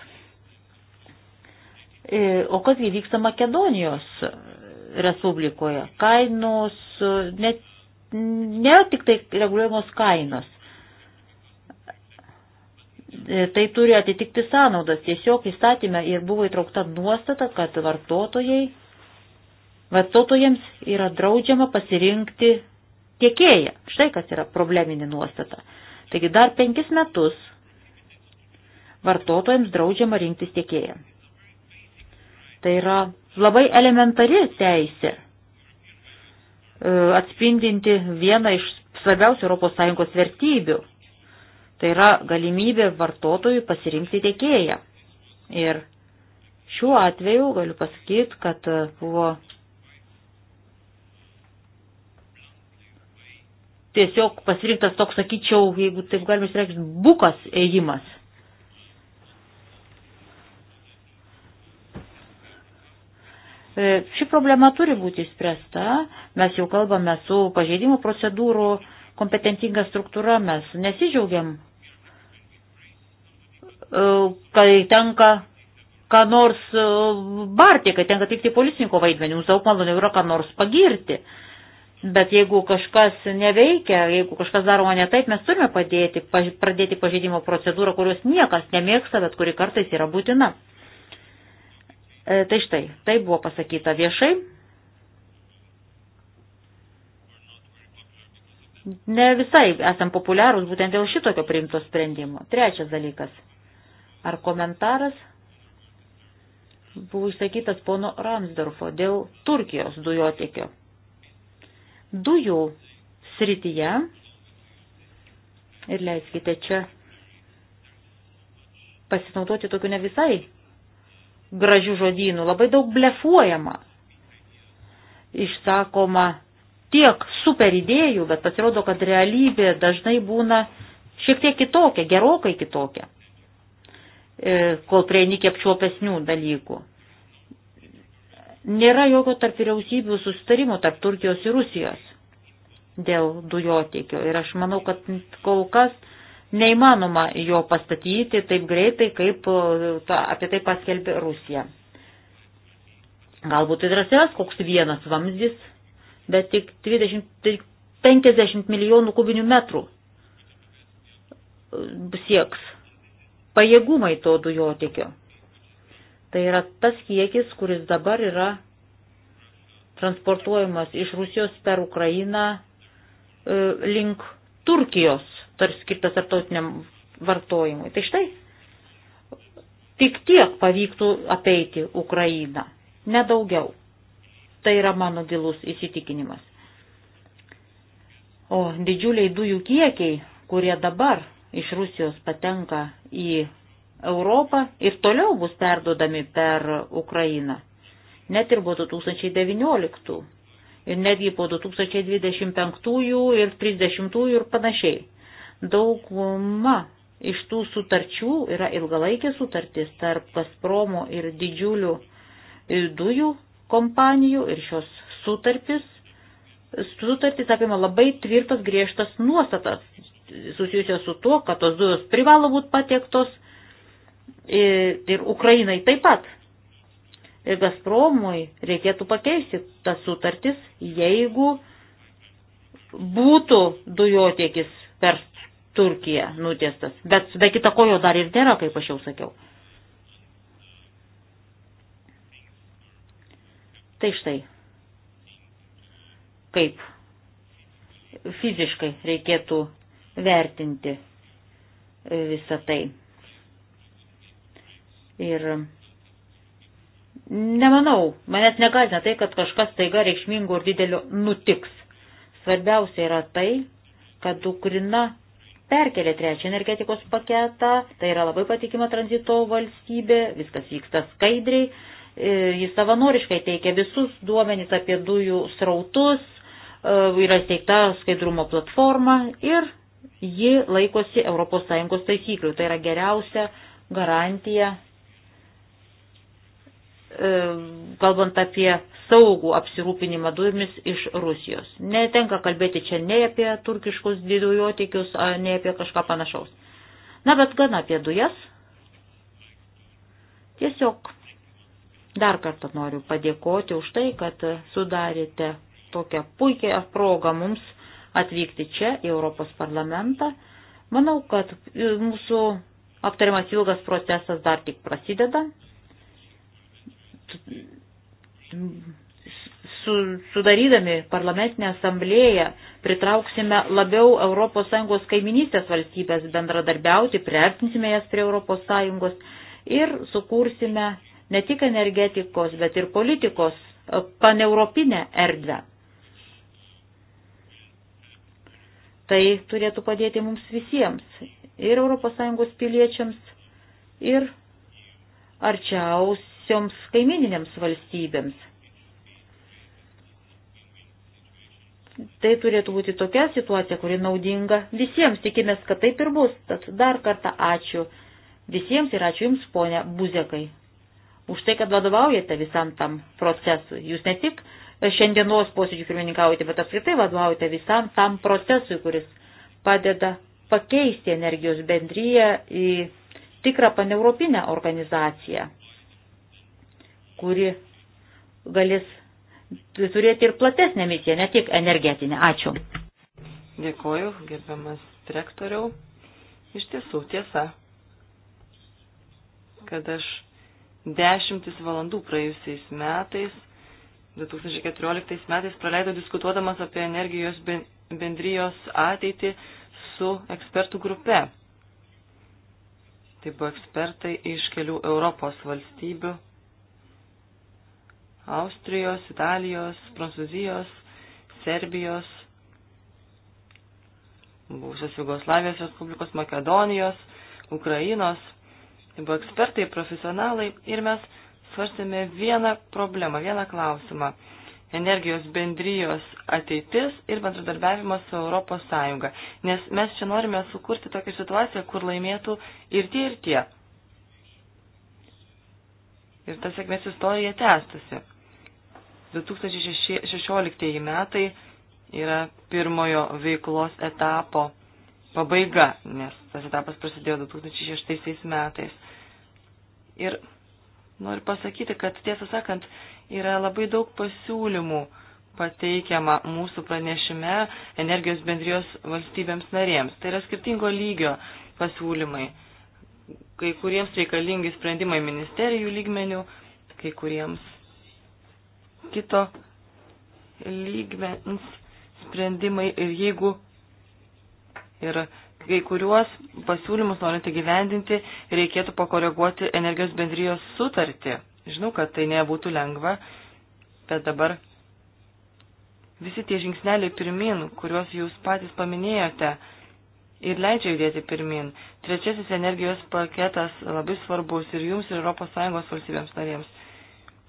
Speaker 4: E, o kas įvyksta Makedonijos Respublikoje? Kainos e, net nėra tik tai reguliuojamos kainos. E, tai turi atitikti sąnaudas. Tiesiog įstatymę ir buvo įtraukta nuostata, kad vartotojai, vartotojams yra draudžiama pasirinkti tiekėją. Štai kas yra probleminė nuostata. Taigi dar penkis metus vartotojams draudžiama rinktis tiekėją. Tai yra labai elementari teisė e, atspindinti vieną iš svarbiausių ES vertybių Tai yra galimybė vartotojui pasirinkti tiekėją. Ir šiuo atveju galiu pasakyti, kad e, buvo tiesiog pasirinktas toks, sakyčiau, jeigu taip galima išreikšti, bukas ėjimas. E, ši problema turi būti išspręsta, mes jau kalbame su pažeidimo procedūrų kompetentinga struktūra, mes nesidžiaugiam E, kai tenka ką nors e, barti, kai tenka tikti policininko vaidmenį, mums daug maloniau yra ką nors pagirti. Bet jeigu kažkas neveikia, jeigu kažkas daroma ne taip, mes turime padėti, paž pradėti pažeidimo procedūrą, kurios niekas nemėgsta, bet kuri kartais yra būtina. E, tai štai, tai buvo pasakyta viešai. Ne visai esam populiarūs būtent dėl šitokio priimto sprendimo. Trečias dalykas ar komentaras buvo išsakytas pono Ramsdorfo dėl Turkijos dujotiekio. Dujų srityje, ir leiskite čia pasinaudoti tokiu ne visai gražių žodynų, labai daug blefuojama, išsakoma tiek super idėjų, bet pasirodo, kad realybė dažnai būna šiek tiek kitokia, gerokai kitokia. E, kol prieini apčiuopesnių dalykų. Nėra jokio tarp vyriausybių sustarimo tarp Turkijos ir Rusijos dėl dujotiekio. Ir aš manau, kad kol kas neįmanoma jo pastatyti taip greitai, kaip e, ta, apie tai paskelbė Rusija. Galbūt tai drąsias koks vienas vamzdis, bet tik 20, tik 50 milijonų kubinių metrų sieks pajėgumai to dujotikio. Tai yra tas kiekis, kuris dabar yra transportuojamas iš Rusijos per Ukrainą e, link Turkijos, tarsi skirtas tarptautiniam vartojimui. Tai štai, tik tiek pavyktų apeiti Ukrainą, nedaugiau. Tai yra mano gilus įsitikinimas. O didžiuliai dujų kiekiai, kurie dabar iš Rusijos patenka į Europą ir toliau bus perdodami per Ukrainą. Net ir po 2019 ir netgi po 2025 ir 30 ir panašiai. Dauguma iš tų sutarčių yra ilgalaikė sutartis tarp Gazpromo ir didžiulių dujų kompanijų ir šios sutartis. Sutartis apima labai tvirtas griežtas nuostatas susijusios su tuo, kad tos dujos privalo būti patiektos ir, ir Ukrainai taip pat. Ir Gazpromui reikėtų pakeisti tas sutartis, jeigu būtų dujotiekis per Turkiją nutiestas. Bet be kita ko jo dar ir nėra, kaip aš jau sakiau. Tai štai, kaip fiziškai reikėtų vertinti e, visą tai. Ir nemanau, manęs negalina tai, kad kažkas taiga reikšmingo ir didelio nutiks. Svarbiausia yra tai, kad Ukraina perkelė trečią energetikos paketą, tai yra labai patikima tranzito valstybė, viskas vyksta skaidriai, e, jis savanoriškai teikia visus duomenys apie dujų srautus, e, yra steigta skaidrumo platforma ir ji laikosi ES taisyklių. Tai yra geriausia garantija, e, kalbant apie saugų apsirūpinimą dujomis iš Rusijos. Netenka kalbėti čia nei apie turkiškus dujotikius, nei apie kažką panašaus. Na, bet gana apie dujas. Tiesiog dar kartą noriu padėkoti už tai, kad sudarėte tokią puikią progą mums atvykti čia į Europos parlamentą. Manau, kad mūsų aptariamas ilgas procesas dar tik prasideda. Su, sudarydami parlamentinę asamblėją pritrauksime labiau ES kaiminystės valstybės bendradarbiauti, priartinsime jas prie ES ir sukursime ne tik energetikos, bet ir politikos paneuropinę erdvę. Tai turėtų padėti mums visiems, ir ES piliečiams, ir arčiausioms kaimininėms valstybėms. Tai turėtų būti tokia situacija, kuri naudinga visiems. Tikimės, kad taip ir bus. Tad dar kartą ačiū visiems ir ačiū Jums, ponia Buzekai, už tai, kad vadovaujate visam tam procesui. Jūs ne tik šiandienos posėdžių pirmininkaujate, bet apskritai vadovaujate visam tam procesui, kuris padeda pakeisti energijos bendryje į tikrą paneuropinę organizaciją, kuri galės turėti ir platesnę misiją, ne tik energetinę. Ačiū.
Speaker 3: Dėkoju, gerbiamas direktoriau. Iš tiesų tiesa, kad aš dešimtis valandų praėjusiais metais 2014 metais praleido diskutuodamas apie energijos bendrijos ateitį su ekspertų grupe. Tai buvo ekspertai iš kelių Europos valstybių - Austrijos, Italijos, Prancūzijos, Serbijos, buvusios Jugoslavijos Respublikos, Makedonijos, Ukrainos. Tai buvo ekspertai, profesionalai ir mes svarstėme vieną problemą, vieną klausimą - energijos bendrijos ateitis ir bendradarbiavimas su Europos Sąjunga. Nes mes čia norime sukurti tokią situaciją, kur laimėtų ir tie, ir tie. Ir ta sėkmės istorija tęstusi. 2016 metai yra pirmojo veiklos etapo pabaiga, nes tas etapas prasidėjo 2006 metais. Ir Noriu pasakyti, kad tiesą sakant, yra labai daug pasiūlymų pateikiama mūsų pranešime energijos bendrijos valstybėms narėms. Tai yra skirtingo lygio pasiūlymai. Kai kuriems reikalingi sprendimai ministerijų lygmenių, kai kuriems kito lygmens sprendimai ir jeigu ir kai kuriuos pasiūlymus norint įgyvendinti reikėtų pakoreguoti energijos bendrijos sutartį. Žinau, kad tai nebūtų lengva, bet dabar visi tie žingsneliai pirmin, kuriuos jūs patys paminėjote, ir leidžia judėti pirmin. Trečiasis energijos paketas labai svarbus ir jums, ir ES valstybėms narėms.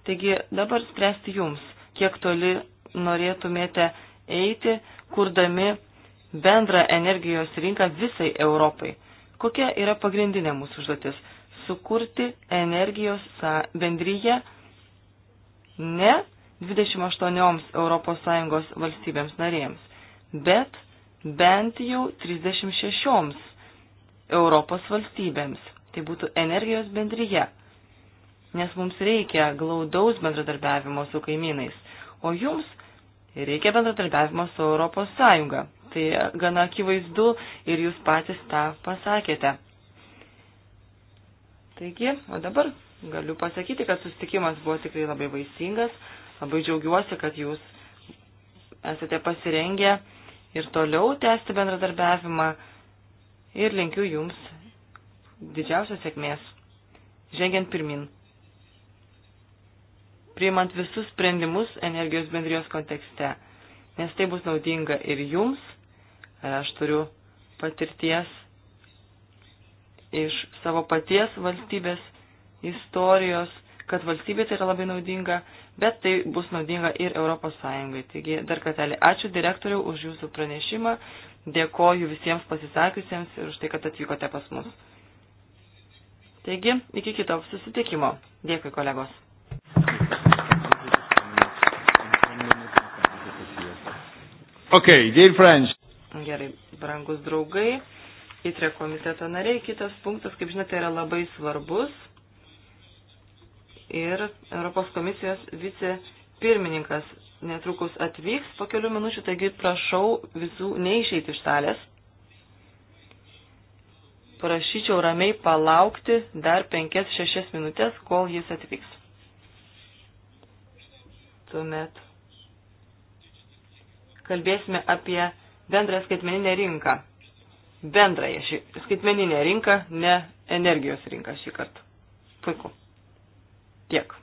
Speaker 3: Taigi dabar spręsti jums, kiek toli norėtumėte eiti, kurdami bendrą energijos rinką visai Europai. Kokia yra pagrindinė mūsų užduotis? Sukurti energijos bendryje ne 28 ES valstybėms narėms, bet bent jau 36 Europos valstybėms. Tai būtų energijos bendryje, nes mums reikia glaudaus bendradarbiavimo su kaimynais, o jums reikia bendradarbiavimo su Europos Sąjunga. Tai gana akivaizdu ir jūs patys tą pasakėte. Taigi, o dabar galiu pasakyti, kad susitikimas buvo tikrai labai vaisingas. Labai džiaugiuosi, kad jūs esate pasirengę ir toliau tęsti bendradarbiavimą ir linkiu jums didžiausios sėkmės, žengiant pirmin, priimant visus sprendimus energijos bendrijos kontekste, nes tai bus naudinga ir jums, Aš turiu patirties iš savo paties valstybės istorijos, kad valstybė tai yra labai naudinga, bet tai bus naudinga ir Europos Sąjungai. Taigi, dar kartelį, ačiū direktoriu už jūsų pranešimą, dėkoju visiems pasisakiusiems ir už tai, kad atvykote pas mus. Taigi, iki kito susitikimo. Dėkui, kolegos.
Speaker 2: Okay, dear friends.
Speaker 3: Gerai, brangus draugai, įtre komiteto nariai, kitas punktas, kaip žinote, yra labai svarbus. Ir Europos komisijos vicepirmininkas netrukus atvyks po kelių minučių, taigi prašau visų neišeiti iš salės. Prašyčiau ramiai palaukti dar 5-6 minutės, kol jis atvyks. Tuomet kalbėsime apie bendrą skaitmeninę rinką. Bendrąją ši, skaitmeninę rinką, ne energijos rinką šį kartą. Puiku. Tiek.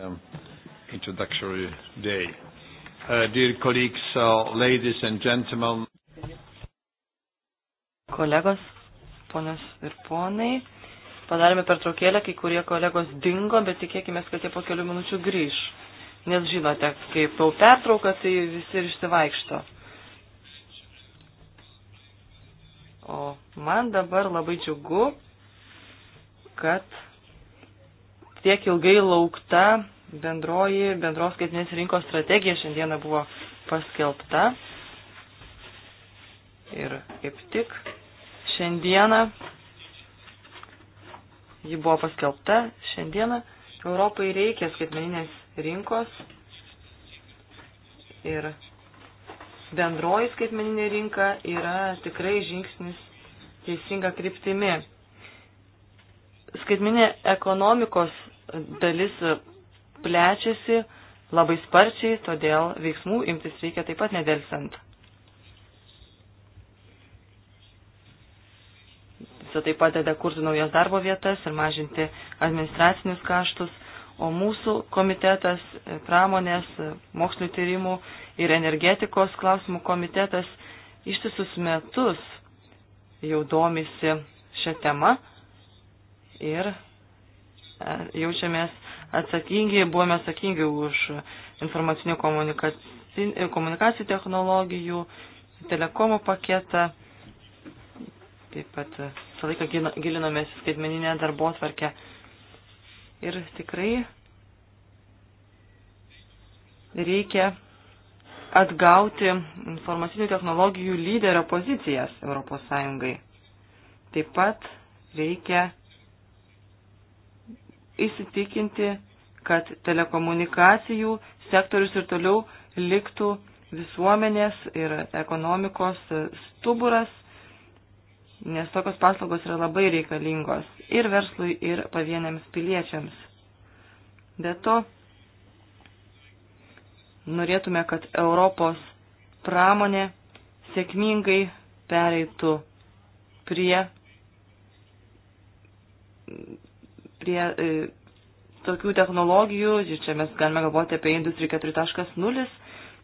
Speaker 6: um,
Speaker 2: introductory day. Uh, dear colleagues, uh, ladies and gentlemen.
Speaker 3: Kolegos, ponios ir ponai, padarėme pertraukėlę, kai kurie kolegos dingo, bet tikėkime, kad jie po kelių minučių grįž. Nes žinote, kaip tau pertrauka, tai visi ir išsivaikšto. O man dabar labai džiugu, kad tiek ilgai laukta bendroji bendros skaitinės rinkos strategija šiandieną buvo paskelbta. Ir kaip tik šiandieną ji buvo paskelbta, šiandieną Europai reikia skaitmeninės rinkos ir bendroji skaitmeninė rinka yra tikrai žingsnis teisinga kryptimi. Skaitminė ekonomikos dalis plečiasi labai sparčiai, todėl veiksmų imtis reikia taip pat nedelsant. Visą tai padeda kurti naujas darbo vietas ir mažinti administracinius kaštus, o mūsų komitetas, pramonės, mokslinio tyrimų ir energetikos klausimų komitetas ištisus metus jau domisi šią temą ir jaučiamės atsakingi, buvome atsakingi už informacinių komunikacijų technologijų, telekomo paketą, taip pat visą laiką gilinomės į skaitmeninę darbo tvarkę. Ir tikrai reikia atgauti informacinių technologijų lyderio pozicijas Europos Sąjungai. Taip pat reikia įsitikinti, kad telekomunikacijų sektorius ir toliau liktų visuomenės ir ekonomikos stuburas, nes tokios paslaugos yra labai reikalingos ir verslui, ir pavieniams piliečiams. Be to, norėtume, kad Europos pramonė sėkmingai pereitų prie prie e, tokių technologijų, ir čia mes galime galvoti apie Industriją 4.0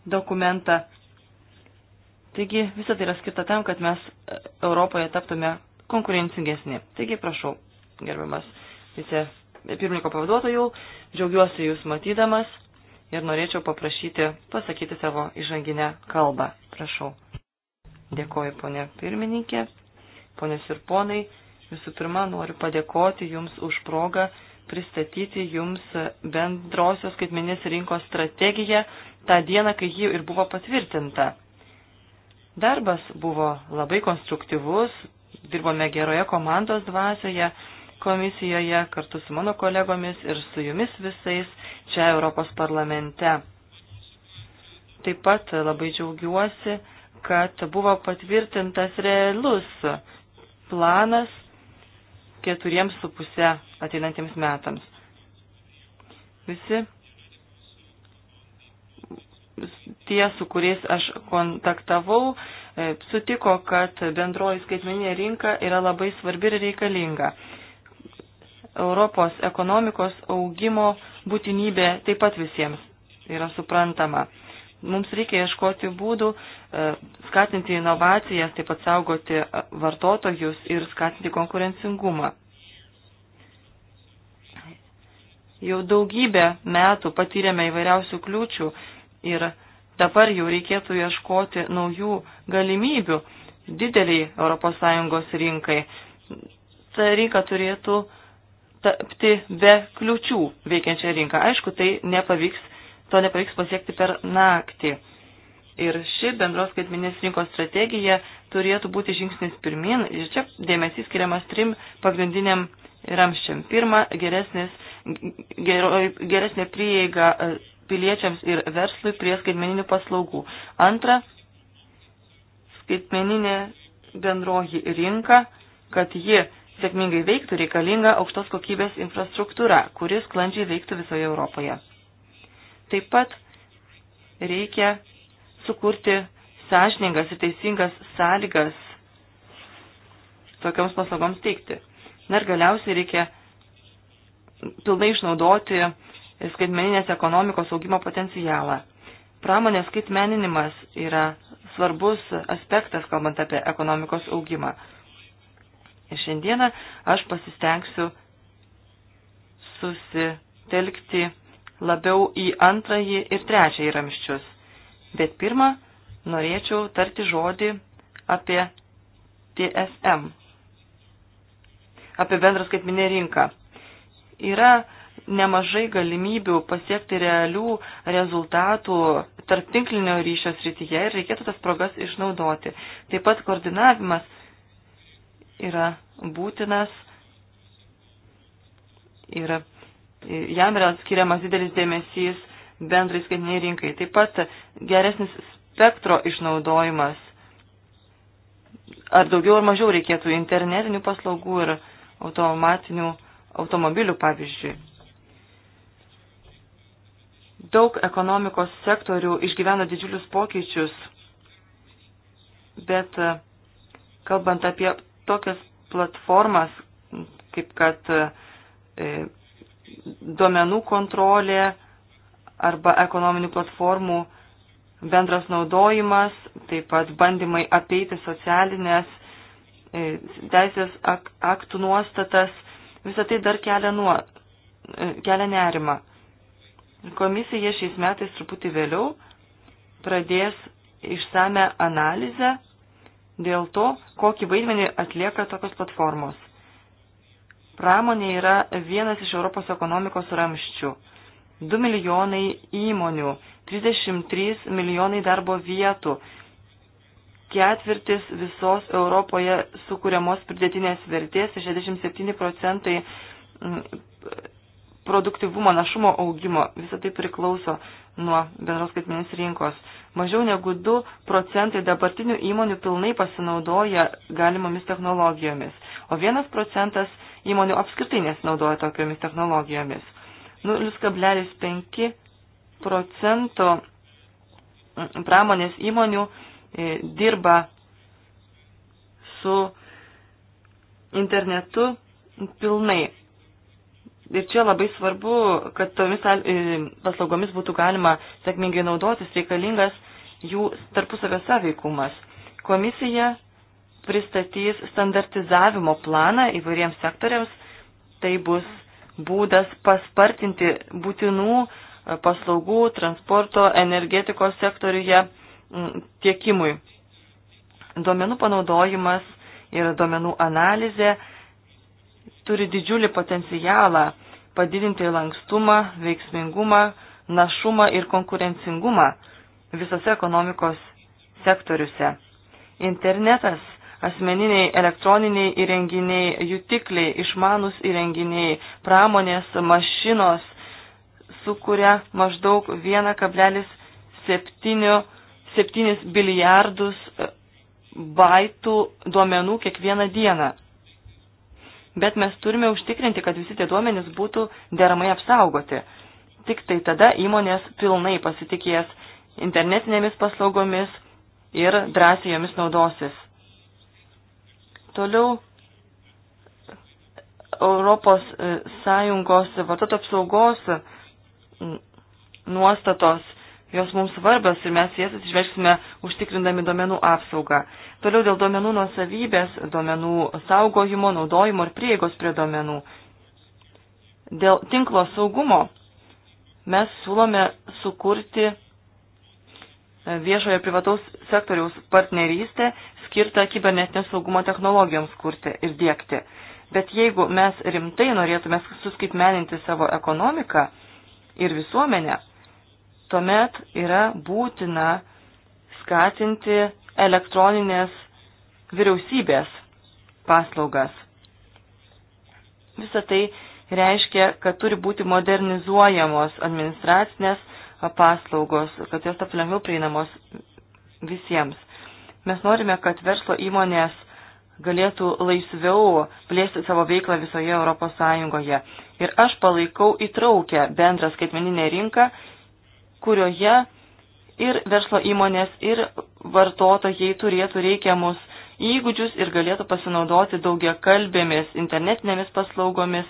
Speaker 3: dokumentą. Taigi visą tai yra skirta tam, kad mes e, Europoje taptume konkurencingesni. Taigi prašau, gerbiamas vice pirmininko pavaduotojų, džiaugiuosi jūs matydamas ir norėčiau paprašyti pasakyti savo įžanginę kalbą. Prašau. Dėkoju, ponė pirmininkė, ponės ir ponai. Visų pirma, noriu padėkoti Jums už progą pristatyti Jums bendrosios skaitminės rinkos strategiją tą dieną, kai ji ir buvo patvirtinta. Darbas buvo labai konstruktyvus, dirbome geroje komandos dvasioje komisijoje kartu su mano kolegomis ir su jumis visais čia Europos parlamente. Taip pat labai džiaugiuosi, kad buvo patvirtintas realus planas keturiems su pusė ateinantiems metams. Visi tie, su kuriais aš kontaktavau, e, sutiko, kad bendroji skaitmeninė rinka yra labai svarbi ir reikalinga. Europos ekonomikos augimo būtinybė taip pat visiems yra suprantama. Mums reikia ieškoti būdų, e, skatinti inovacijas, taip pat saugoti e, vartotojus ir skatinti konkurencingumą. Jau daugybę metų patyrėme įvairiausių kliūčių ir dabar jau reikėtų ieškoti naujų galimybių dideliai ES rinkai. Ta rinka turėtų tapti be kliučių veikiančią rinką. Aišku, tai nepavyks to nepavyks pasiekti per naktį. Ir ši bendros skaitminės rinkos strategija turėtų būti žingsnis pirmin. Ir čia dėmesys skiriamas trim pagrindiniam ramščiam. Pirma, geresnis, gero, geresnė prieiga e, piliečiams ir verslui prie skaitmeninių paslaugų. Antra, skaitmeninė bendroji rinka, kad ji sėkmingai veiktų reikalinga aukštos kokybės infrastruktūra, kuris sklandžiai veiktų visoje Europoje. Taip pat reikia sukurti sąžiningas ir teisingas sąlygas tokioms paslaugoms teikti. Na ir galiausiai reikia pilnai išnaudoti skaitmeninės ekonomikos augimo potencialą. Pramonės skaitmeninimas yra svarbus aspektas, kalbant apie ekonomikos augimą. Ir šiandieną aš pasistengsiu susitelkti labiau į antrąjį ir trečiąjį ramščius. Bet pirmą norėčiau tarti žodį apie TSM, apie bendrą skaitminę rinką. Yra nemažai galimybių pasiekti realių rezultatų tarp tinklinio ryšio srityje ir reikėtų tas progas išnaudoti. Taip pat koordinavimas yra būtinas ir jam yra skiriamas didelis dėmesys bendrai skaitiniai rinkai. Taip pat geresnis spektro išnaudojimas. Ar daugiau ar mažiau reikėtų internetinių paslaugų ir automatinių automobilių, pavyzdžiui. Daug ekonomikos sektorių išgyvena didžiulius pokyčius, bet e, kalbant apie tokias platformas, kaip kad e, duomenų kontrolė arba ekonominių platformų bendras naudojimas, taip pat bandymai apeiti socialinės e, teisės ak aktų nuostatas, visą tai dar kelia, nuo, e, kelia nerima. Komisija šiais metais truputį vėliau pradės išsame analizę dėl to, kokį vaidmenį atlieka tokios platformos. Pramonė yra vienas iš Europos ekonomikos ramščių. 2 milijonai įmonių, 33 milijonai darbo vietų, ketvirtis visos Europoje sukūriamos pridėtinės vertės, 67 procentai mm, produktivumo, našumo augimo, visą tai priklauso nuo bendros skaitmenės rinkos. Mažiau negu 2 procentai dabartinių įmonių pilnai pasinaudoja galimomis technologijomis, o 1 procentas įmonių apskritai nesinaudoja tokiomis technologijomis. 0,5 nu, procento mm, pramonės įmonių e, dirba su internetu pilnai. Ir čia labai svarbu, kad tomis e, paslaugomis būtų galima sėkmingai naudotis reikalingas jų tarpusavio sąveikumas. Komisija pristatys standartizavimo planą įvairiems sektoriams. Tai bus būdas paspartinti būtinų e, paslaugų, transporto, energetikos sektoriuje tiekimui. Duomenų panaudojimas ir duomenų analizė turi didžiulį potencialą padidinti lankstumą, veiksmingumą, našumą ir konkurencingumą visose ekonomikos sektoriuose. Internetas asmeniniai elektroniniai įrenginiai, jutikliai, išmanus įrenginiai, pramonės mašinos sukuria maždaug 1,7 bilijardus e, baitų duomenų kiekvieną dieną. Bet mes turime užtikrinti, kad visi tie duomenys būtų deramai apsaugoti. Tik tai tada įmonės pilnai pasitikės internetinėmis paslaugomis ir drąsiai jomis naudosis. Toliau Europos e, Sąjungos vartotojų apsaugos nuostatos, jos mums svarbios ir mes jas atsižvelgsime užtikrindami duomenų apsaugą. Toliau dėl duomenų nuosavybės, duomenų saugojimo, naudojimo ir prieigos prie duomenų. Dėl tinklo saugumo mes siūlome sukurti e, viešojo privataus sektoriaus partnerystę, skirta kibernetinio saugumo technologijoms kurti ir dėkti. Bet jeigu mes rimtai norėtume suskaitmeninti savo ekonomiką ir visuomenę, tuomet yra būtina skatinti elektroninės vyriausybės paslaugas. Visą tai reiškia, kad turi būti modernizuojamos administracinės paslaugos, kad jos taptų lengviau prieinamos visiems. Mes norime, kad verslo įmonės galėtų laisviau plėsti savo veiklą visoje Europos Sąjungoje. Ir aš palaikau įtraukę bendrą skaitmeninę rinką, kurioje ir verslo įmonės, ir vartotojai turėtų reikiamus įgūdžius ir galėtų pasinaudoti daugia kalbėmis, internetinėmis paslaugomis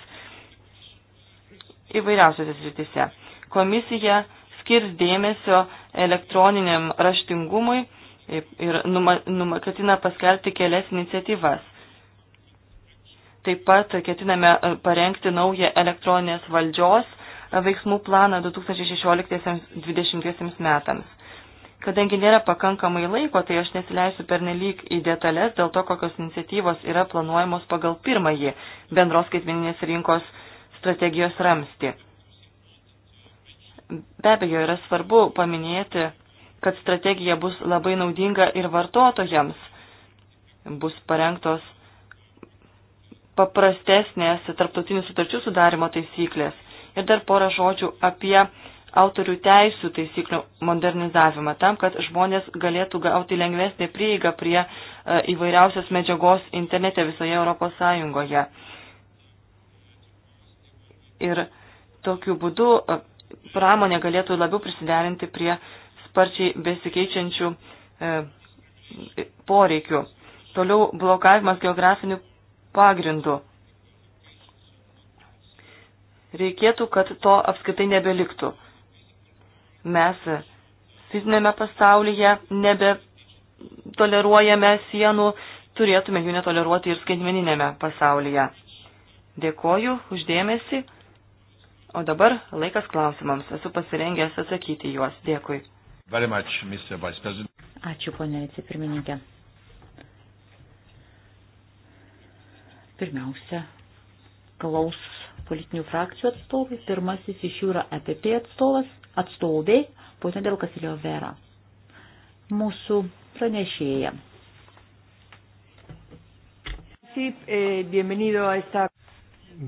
Speaker 3: įvairiausiose sritise. Komisija skirs dėmesio elektroniniam raštingumui ir numa, numa, ketina paskelbti kelias iniciatyvas. Taip pat ketiname e, parengti naują elektroninės valdžios e, veiksmų planą 2016-2020 metams. Kadangi nėra pakankamai laiko, tai aš nesileisiu pernelyg į detalės dėl to, kokios iniciatyvos yra planuojamos pagal pirmąjį bendros skaitmeninės rinkos strategijos ramsti. Be abejo, yra svarbu paminėti kad strategija bus labai naudinga ir vartotojams. Bus parengtos paprastesnės tarptautinių sutarčių sudarimo taisyklės. Ir dar porą žodžių apie autorių teisų taisyklių modernizavimą, tam, kad žmonės galėtų gauti lengvesnį prieigą prie e, įvairiausios medžiagos internete visoje Europos Sąjungoje. Ir tokiu būdu e, pramonė galėtų labiau prisiderinti prie uh, sparčiai besikeičiančių e, poreikių. Toliau blokavimas geografinių pagrindų. Reikėtų, kad to apskaitai nebeliktų. Mes fizinėme pasaulyje nebe toleruojame sienų, turėtume jų netoleruoti ir skaitmeninėme pasaulyje. Dėkoju uždėmesi, o dabar laikas klausimams. Esu pasirengęs atsakyti juos. Dėkui.
Speaker 2: Much,
Speaker 4: Ačiū, ponė vicepirmininkė. Pirmiausia, klaus politinių frakcijų atstovai. Pirmasis iš jų yra EPP atstovas, atstovai, būtent dėl Kasilio Vera. Mūsų pranešėja.
Speaker 3: Eh,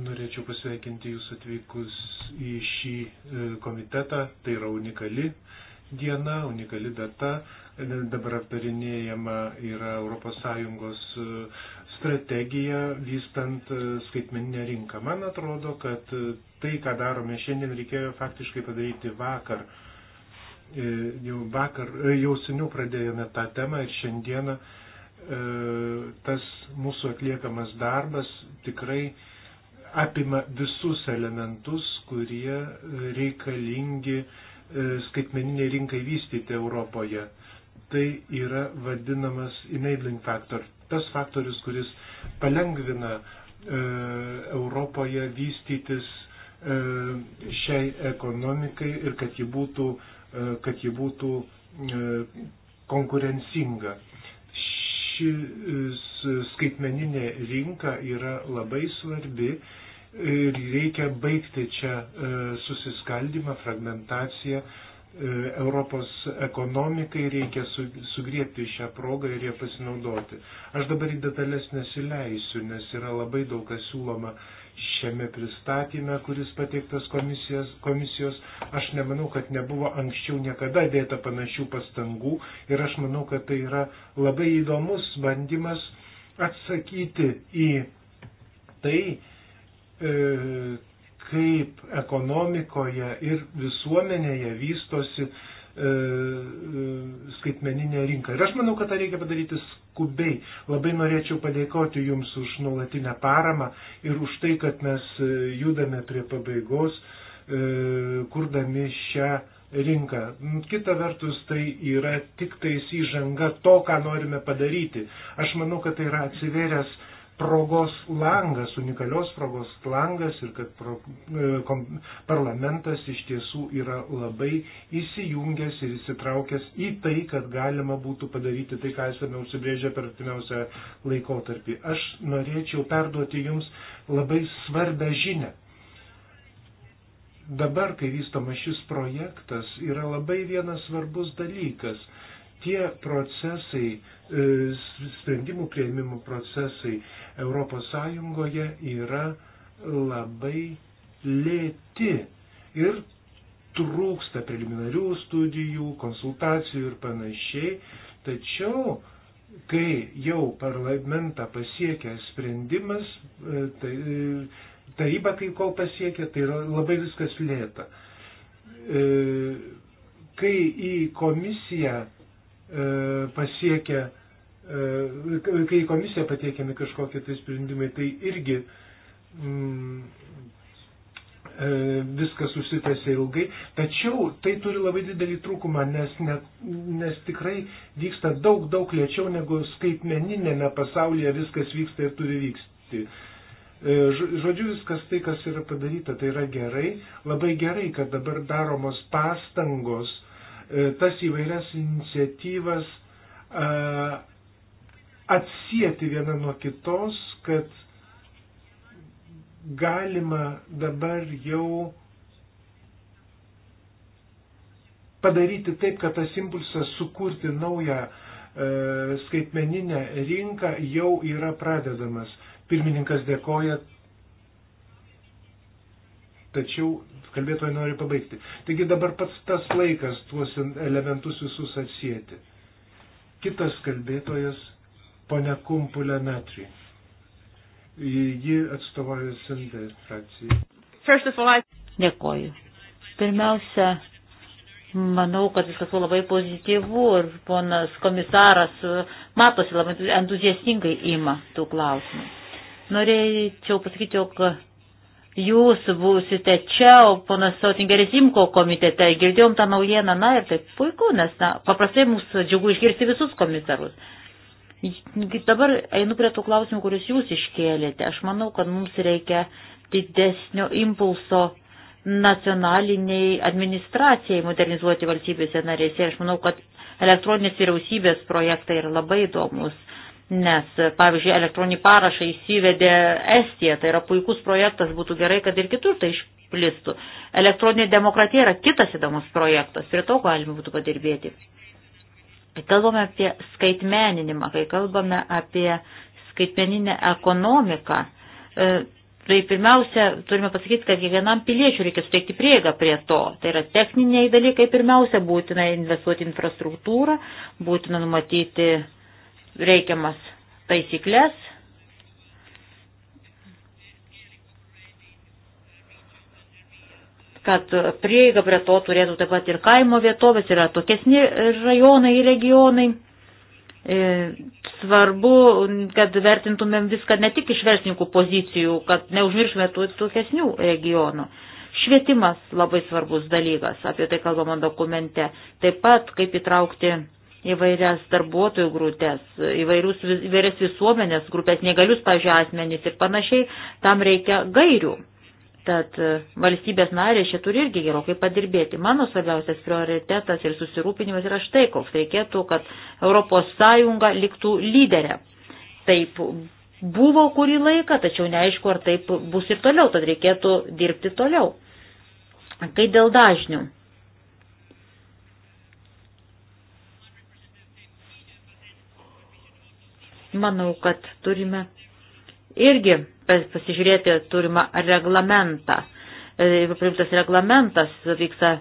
Speaker 5: Norėčiau pasveikinti Jūs atvykus į šį e, komitetą. Tai yra unikali diena, unikali data. Dabar aptarinėjama yra ES e, strategija vystant e, skaitmeninę rinką. Man atrodo, kad e, tai, ką darome šiandien, reikėjo faktiškai padaryti vakar. Jau, vakar, jau seniau pradėjome tą temą ir šiandieną tas mūsų atliekamas darbas tikrai apima visus elementus, kurie reikalingi uh, E, skaitmeniniai rinkai vystyti Europoje. Tai yra vadinamas enabling factor, tas faktorius, kuris palengvina e, Europoje vystytis e, šiai ekonomikai ir kad ji būtų, kad ji būtų konkurencinga. Ši skaitmeninė rinka yra labai svarbi Reikia baigti čia e, susiskaldimą, fragmentaciją. E, Europos ekonomikai reikia sugriepti šią progą ir ją pasinaudoti. Aš dabar į detalės nesileisiu, nes yra labai daug kas siūloma šiame pristatyme, kuris pateiktas komisijos, komisijos. Aš nemanau, kad nebuvo anksčiau niekada dėta panašių pastangų ir aš manau, kad tai yra labai įdomus bandymas atsakyti į tai, E, kaip ekonomikoje ir visuomenėje vystosi e, e, skaitmeninė rinka. Ir aš manau, kad tą reikia padaryti skubiai. Labai norėčiau padėkoti Jums už nuolatinę paramą ir už tai, kad mes judame prie pabaigos, kurdami šią rinką. Kita vertus, tai yra tik tais įžanga to, ką norime padaryti. Aš manau, kad tai yra atsiveręs progos langas, unikalios progos langas ir kad pro, e, kom, parlamentas iš tiesų yra labai įsijungęs ir įsitraukęs į tai, kad galima būtų padaryti tai, ką esame užsibrėžę per artimiausią laikotarpį. Aš norėčiau perduoti Jums labai svarbę žinę. Dabar, kai vystomas šis projektas, yra labai vienas svarbus dalykas tie procesai, e, sprendimų prieimimų procesai ES yra labai lėti ir trūksta preliminarių studijų, konsultacijų ir panašiai. Tačiau, kai jau parlamentą pasiekia sprendimas, e, tai, e, taryba kai kol pasiekia, tai yra labai viskas lėta. Kai į komisiją E, pasiekia, e, kai komisija patiekiami kažkokie tai sprendimai, tai irgi mm, e, viskas užsitęsia ilgai, tačiau tai turi labai didelį trūkumą, nes, ne, nes tikrai vyksta daug, daug lėčiau negu skaitmeninėme pasaulyje viskas vyksta ir turi vykti. Žodžiu, viskas tai, kas yra padaryta, tai yra gerai, labai gerai, kad dabar daromos pastangos E, tas įvairias iniciatyvas e, atsijėti viena nuo kitos, kad galima dabar jau padaryti taip, kad tas impulsas sukurti naują e, skaitmeninę rinką jau yra pradedamas. Pirmininkas dėkoja Tačiau kalbėtojai nori pabaigti. Taigi dabar pats tas laikas tuos elementus visus atsijėti. Kitas kalbėtojas, ponia Kumpulė Metri. Ji atstovauja SND
Speaker 4: frakcijai. Dėkoju. Pirmiausia, manau, kad viskas buvo labai pozityvu ir ponas komisaras e, matosi labai entuziastingai ima tų klausimų. Norėčiau pasakyti, jog jūs būsite čia, o ponas Sautingeris Imko komitete, girdėjom tą naujieną, na ir taip puiku, nes na, paprastai mums džiugu išgirsti visus komisarus. Dabar einu prie tų klausimų, kuriuos jūs iškėlėte. Aš manau, kad mums reikia didesnio impulso nacionaliniai administracijai modernizuoti valstybėse narėse. Aš manau, kad elektroninės vyriausybės projektai yra labai įdomus. Nes, pavyzdžiui, elektroninį parašą įsivedė Estija, tai yra puikus projektas, būtų gerai, kad ir kitur tai išplistų. Elektroninė demokratija yra kitas įdomus projektas, prie to galima būtų padirbėti. Kai kalbame apie skaitmeninimą, kai kalbame apie skaitmeninę ekonomiką, e, tai pirmiausia, turime pasakyti, kad kiekvienam piliečiui reikia suteikti prieigą prie to. Tai yra techniniai dalykai, pirmiausia, būtina investuoti infrastruktūrą, būtina numatyti reikiamas taisyklės. kad prieiga prie to turėtų taip pat ir kaimo vietovės, yra tokiesni rajonai, regionai. E, svarbu, kad vertintumėm viską ne tik iš verslininkų pozicijų, kad neužmirštume tų tokiesnių regionų. Švietimas labai svarbus dalykas, apie tai kalbama dokumente. Taip pat, kaip įtraukti įvairias darbuotojų grupės, įvairius, įvairias visuomenės grupės, negalius, pažiūrėjau, asmenys ir panašiai, tam reikia gairių. Tad e, valstybės narės čia turi irgi gerokai padirbėti. Mano svarbiausias prioritetas ir susirūpinimas yra štai koks. Reikėtų, kad ES liktų lyderė. Taip buvo kurį laiką, tačiau neaišku, ar taip bus ir toliau, tad reikėtų dirbti toliau. Kai dėl dažnių Manau, kad turime irgi pasižiūrėti turimą reglamentą. E, priimtas reglamentas vyksta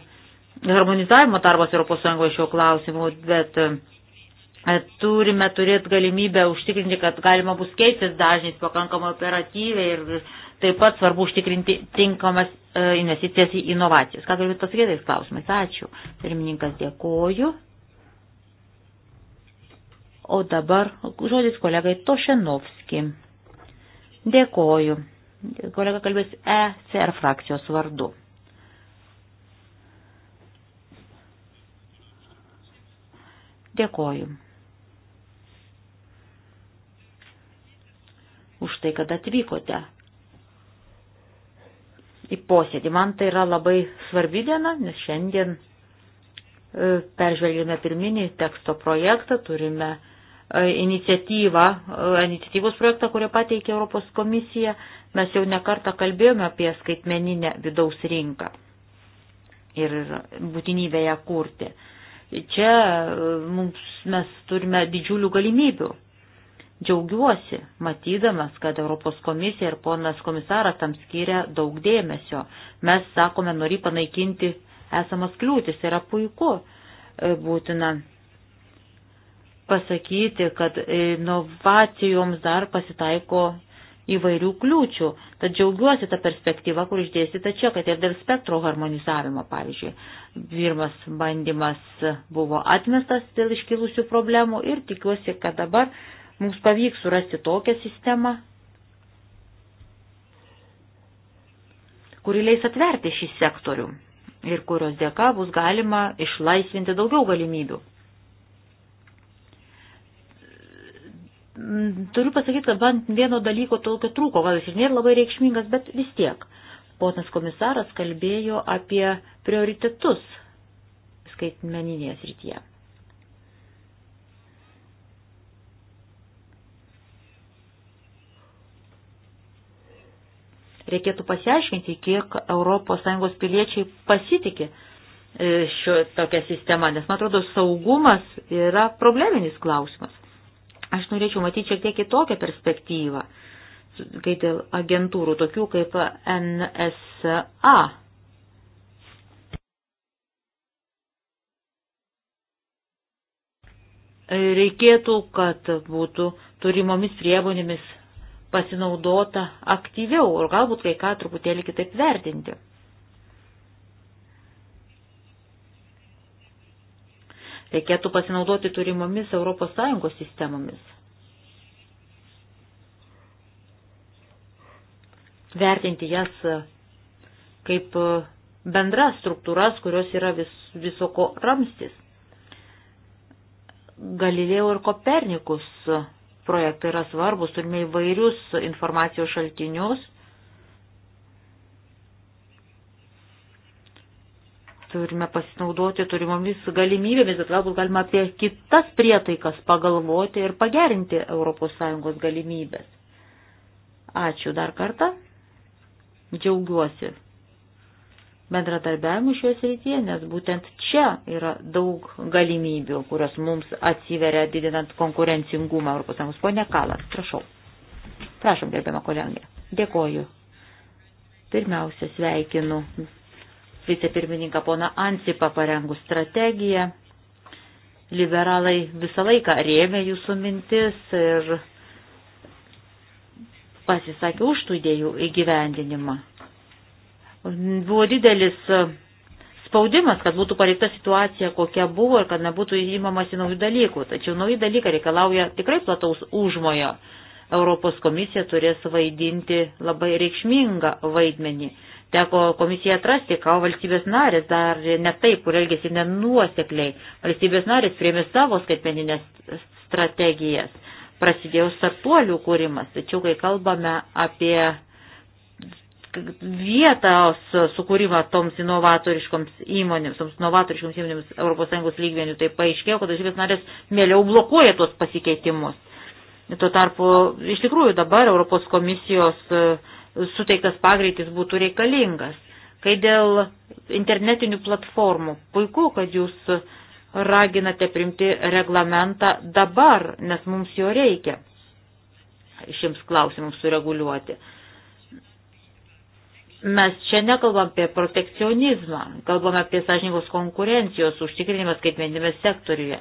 Speaker 4: harmonizavimo darbas ES šio klausimu, bet e, turime turėti galimybę užtikrinti, kad galima bus keistis dažnis pakankamai operatyviai ir taip pat svarbu užtikrinti tinkamas e, investicijas į inovacijas. Ką galiu pasakyti tais klausimais? Ačiū. Pirmininkas dėkoju. O dabar žodis kolegai Tošenovski. Dėkoju. Kolega kalbės ECR frakcijos vardu. Dėkoju. Už tai, kad atvykote į posėdį. Man tai yra labai svarbi diena, nes šiandien e, peržvelgėme pirminį teksto projektą, turime E, iniciatyvą, e, iniciatyvos projektą, kurį pateikė Europos komisija. Mes jau nekartą kalbėjome apie skaitmeninę vidaus rinką ir būtinybę ją kurti. Čia e, mums, mes turime didžiulių galimybių. Džiaugiuosi, matydamas, kad Europos komisija ir ponas komisaras tam skiria daug dėmesio. Mes sakome, nori panaikinti esamas kliūtis, tai yra puiku, būtina pasakyti, kad inovacijoms dar pasitaiko įvairių kliūčių. Tad džiaugiuosi tą perspektyvą, kur išdėstyta čia, kad ir dėl spektro harmonizavimo, pavyzdžiui, pirmas bandymas buvo atmestas dėl iškilusių problemų ir tikiuosi, kad dabar mums pavyks surasti tokią sistemą, kuri leis atverti šį sektorių ir kurios dėka bus galima išlaisvinti daugiau galimybių. Turiu pasakyti, kad bent vieno dalyko tokio trūko, gal jis ir nėra labai reikšmingas, bet vis tiek. Ponas komisaras kalbėjo apie prioritetus skaitmeninėje srityje. Reikėtų pasiaiškinti, kiek ES piliečiai pasitikė e, šio tokią sistemą, nes, man atrodo, saugumas yra probleminis klausimas. Aš norėčiau matyti šiek tiek kitokią perspektyvą, kai dėl agentūrų, tokių kaip NSA. Reikėtų, kad būtų turimomis priemonėmis pasinaudota aktyviau ir galbūt kai ką truputėlį kitaip vertinti. Reikėtų pasinaudoti turimomis ES sistemomis. Vertinti jas e, kaip e, bendras struktūras, kurios yra vis, visoko ramstis. Galilėjo ir Kopernikus projektai yra svarbus, turime įvairius informacijos šaltinius turime pasinaudoti turimomis galimybėmis, bet galbūt galima apie kitas prietaikas pagalvoti ir pagerinti ES galimybės. Ačiū dar kartą. Džiaugiuosi bendradarbiavimu šioje srityje, nes būtent čia yra daug galimybių, kurios mums atsiveria didinant konkurencingumą ES. Pone Kalas, prašau. Prašom, gerbiamą kolegę. Dėkoju. Pirmiausia, sveikinu vicepirmininką poną Ansipą parengus strategiją. Liberalai visą laiką rėmė jūsų mintis ir pasisakė už tų idėjų įgyvendinimą. Buvo didelis spaudimas, kad būtų palikta situacija, kokia buvo ir kad nebūtų įmamasi naujų dalykų. Tačiau nauji dalykai reikalauja tikrai plataus užmojo. Europos komisija turės vaidinti labai reikšmingą vaidmenį. Teko komisija atrasti, ką valstybės narės dar ne taip, kur elgesi nenuosekliai. Valstybės narės priemė savo skaitmeninės strategijas. Prasidėjo startuolių kūrimas, tačiau kai kalbame apie vietos sukūrimą toms inovatoriškoms įmonėms, toms inovatoriškoms įmonėms ES lygmenių, tai paaiškėjo, kad valstybės narės mėliau blokuoja tuos pasikeitimus. Tuo tarpu, iš tikrųjų, dabar Europos komisijos uh, suteiktas pagreitis būtų reikalingas. Kai dėl internetinių platformų, puiku, kad jūs raginate primti reglamentą dabar, nes mums jo reikia šiems klausimams sureguliuoti. Mes čia nekalbam apie protekcionizmą, kalbam apie sąžininkos konkurencijos užtikrinimą skaitmeninėme sektoriuje.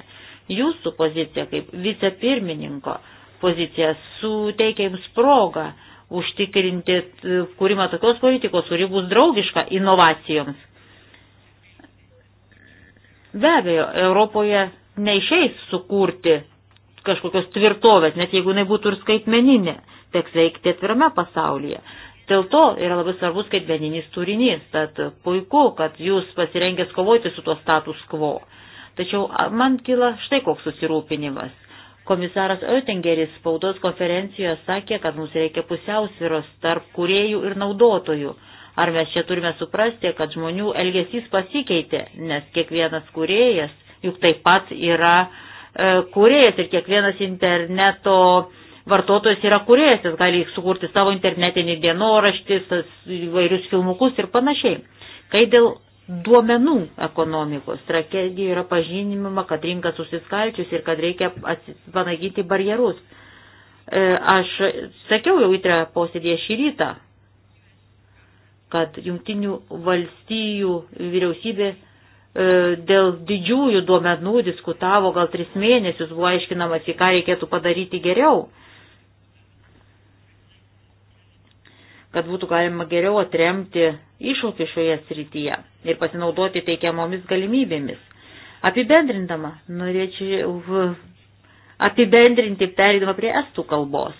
Speaker 4: Jūsų pozicija kaip vicepirmininko pozicija suteikia jums progą užtikrinti e, kūrimą tokios politikos, kuri bus draugiška inovacijoms. Be abejo, Europoje neišeis sukurti kažkokios tvirtovės, net jeigu jinai būtų ir skaitmeninė, teks veikti atvirame pasaulyje. Dėl to yra labai svarbus skaitmeninis turinys, tad puiku, kad jūs pasirengęs kovoti su tuo status quo. Tačiau man kyla štai koks susirūpinimas. Komisaras Oettingeris spaudos konferencijoje sakė, kad mums reikia pusiausviros tarp kuriejų ir naudotojų. Ar mes čia turime suprasti, kad žmonių elgesys pasikeitė, nes kiekvienas kuriejas juk taip pat yra e, kuriejas ir kiekvienas interneto vartotojas yra kuriejas, jis gali sukurti savo internetinį dienoraštį, įvairius filmukus ir panašiai. Kai dėl duomenų ekonomikos. Strategija yra pažinimama, kad rinka susiskaldžius ir kad reikia panaginti barjerus. E, aš sakiau jau įtrę posėdėje šį rytą, kad jungtinių valstijų vyriausybė e, dėl didžiųjų duomenų diskutavo gal tris mėnesius, buvo aiškinamas, į ką reikėtų padaryti geriau. kad būtų galima geriau atremti iššūkį šioje srityje ir pasinaudoti teikiamomis galimybėmis. Apibendrindama, norėčiau apibendrinti perėdama prie estų kalbos.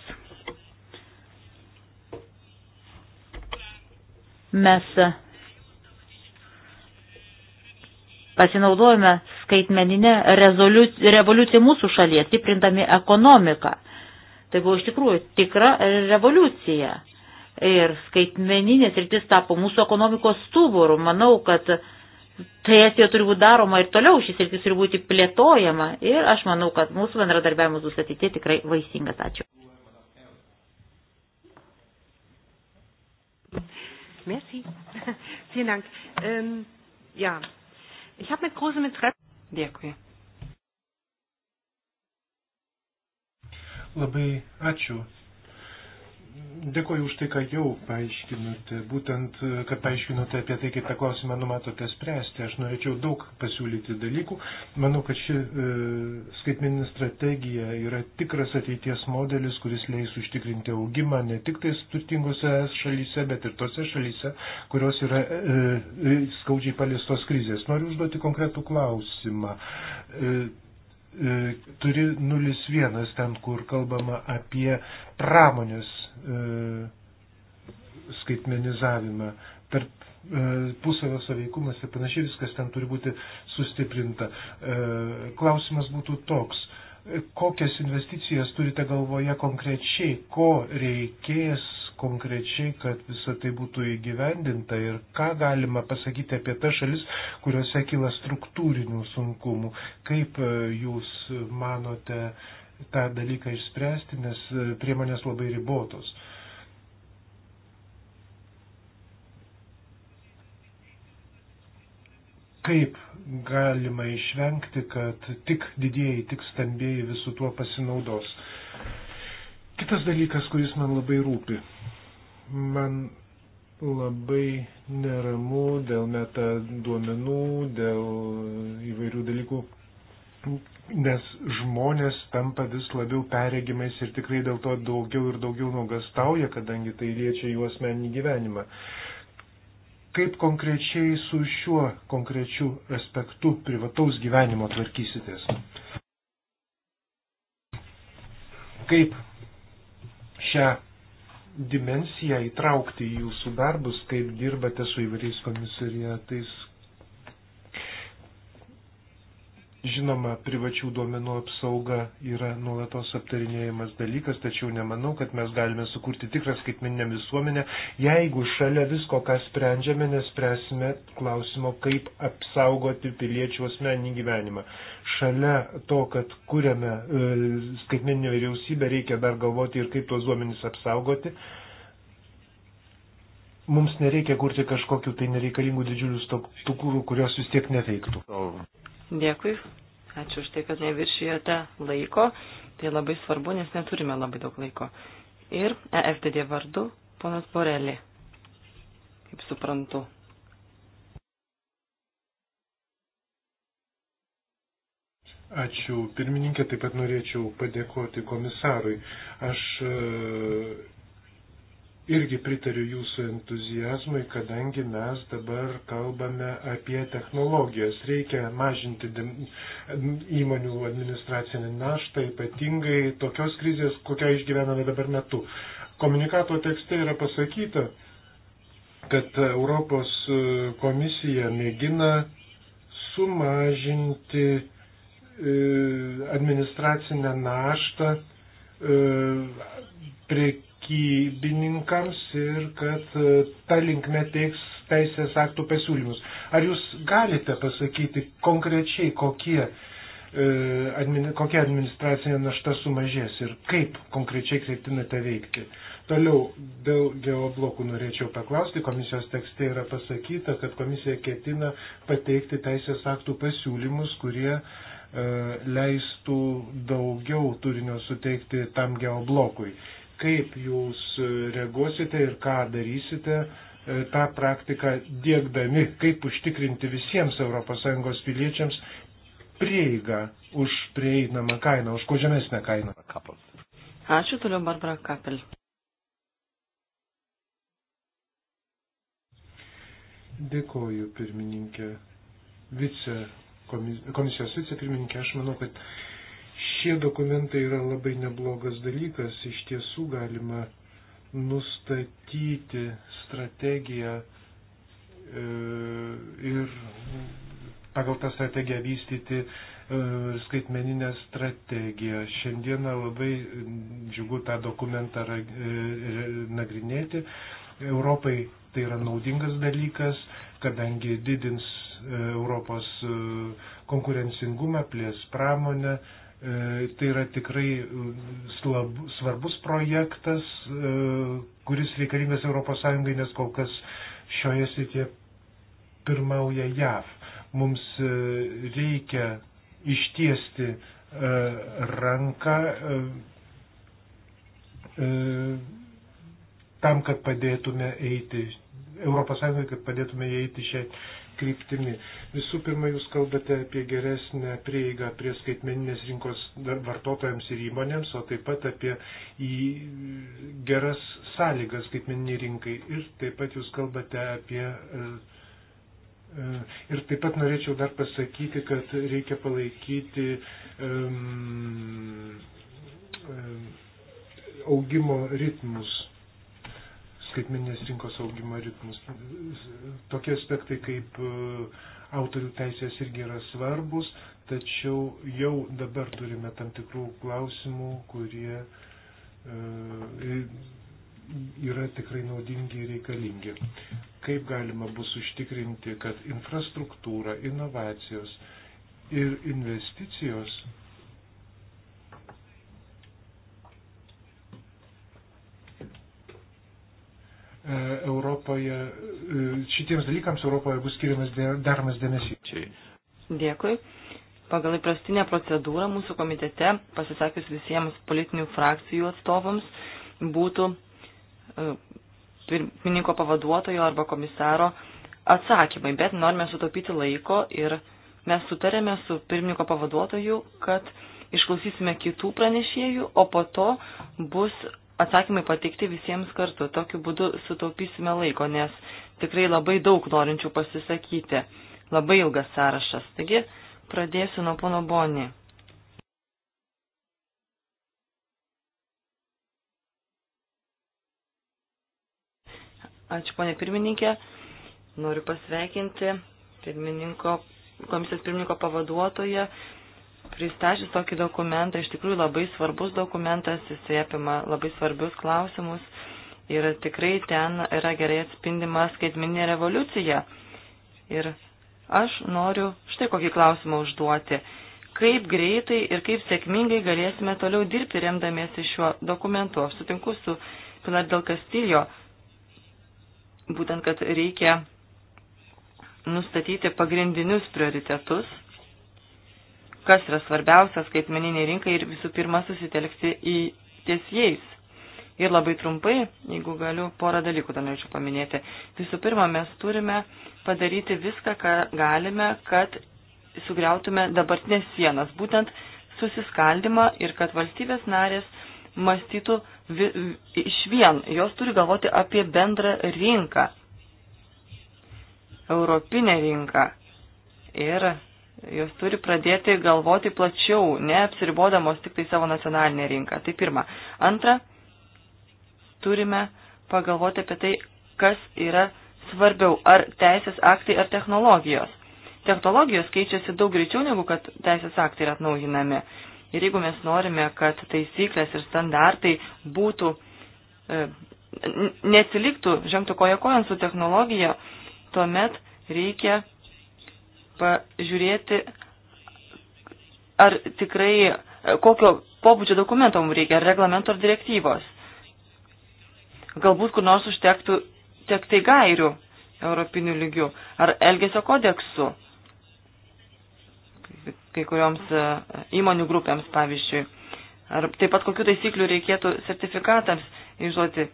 Speaker 4: Mes pasinaudojame skaitmeninę revoliuciją mūsų šalyje, stiprindami ekonomiką. Tai buvo iš tikrųjų tikra revoliucija ir skaitmeninės rytis tapo mūsų ekonomikos stuburų. Manau, kad tai atėjo turi būti daroma ir toliau, šis rytis turi būti plėtojama ir aš manau, kad mūsų bendradarbiavimas bus ateitie tikrai vaisingas. Ačiū.
Speaker 3: Merci. *laughs* Vielen Dank. Ähm, ja, ich habe mit großem Interesse. Dėkui. Labai
Speaker 5: ačiū Dėkuoju už tai, ką jau paaiškinote. Būtent, kad paaiškinote apie tai, kaip tą klausimą numatote spręsti. Aš norėčiau daug pasiūlyti dalykų. Manau, kad ši e, skaitmeninė strategija yra tikras ateities modelis, kuris leis užtikrinti augimą ne tik tais turtingose šalyse, bet ir tose šalyse, kurios yra e, e skaudžiai paliestos krizės. Noriu užduoti konkretų klausimą. E, E, turi 01 ten, kur kalbama apie pramonės e, skaitmenizavimą, tarp e, pusavio saveikumas ir panašiai viskas ten turi būti sustiprinta. Klausimas būtų toks, kokias investicijas turite galvoje konkrečiai, ko reikės konkrečiai, kad visa tai būtų įgyvendinta ir ką galima pasakyti apie tas šalis, kuriuose kyla struktūrinių sunkumų. Kaip e, jūs manote tą dalyką išspręsti, nes e, priemonės labai ribotos. Kaip galima išvengti, kad tik didieji, tik stambieji visų tuo pasinaudos. Kitas dalykas, kuris man labai rūpi. Man labai neramu dėl meta duomenų, dėl įvairių dalykų, nes žmonės tampa vis labiau peregimais ir tikrai dėl to daugiau ir daugiau nuogastauja, kadangi tai liečia jų asmeninį gyvenimą. Kaip konkrečiai su šiuo konkrečiu aspektu privataus gyvenimo tvarkysitės? Kaip šią dimensiją įtraukti į jūsų darbus, kaip dirbate su įvairiais komisariatais, Žinoma, privačių duomenų apsauga yra nuolatos aptarinėjimas dalykas, tačiau nemanau, kad mes galime sukurti tikrą skaitmeninę visuomenę, jeigu šalia visko, ką sprendžiame, nespręsime klausimo, kaip apsaugoti piliečių asmeninį gyvenimą. Šalia to, kad kuriame e, skaitmeninę vyriausybę, reikia dar galvoti ir kaip tuos duomenys apsaugoti. Mums nereikia kurti kažkokių tai nereikalingų didžiulių stoktukų, kurios vis tiek neveiktų.
Speaker 3: Dėkui. Ačiū už tai, kad neviršijote laiko. Tai labai svarbu, nes neturime labai daug laiko. Ir EFTD vardu ponas Borelė. Kaip suprantu.
Speaker 5: Ačiū pirmininkė, taip pat norėčiau padėkoti komisarui. Aš irgi pritariu jūsų entuzijazmui, kadangi mes dabar kalbame apie technologijas. Reikia mažinti įmonių administracinį naštą, ypatingai tokios krizės, kokią išgyvename dabar metu. Komunikato tekste yra pasakyta, kad Europos e, komisija mėgina sumažinti e, administracinę naštą e, prie prekybininkams ir kad e, ta linkme teiks teisės aktų pasiūlymus. Ar jūs galite pasakyti konkrečiai, kokie, e, admini, kokia administracinė našta sumažės ir kaip konkrečiai kreiptinate veikti? Toliau dėl geoblokų norėčiau paklausti. Komisijos tekste yra pasakyta, kad komisija ketina pateikti teisės aktų pasiūlymus, kurie e, leistų daugiau turinio suteikti tam geoblokui kaip jūs e, reaguosite ir ką darysite e, tą praktiką dėkdami, kaip užtikrinti visiems ES piliečiams prieigą už prieinamą kainą, už kuo žemesnę kainą.
Speaker 3: Ačiū toliau, Barbara Kapel.
Speaker 5: Dėkoju, pirmininkė, vice, komisijos vicepirmininkė. Aš manau, kad Šie dokumentai yra labai neblogas dalykas, iš tiesų galima nustatyti strategiją e, ir pagal tą strategiją vystyti e, skaitmeninę strategiją. Šiandieną labai džiugu tą dokumentą e, nagrinėti. Europai tai yra naudingas dalykas, kadangi didins Europos konkurencingumą, plės pramonę, E, tai yra tikrai slab, svarbus projektas, e, kuris reikalingas ES, nes kol kas šioje srityje pirmauja JAV. Mums e, reikia ištiesti ranką tam, kad padėtume eiti, ES, kad padėtume eiti šiai kryptimi. Visų pirma, jūs kalbate apie geresnę prieigą prie skaitmeninės rinkos vartotojams ir įmonėms, o taip pat apie į geras sąlygas skaitmeniniai rinkai. Ir taip pat jūs kalbate apie. E, e, ir taip pat norėčiau dar pasakyti, kad reikia palaikyti um, um, augimo ritmus skaitminės rinkos augimo ritmus. Tokie aspektai kaip e, autorių teisės irgi yra svarbus, tačiau jau dabar turime tam tikrų klausimų, kurie e, yra tikrai naudingi ir reikalingi. Kaip galima bus užtikrinti, kad infrastruktūra, inovacijos ir investicijos E, Europoje, e, šitiems dalykams Europoje bus skiriamas daromas dėmesys.
Speaker 3: Dėkui. Pagal įprastinę procedūrą mūsų komitete, pasisakius visiems politinių frakcijų atstovams, būtų e, pirmininko pavaduotojo arba komisaro atsakymai, bet norime sutaupyti laiko ir mes sutarėme su pirmininko pavaduotoju, kad išklausysime kitų pranešėjų, o po to bus atsakymai pateikti visiems kartu. Tokiu būdu sutaupysime laiko, nes tikrai labai daug norinčių pasisakyti. Labai ilgas sąrašas. Taigi, pradėsiu nuo pono Boni. Ačiū, ponė pirmininkė. Noriu pasveikinti pirmininko, komisijos pirmininko pavaduotoje pristačius tokį dokumentą, iš tikrųjų labai svarbus dokumentas, jis apima labai svarbius klausimus ir tikrai ten yra gerai atspindima skaitminė revoliucija. Ir aš noriu štai kokį klausimą užduoti. Kaip greitai ir kaip sėkmingai galėsime toliau dirbti remdamiesi šiuo dokumentu? Aš sutinku su Pilar Del Castillo, būtent, kad reikia nustatyti pagrindinius prioritetus kas yra svarbiausia skaitmeniniai rinkai ir visų pirma susitelkti į ties jais. Ir labai trumpai, jeigu galiu, porą dalykų dar norėčiau paminėti. Visų pirma, mes turime padaryti viską, ką galime, kad sugriautume dabartinės sienas, būtent susiskaldimą ir kad valstybės narės mąstytų vi, iš vien, jos turi galvoti apie bendrą rinką, europinę rinką ir Jos turi pradėti galvoti plačiau, neapsiribodamos tik tai savo nacionalinę rinką. Tai pirma. Antra, turime pagalvoti apie tai, kas yra svarbiau, ar teisės aktai, ar technologijos. Technologijos keičiasi daug greičiau, negu kad teisės aktai yra atnaujinami. Ir jeigu mes norime, kad taisyklės ir standartai būtų, e, neatsiliktų, žengtų koja kojant su technologija, tuomet reikia pažiūrėti, ar tikrai kokio pobūdžio dokumento mums reikia, ar reglamento, ar direktyvos. Galbūt kur nors užtektų tiek tai gairių europinių lygių, ar elgesio kodeksų kai kurioms e, įmonių grupėms, pavyzdžiui. Ar taip pat kokiu taisykliu reikėtų sertifikatams išduoti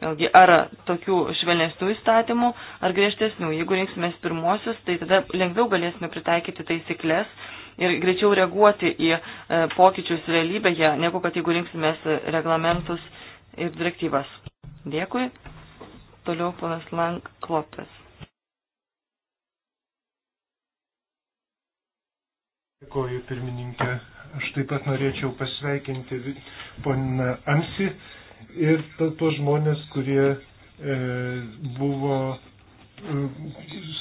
Speaker 3: Vėlgi, ar tokių švelnesnių įstatymų, ar griežtesnių. Jeigu rinksimės pirmosius, tai tada lengviau galėsime pritaikyti taisyklės ir greičiau reaguoti į e, pokyčius realybėje, negu kad jeigu rinksimės reglamentus ir direktyvas. Dėkui. Toliau ponas Lang Kloptas.
Speaker 5: Dėkoju pirmininkė. Aš taip pat norėčiau pasveikinti poną Amsi ir tuos žmonės, kurie e, buvo e,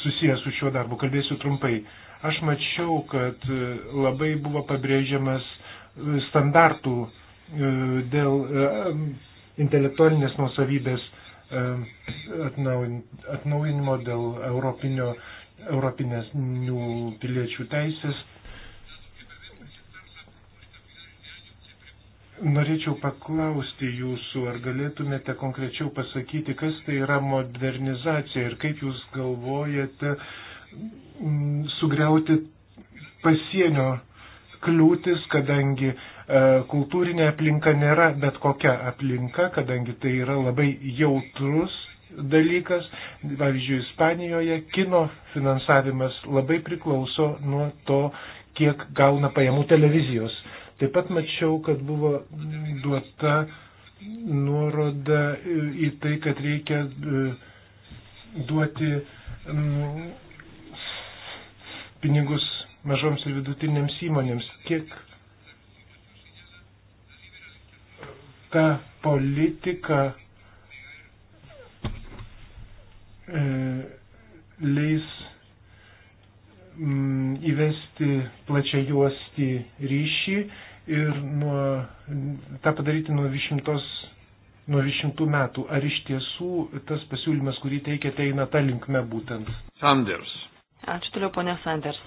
Speaker 5: susijęs su šiuo darbu. Kalbėsiu trumpai. Aš mačiau, kad e, labai buvo pabrėžiamas e, standartų dėl intelektualinės nuosavybės atnaujinimo dėl europinio, europinės piliečių teisės Norėčiau paklausti jūsų, ar galėtumėte konkrečiau pasakyti, kas tai yra modernizacija ir kaip jūs galvojate mm, sugriauti pasienio kliūtis, kadangi e, kultūrinė aplinka nėra bet kokia aplinka, kadangi tai yra labai jautrus dalykas. Pavyzdžiui, Ispanijoje kino finansavimas labai priklauso nuo to, kiek gauna pajamų televizijos Taip pat mačiau, kad buvo duota nuoroda į tai, kad reikia e, duoti pinigus mažoms ir vidutinėms įmonėms. Kiek ta politika e, leis įvesti plačiajuostį ryšį ir nuo, tą padaryti nuo 20, nuo 20 metų. Ar iš tiesų tas pasiūlymas, kurį teikiate, eina tą linkme būtent?
Speaker 2: Sanders.
Speaker 3: Ačiū toliau, ponė Sanders.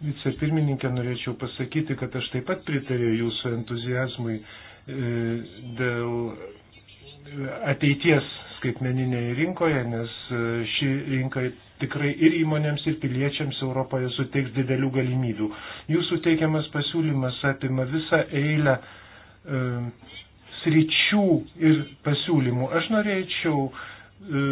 Speaker 5: Vicepirmininkė, norėčiau pasakyti, kad aš taip pat pritariu jūsų entuzijazmui e, dėl ateities skaitmeninėje rinkoje, nes e, ši rinka tikrai ir įmonėms, ir piliečiams Europoje suteiks didelių galimybių. Jūsų teikiamas pasiūlymas apima visą eilę e, sričių ir pasiūlymų. Aš norėčiau e,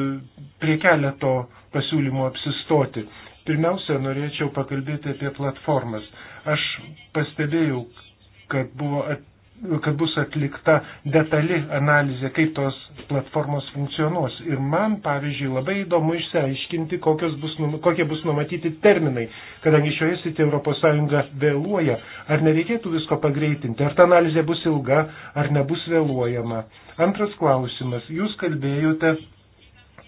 Speaker 5: prie keleto pasiūlymų apsistoti. Pirmiausia, norėčiau pakalbėti apie platformas. Aš pastebėjau, kad buvo at, kad bus atlikta detali analizė, kaip tos platformos funkcionuos. Ir man, pavyzdžiui, labai įdomu išsiaiškinti, bus, kokie bus numatyti terminai, kadangi šioje srityje ES vėluoja. Ar nereikėtų visko pagreitinti, ar ta analizė bus ilga, ar nebus vėluojama. Antras klausimas. Jūs kalbėjote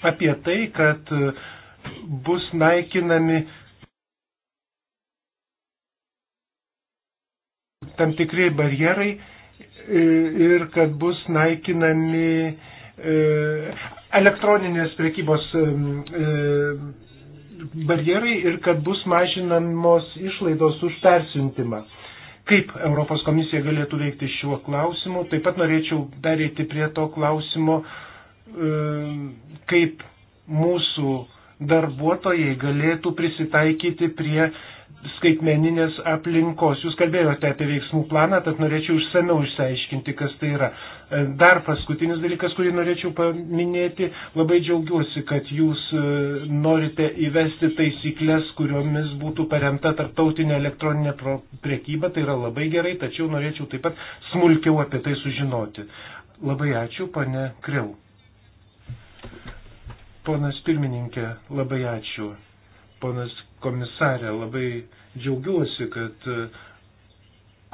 Speaker 5: apie tai, kad e, bus naikinami tam tikri barjerai ir kad bus naikinami e, elektroninės prekybos e, e, barjerai ir kad bus mažinamos išlaidos už persiuntimą. Kaip Europos komisija galėtų veikti šiuo klausimu? Taip pat norėčiau pereiti prie to klausimo, kaip mūsų darbuotojai galėtų prisitaikyti prie skaitmeninės aplinkos. Jūs kalbėjote apie veiksmų planą, tad norėčiau išsameu išsiaiškinti, kas tai yra. E, dar paskutinis dalykas, kurį norėčiau paminėti, labai džiaugiuosi, kad jūs e, norite įvesti taisyklės, kuriomis būtų paremta tarptautinė elektroninė priekyba, tai yra labai gerai, tačiau norėčiau taip pat smulkiau apie tai sužinoti. Labai ačiū, pane Kriau. Ponas pirmininkė, labai ačiū. Ponas komisarė, labai džiaugiuosi, kad e,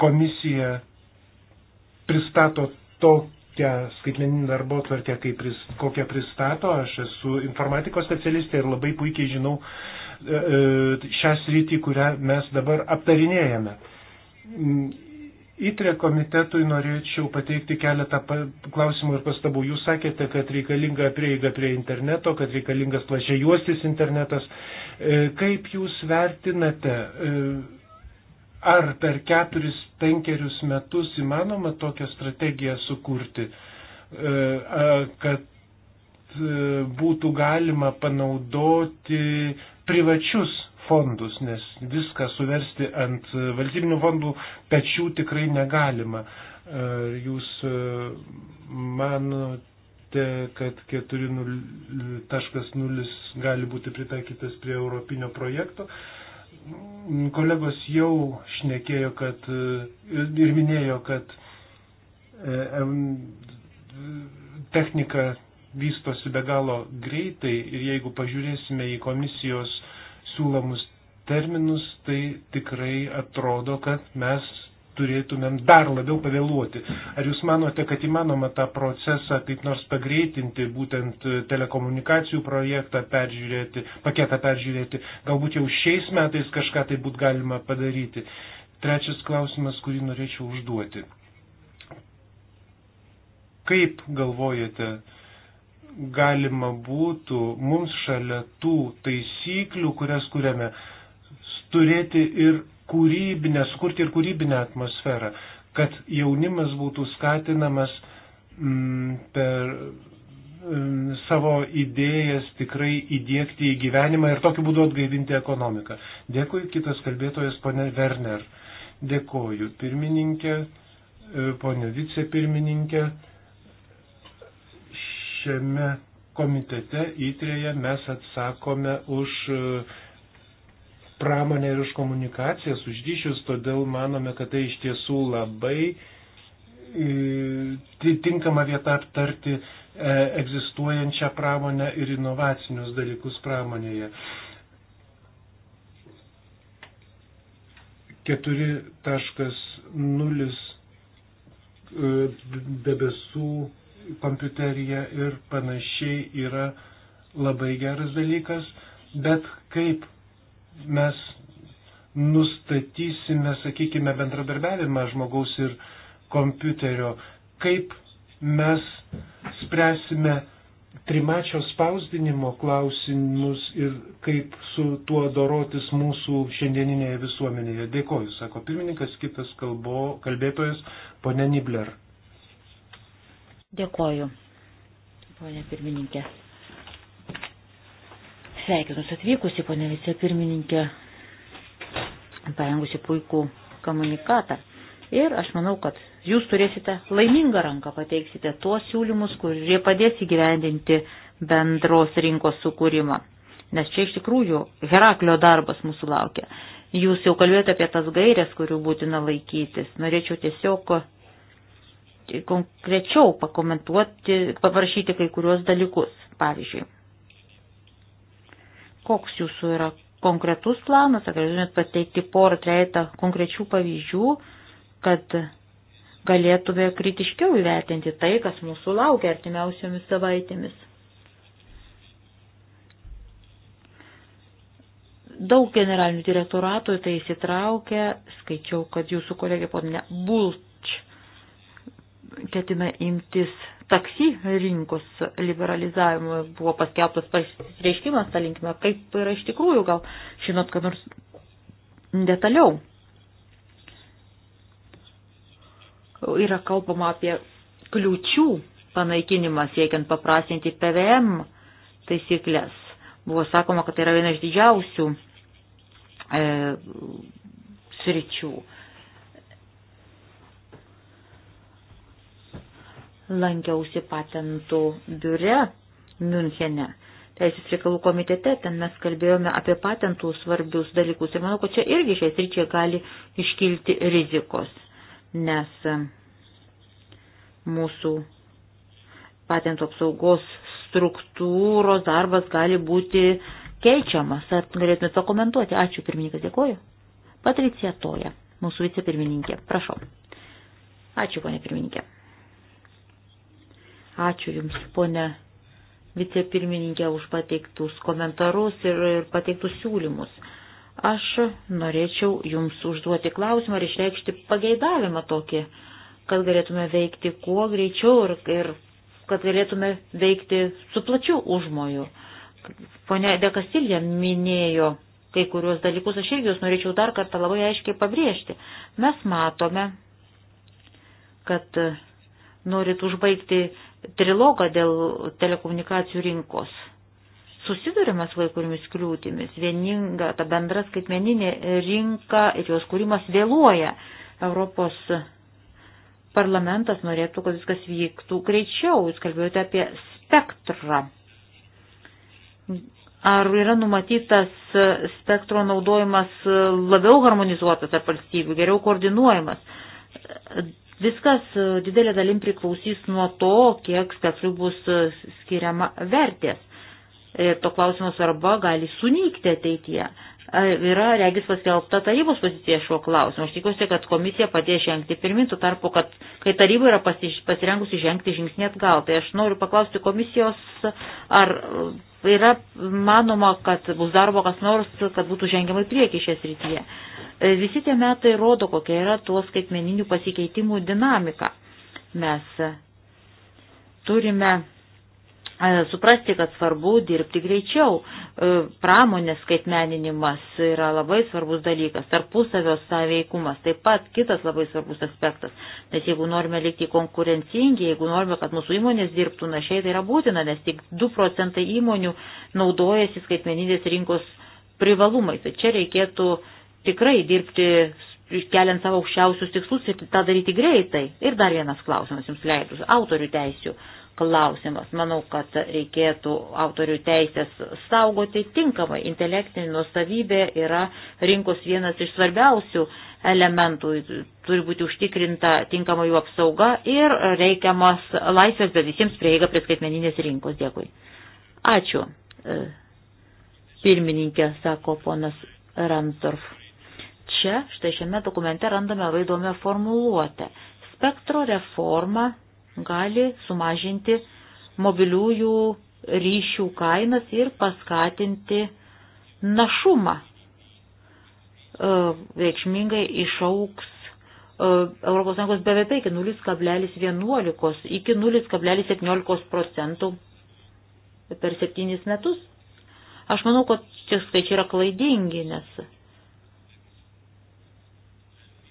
Speaker 5: komisija pristato tokią skaitmeninį darbo tvarkę, pris, kokią pristato. Aš esu informatikos specialistė ir labai puikiai žinau e, e, šią sritį, kurią mes dabar aptarinėjame. Įtrė komitetui norėčiau pateikti keletą klausimų ir pastabų. Jūs sakėte, kad reikalinga prieiga prie interneto, kad reikalingas plačiai juostis internetas. E, kaip jūs vertinate, e, ar per keturis, penkerius metus įmanoma tokią strategiją sukurti, e, kad būtų galima panaudoti privačius fondus, nes viską suversti ant valstybinių fondų pečių tikrai negalima. E, jūs e, manote, kad 4.0 gali būti pritaikytas prie europinio projekto. Kolegos jau šnekėjo kad, e, ir minėjo, kad technika vystosi be galo greitai ir jeigu pažiūrėsime į komisijos uh, siūlomus terminus, tai tikrai atrodo, kad mes turėtumėm dar labiau pavėluoti. Ar jūs manote, kad įmanoma tą procesą kaip nors pagreitinti, būtent e, telekomunikacijų projektą peržiūrėti, paketą peržiūrėti, galbūt jau šiais metais kažką tai būtų galima padaryti? Trečias klausimas, kurį norėčiau užduoti. Kaip galvojate, galima būtų mums šalia tų taisyklių, kurias kuriame, turėti ir kūrybinę, skurti ir kūrybinę atmosferą, kad jaunimas būtų skatinamas m, mm, per m, mm, savo idėjas tikrai įdėkti į gyvenimą ir tokiu būdu atgaivinti ekonomiką. Dėkui, kitas kalbėtojas, ponė Werner. Dėkoju, pirmininkė, e, ponė vicepirmininkė šiame komitete įtrėje mes atsakome už e, pramonę ir už komunikacijas, už ryšius, todėl manome, kad tai iš tiesų labai e, tinkama vieta aptarti e, egzistuojančią pramonę ir inovacinius dalykus pramonėje. Keturi taškas nulis debesų kompiuteryje ir panašiai yra labai geras dalykas, bet kaip mes nustatysime, sakykime, bendradarbiavimą žmogaus ir kompiuterio, kaip mes spręsime trimačio spausdinimo klausimus ir kaip su tuo dorotis mūsų šiandieninėje visuomenėje. Dėkoju, sako pirmininkas, kitas kalbo, kalbėtojas, ponė Nibler.
Speaker 4: Dėkoju, ponė pirmininkė. Sveikinus atvykusi, ponė vicepirmininkė, parengusi puikų komunikatą. Ir aš manau, kad jūs turėsite laimingą ranką, pateiksite tuos siūlymus, kurie padės įgyvendinti bendros rinkos sukūrimą. Nes čia iš tikrųjų Heraklio darbas mūsų laukia. Jūs jau kalbėjote apie tas gairias, kurių būtina laikytis. Norėčiau tiesiog konkrečiau pakomentuoti, paprašyti kai kuriuos dalykus. Pavyzdžiui, koks jūsų yra konkretus planas, ar galėtumėt pateikti porą trejetą konkrečių pavyzdžių, kad galėtume kritiškiau įvertinti tai, kas mūsų laukia artimiausiomis savaitėmis. daug generalinių direktoratų tai įsitraukia, skaičiau, kad jūsų kolegė ponė Bult ketina imtis taksi rinkos liberalizavimo. Buvo paskelbtas pareiškimas tą linkmę. Kaip yra iš tikrųjų, gal žinot, ką nors detaliau. Yra kalbama apie kliūčių panaikinimą siekiant paprastinti PVM taisyklės. Buvo sakoma, kad tai yra viena iš didžiausių e, sričių. E, lankiausi patentų biure Münchene, Teisės reikalų komitete, ten mes kalbėjome apie patentų svarbius dalykus ir manau, kad čia irgi šiais ryčiai gali iškilti rizikos, nes mūsų patentų apsaugos struktūros darbas gali būti keičiamas. Ar galėtumėte pakomentuoti? Ačiū, pirmininkas, dėkoju. Patricija Toja, mūsų vicepirmininkė, prašau. Ačiū, ponė pirmininkė. Ačiū Jums, ponė vicepirmininkė, už pateiktus komentarus ir, ir pateiktus siūlymus. Aš norėčiau Jums užduoti klausimą ir išreikšti pageidavimą tokį, kad galėtume veikti kuo greičiau ir, ir kad galėtume veikti su plačiu užmoju. Pone Dekastilė minėjo kai kuriuos dalykus, aš irgi jūs norėčiau dar kartą labai aiškiai pabrėžti. Mes matome, kad norit užbaigti trilogą dėl telekomunikacijų rinkos. Susidurime su kai kuriomis kliūtimis. Vieninga ta bendra skaitmeninė rinka ir jos kūrimas vėluoja. Europos parlamentas norėtų, kad viskas vyktų greičiau. Jūs kalbėjote apie spektrą. Ar yra numatytas spektro naudojimas labiau harmonizuotas tarp valstybių, geriau koordinuojamas? Viskas e, didelė dalim priklausys nuo to, kiek spektrui bus e, skiriama vertės. Ir to klausimo svarba gali sunykti ateityje. E, yra, regis, paskelbta tarybos pozicija šiuo klausimu. Aš tikiuosi, kad komisija padės žengti pirmin, tu tarpu, kad kai taryba yra pasirengusi žengti žingsnį atgal. Tai aš noriu paklausti komisijos, ar yra manoma, kad bus darbo kas nors, kad būtų žengiama į priekį šią srityje. Uh, E, visi tie metai rodo, kokia yra tuo skaitmeninių pasikeitimų dinamika. Mes e, turime e, suprasti, kad svarbu dirbti greičiau. Pramonės skaitmeninimas yra labai svarbus dalykas, tarpusavio sąveikumas taip pat kitas labai svarbus aspektas. Nes jeigu norime likti konkurencingi, jeigu norime, kad mūsų įmonės dirbtų našiai, tai yra būtina, nes tik 2 procentai įmonių naudojasi skaitmeninės rinkos privalumais. Tai čia reikėtų uh, tikrai dirbti keliant savo aukščiausius tikslus ir tą daryti greitai. Ir dar vienas klausimas jums leidus - autorių teisių klausimas. Manau, kad reikėtų autorių teisės saugoti tinkamai. Intelektinė nuosavybė yra rinkos vienas iš svarbiausių elementų. Turi būti užtikrinta tinkama jų apsauga ir reikiamas laisvės bet visiems prieiga prie skaitmeninės rinkos. Dėkui. Ačiū. E, pirmininkė, sako ponas Ransdorf čia, štai šiame dokumente randame labai įdomią formuluotę. Spektro reforma gali sumažinti mobiliųjų ryšių kainas ir paskatinti našumą. E, reikšmingai išauks e, ES BVP iki 0,11 iki 0,17 procentų per septynis metus. Aš manau, kad tie skaičiai yra klaidingi, nes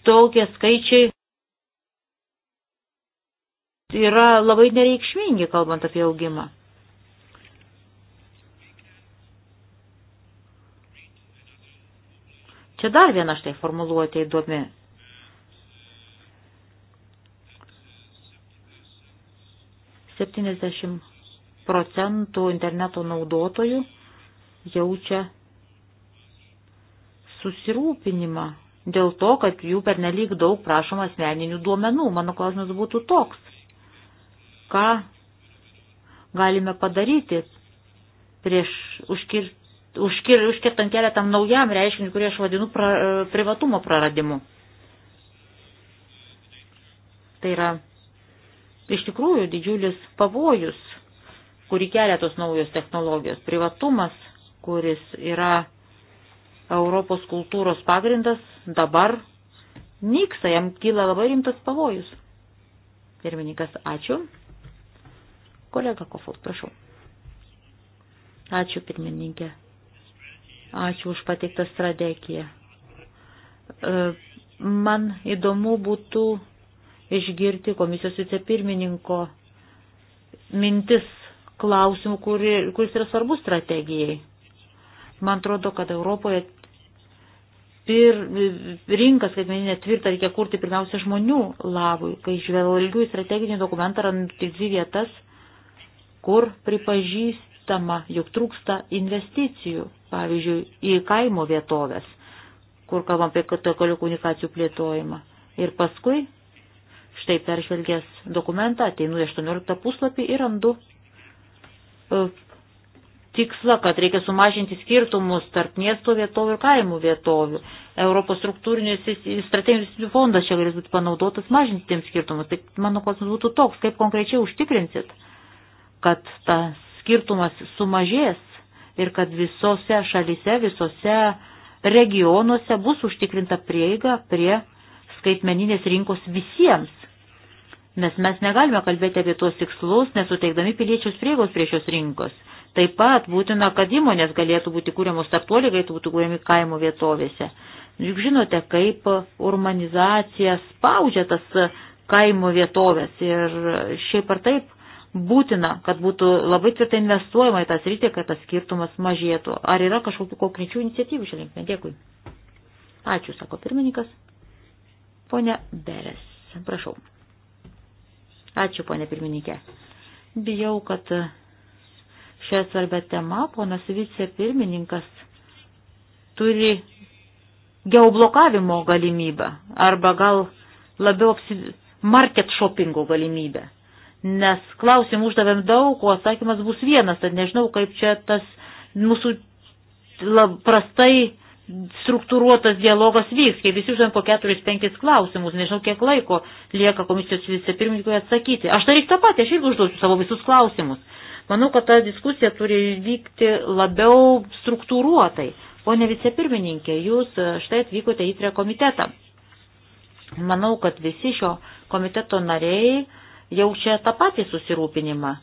Speaker 4: tokie skaičiai yra labai nereikšmingi, kalbant apie augimą. Čia dar viena štai formuluotė įdomi. Septyniasdešimt procentų interneto naudotojų jaučia susirūpinimą dėl to, kad jų pernelyg daug prašoma asmeninių duomenų. Mano klausimas būtų toks. Ką galime padaryti prieš užkir, užkir, užkirtant kelią tam naujam reiškiniu, kurį aš vadinu pra, privatumo praradimu. Tai yra iš tikrųjų didžiulis pavojus, kurį kelia tos naujos technologijos. Privatumas, kuris yra Europos kultūros pagrindas, dabar nyksta, jam kyla labai rimtas pavojus. Pirmininkas, ačiū. Kolega Kofot, prašau. Ačiū, pirmininkė. Ačiū už pateiktą strategiją. E, man įdomu būtų išgirti komisijos vicepirmininko mintis klausimų, kuris yra svarbus strategijai. Man atrodo, kad Europoje pir, rinką skaitmeninę tvirtą reikia kurti pirmiausia žmonių labui, kai žvelgiu į strateginį dokumentą randu dvi vietas, kur pripažįstama, jog trūksta investicijų, pavyzdžiui, į kaimo vietovės, kur kalbam apie telekomunikacijų plėtojimą. Ir paskui, štai peržvelgęs dokumentą, ateinu į 18 puslapį ir randu e, tikslą, kad reikia sumažinti skirtumus tarp miesto vietovių ir kaimų vietovių. Europos struktūrinis strateginis fondas čia galės būti panaudotas mažinti tiems skirtumus. Tai mano klausimas būtų toks, kaip konkrečiai užtikrinsit, kad tas skirtumas sumažės ir kad visose šalise, visose regionuose bus užtikrinta prieiga prie skaitmeninės rinkos visiems. Nes mes negalime kalbėti apie tuos tikslus, nesuteikdami piliečius prieigos prie šios rinkos. Taip pat būtina, kad įmonės galėtų būti kūriamos startuoliai, galėtų būti kūriami kaimo vietovėse. Juk žinote, kaip urbanizacija spaudžia tas kaimo vietovės ir šiaip ar taip būtina, kad būtų labai tvirtai investuojama į tą sritį, kad tas skirtumas mažėtų. Ar yra kažkokių konkrečių iniciatyvų šią linkmę? Dėkui. Ačiū, sako pirmininkas. Pone Beres, prašau. Ačiū, ponė pirmininkė. Bijau, kad šią svarbę temą, ponas vicepirmininkas turi geoblokavimo galimybę arba gal labiau apsi... market shoppingo galimybę. Nes klausimų uždavėm daug, o atsakymas bus vienas, tad nežinau, kaip čia tas mūsų lab, prastai struktūruotas dialogas vyks, kai visi uždavėm po keturis, penkis klausimus, nežinau, kiek laiko lieka komisijos vicepirmininkui atsakyti. Aš darysiu tą patį, aš irgi užduosiu savo visus klausimus. Manau, kad ta diskusija turi vykti labiau struktūruotai. Pone vicepirmininkė, jūs e, štai atvykote į tre komitetą. Manau, kad visi šio komiteto nariai jaučia tą patį susirūpinimą.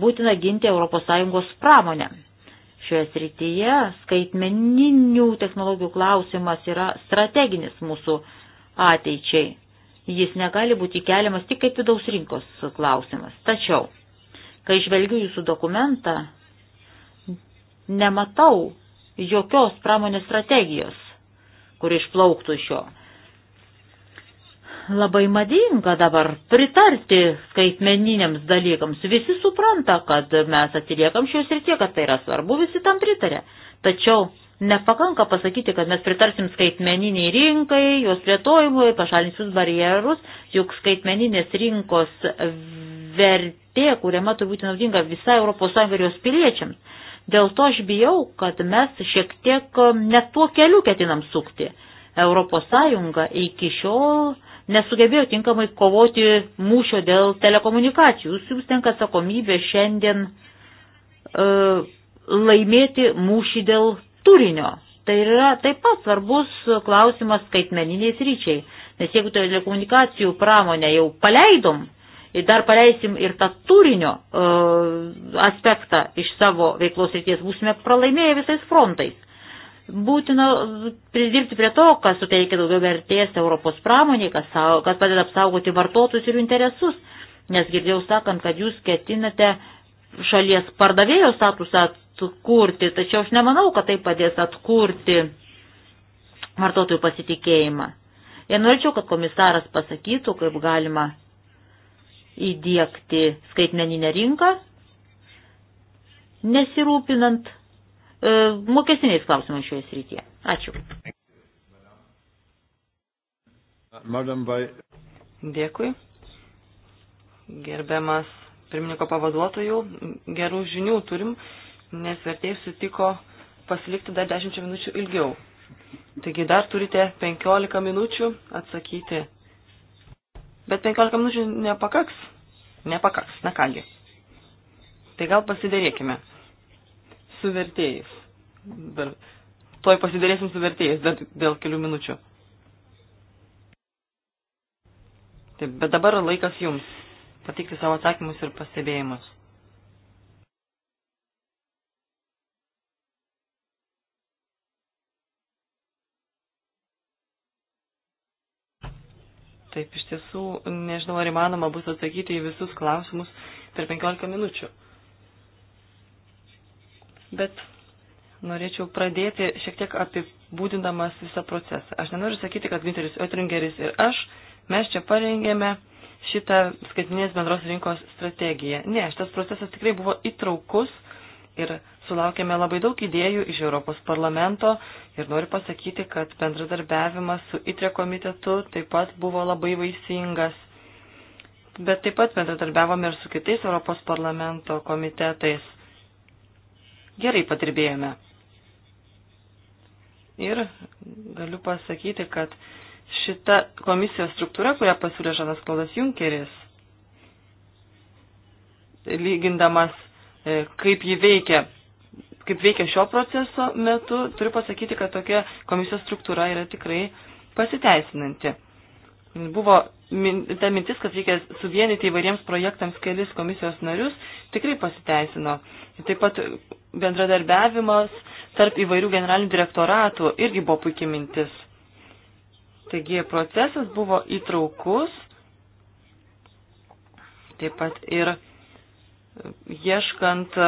Speaker 4: Būtina ginti ES pramonę. Šioje srityje skaitmeninių technologijų klausimas yra strateginis mūsų ateičiai. Jis negali būti keliamas tik kaip vidaus rinkos klausimas. Tačiau Kai žvelgiu jūsų dokumentą, nematau jokios pramonės strategijos, kur išplauktų iš jo. Labai madinga dabar pritarti skaitmeniniams dalykams. Visi supranta, kad mes atsiliekam šios ir tiek, kad tai yra svarbu, visi tam pritarė. Tačiau nepakanka pasakyti, kad mes pritarsim skaitmeniniai rinkai, jos plėtojimui, pašalinsius barjerus, juk skaitmeninės rinkos vertė vertė, kuriama turi būti naudinga visai ES ir jos piliečiams. Dėl to aš bijau, kad mes šiek tiek um, net tuo keliu ketinam sukti. ES iki šiol nesugebėjo tinkamai kovoti mūšio dėl telekomunikacijų. Jūs jums tenka atsakomybė šiandien e, laimėti mūšį dėl turinio. Tai yra taip pat svarbus klausimas skaitmeniniais ryčiai. Nes jeigu telekomunikacijų pramonę jau paleidom, dar paleisim ir tą turinio e, aspektą iš savo veiklos ryties, būsime pralaimėję visais frontais. Būtina pridirbti prie to, kas suteikia daugiau vertės Europos pramoniai, kas, kas padeda apsaugoti vartotojus ir jų interesus, nes girdėjau sakant, kad jūs ketinate šalies pardavėjo statusą atkurti, tačiau aš nemanau, kad tai padės atkurti vartotojų pasitikėjimą. Ir norėčiau, kad komisaras pasakytų, kaip galima įdėkti skaitmeninę rinką, nesirūpinant e, mokesiniais klausimais šioje srityje. Ačiū. Dėkui.
Speaker 3: Gerbiamas pirmininko pavaduotojų, gerų žinių turim, nes vertėjai sutiko pasilikti dar 10 minučių ilgiau. Taigi dar turite 15 minučių atsakyti Bet 15 minučių nepakaks? Nepakaks. Na kągi. Tai gal pasidarėkime su vertėjais. Dar, toj pasidarėsim su vertėjais dar dėl kelių minučių. Taip, bet dabar laikas jums patikti savo atsakymus ir pastebėjimus. Taip, iš tiesų, nežinau, ar įmanoma bus atsakyti į visus klausimus per 15 minučių. Bet norėčiau pradėti šiek tiek apibūdindamas visą procesą. Aš nenoriu sakyti, kad Günteris Oetringeris ir aš, mes čia parengėme šitą skaitinės bendros rinkos strategiją. Ne, šitas procesas tikrai buvo įtraukus ir sulaukėme labai daug idėjų iš Europos parlamento ir noriu pasakyti, kad bendradarbiavimas su ITRE komitetu taip pat buvo labai vaisingas. Bet taip pat bendradarbiavome ir su kitais Europos parlamento komitetais. Gerai padirbėjome. Ir galiu pasakyti, kad šita komisijos struktūra, kurią pasiūlė Žanas Klaudas Junkeris, lygindamas e, kaip jį veikia kaip veikia šio proceso metu, turiu pasakyti, kad tokia komisijos struktūra yra tikrai pasiteisinanti. Buvo min, ta mintis, kad reikia suvienyti įvairiems projektams kelis komisijos narius, tikrai pasiteisino. Taip pat bendradarbiavimas tarp įvairių generalinių direktoratų irgi buvo puikia mintis. Taigi procesas buvo įtraukus, taip pat ir ieškant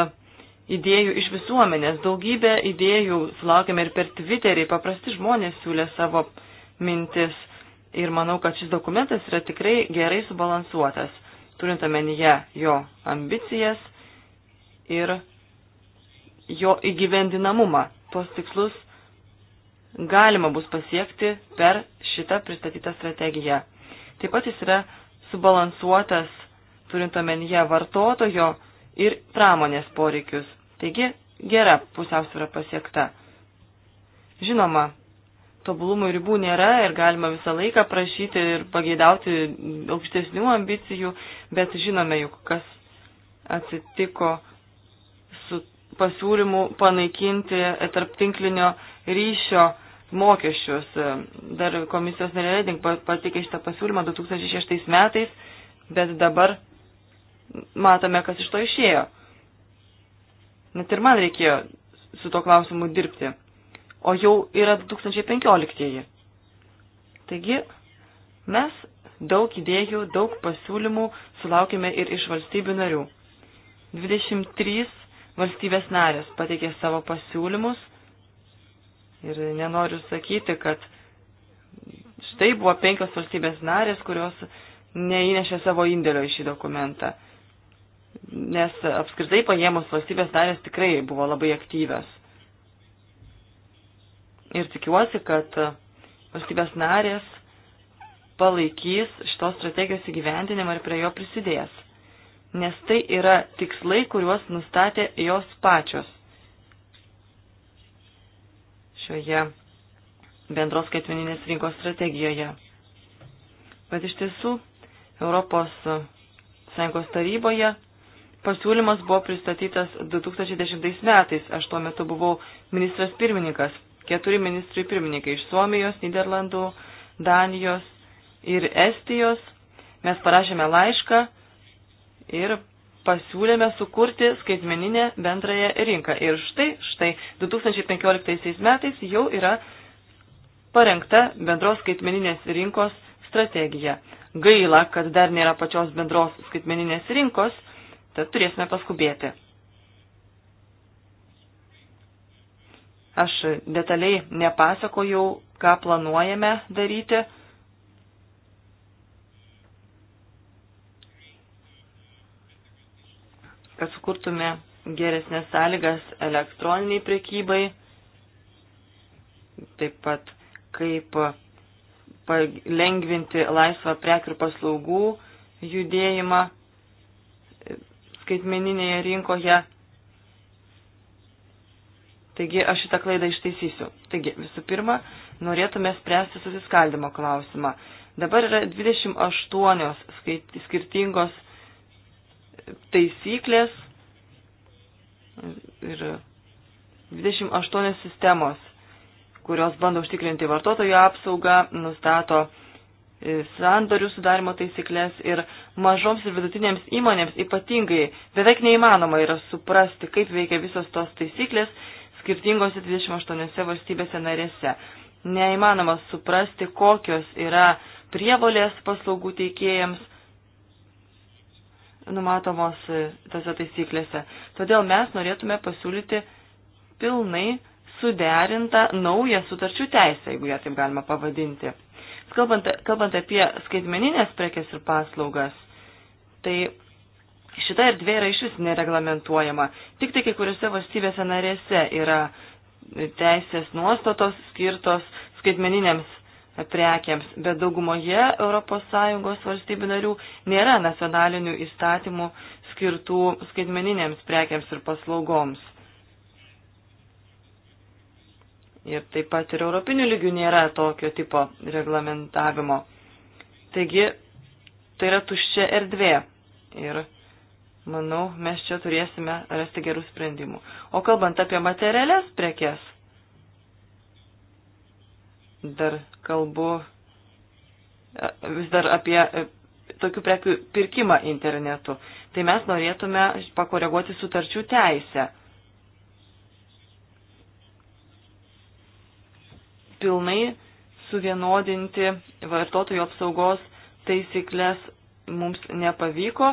Speaker 3: idėjų iš visuomenės. Daugybę idėjų sulaukėme ir per Twitterį. Paprasti žmonės siūlė savo mintis. Ir manau, kad šis dokumentas yra tikrai gerai subalansuotas, turint omenyje jo ambicijas ir jo įgyvendinamumą. Tuos tikslus galima bus pasiekti per šitą pristatytą strategiją. Taip pat jis yra subalansuotas, turint omenyje vartotojo ir pramonės poreikius. Taigi, gera pusiausvyrą pasiekta. Žinoma, tobulumo ribų nėra ir galima visą laiką prašyti ir pageidauti aukštesnių ambicijų, bet žinome juk, kas atsitiko su pasiūlymu panaikinti tarptinklinio ryšio mokesčius. Dar komisijos narė Reding patikė šitą pasiūlymą 2006 metais, bet dabar matome, kas iš to išėjo. Net ir man reikėjo su to klausimu dirbti. O jau yra 2015. Taigi mes daug idėjų, daug pasiūlymų sulaukime ir iš valstybių narių. 23 valstybės narės pateikė savo pasiūlymus ir nenoriu sakyti, kad štai buvo penkios valstybės narės, kurios neįnešė savo indėlio į šį dokumentą nes apskritai paėmus valstybės narės tikrai buvo labai aktyvios. Ir tikiuosi, kad valstybės narės palaikys šitos strategijos įgyvendinimą ir prie jo prisidės, nes tai yra tikslai, kuriuos nustatė jos pačios šioje bendros skaitmeninės rinkos strategijoje. Bet iš tiesų Europos Sąjungos taryboje Pasiūlymas buvo pristatytas 2010 metais, aš tuo metu buvau ministras pirmininkas, keturi ministrai pirmininkai iš Suomijos, Niderlandų, Danijos ir Estijos. Mes parašėme laišką ir pasiūlėme sukurti skaitmeninę bendrąją rinką. Ir štai, štai 2015 metais jau yra parengta bendros skaitmeninės rinkos strategija. Gaila, kad dar nėra pačios bendros skaitmeninės rinkos, Tad turėsime paskubėti. Aš detaliai nepasakojau, ką planuojame daryti. kad sukurtume geresnės sąlygas elektroniniai prekybai, taip pat kaip palengvinti laisvą prekių ir paslaugų judėjimą skaitmeninėje rinkoje. Taigi aš šitą klaidą ištaisysiu. Taigi visų pirma, norėtume spręsti susiskaldimo klausimą. Dabar yra 28 skait, skirtingos taisyklės ir 28 sistemos, kurios bando užtikrinti vartotojų apsaugą, nustato E, sandorių sudarimo taisyklės ir mažoms ir vidutinėms įmonėms ypatingai beveik neįmanoma yra suprasti, kaip veikia visos tos taisyklės skirtingose 28 valstybėse narėse. Neįmanoma suprasti, kokios yra prievolės paslaugų teikėjams numatomos e, tose taisyklėse. Todėl mes norėtume pasiūlyti pilnai suderintą naują sutarčių teisę, jeigu ją taip galima pavadinti. Kalbant, kalbant apie skaitmeninės prekes ir paslaugas, tai šita erdvė yra iš vis nereglamentuojama. Tik tai kai kuriuose valstybėse narėse yra teisės nuostatos skirtos skaitmeniniams prekiams, bet daugumoje ES valstybių narių nėra nacionalinių įstatymų skirtų skaitmeniniams prekiams ir paslaugoms. Ir taip pat ir europinių lygių nėra tokio tipo reglamentavimo. Taigi, tai yra tuščia erdvė. Ir manau, mes čia turėsime rasti gerų sprendimų. O kalbant apie materialias prekes, dar kalbu e, vis dar apie e, tokių prekių pirkimą internetu. Tai mes norėtume pakoreguoti sutarčių teisę pilnai suvienodinti vartotojų apsaugos taisyklės mums nepavyko.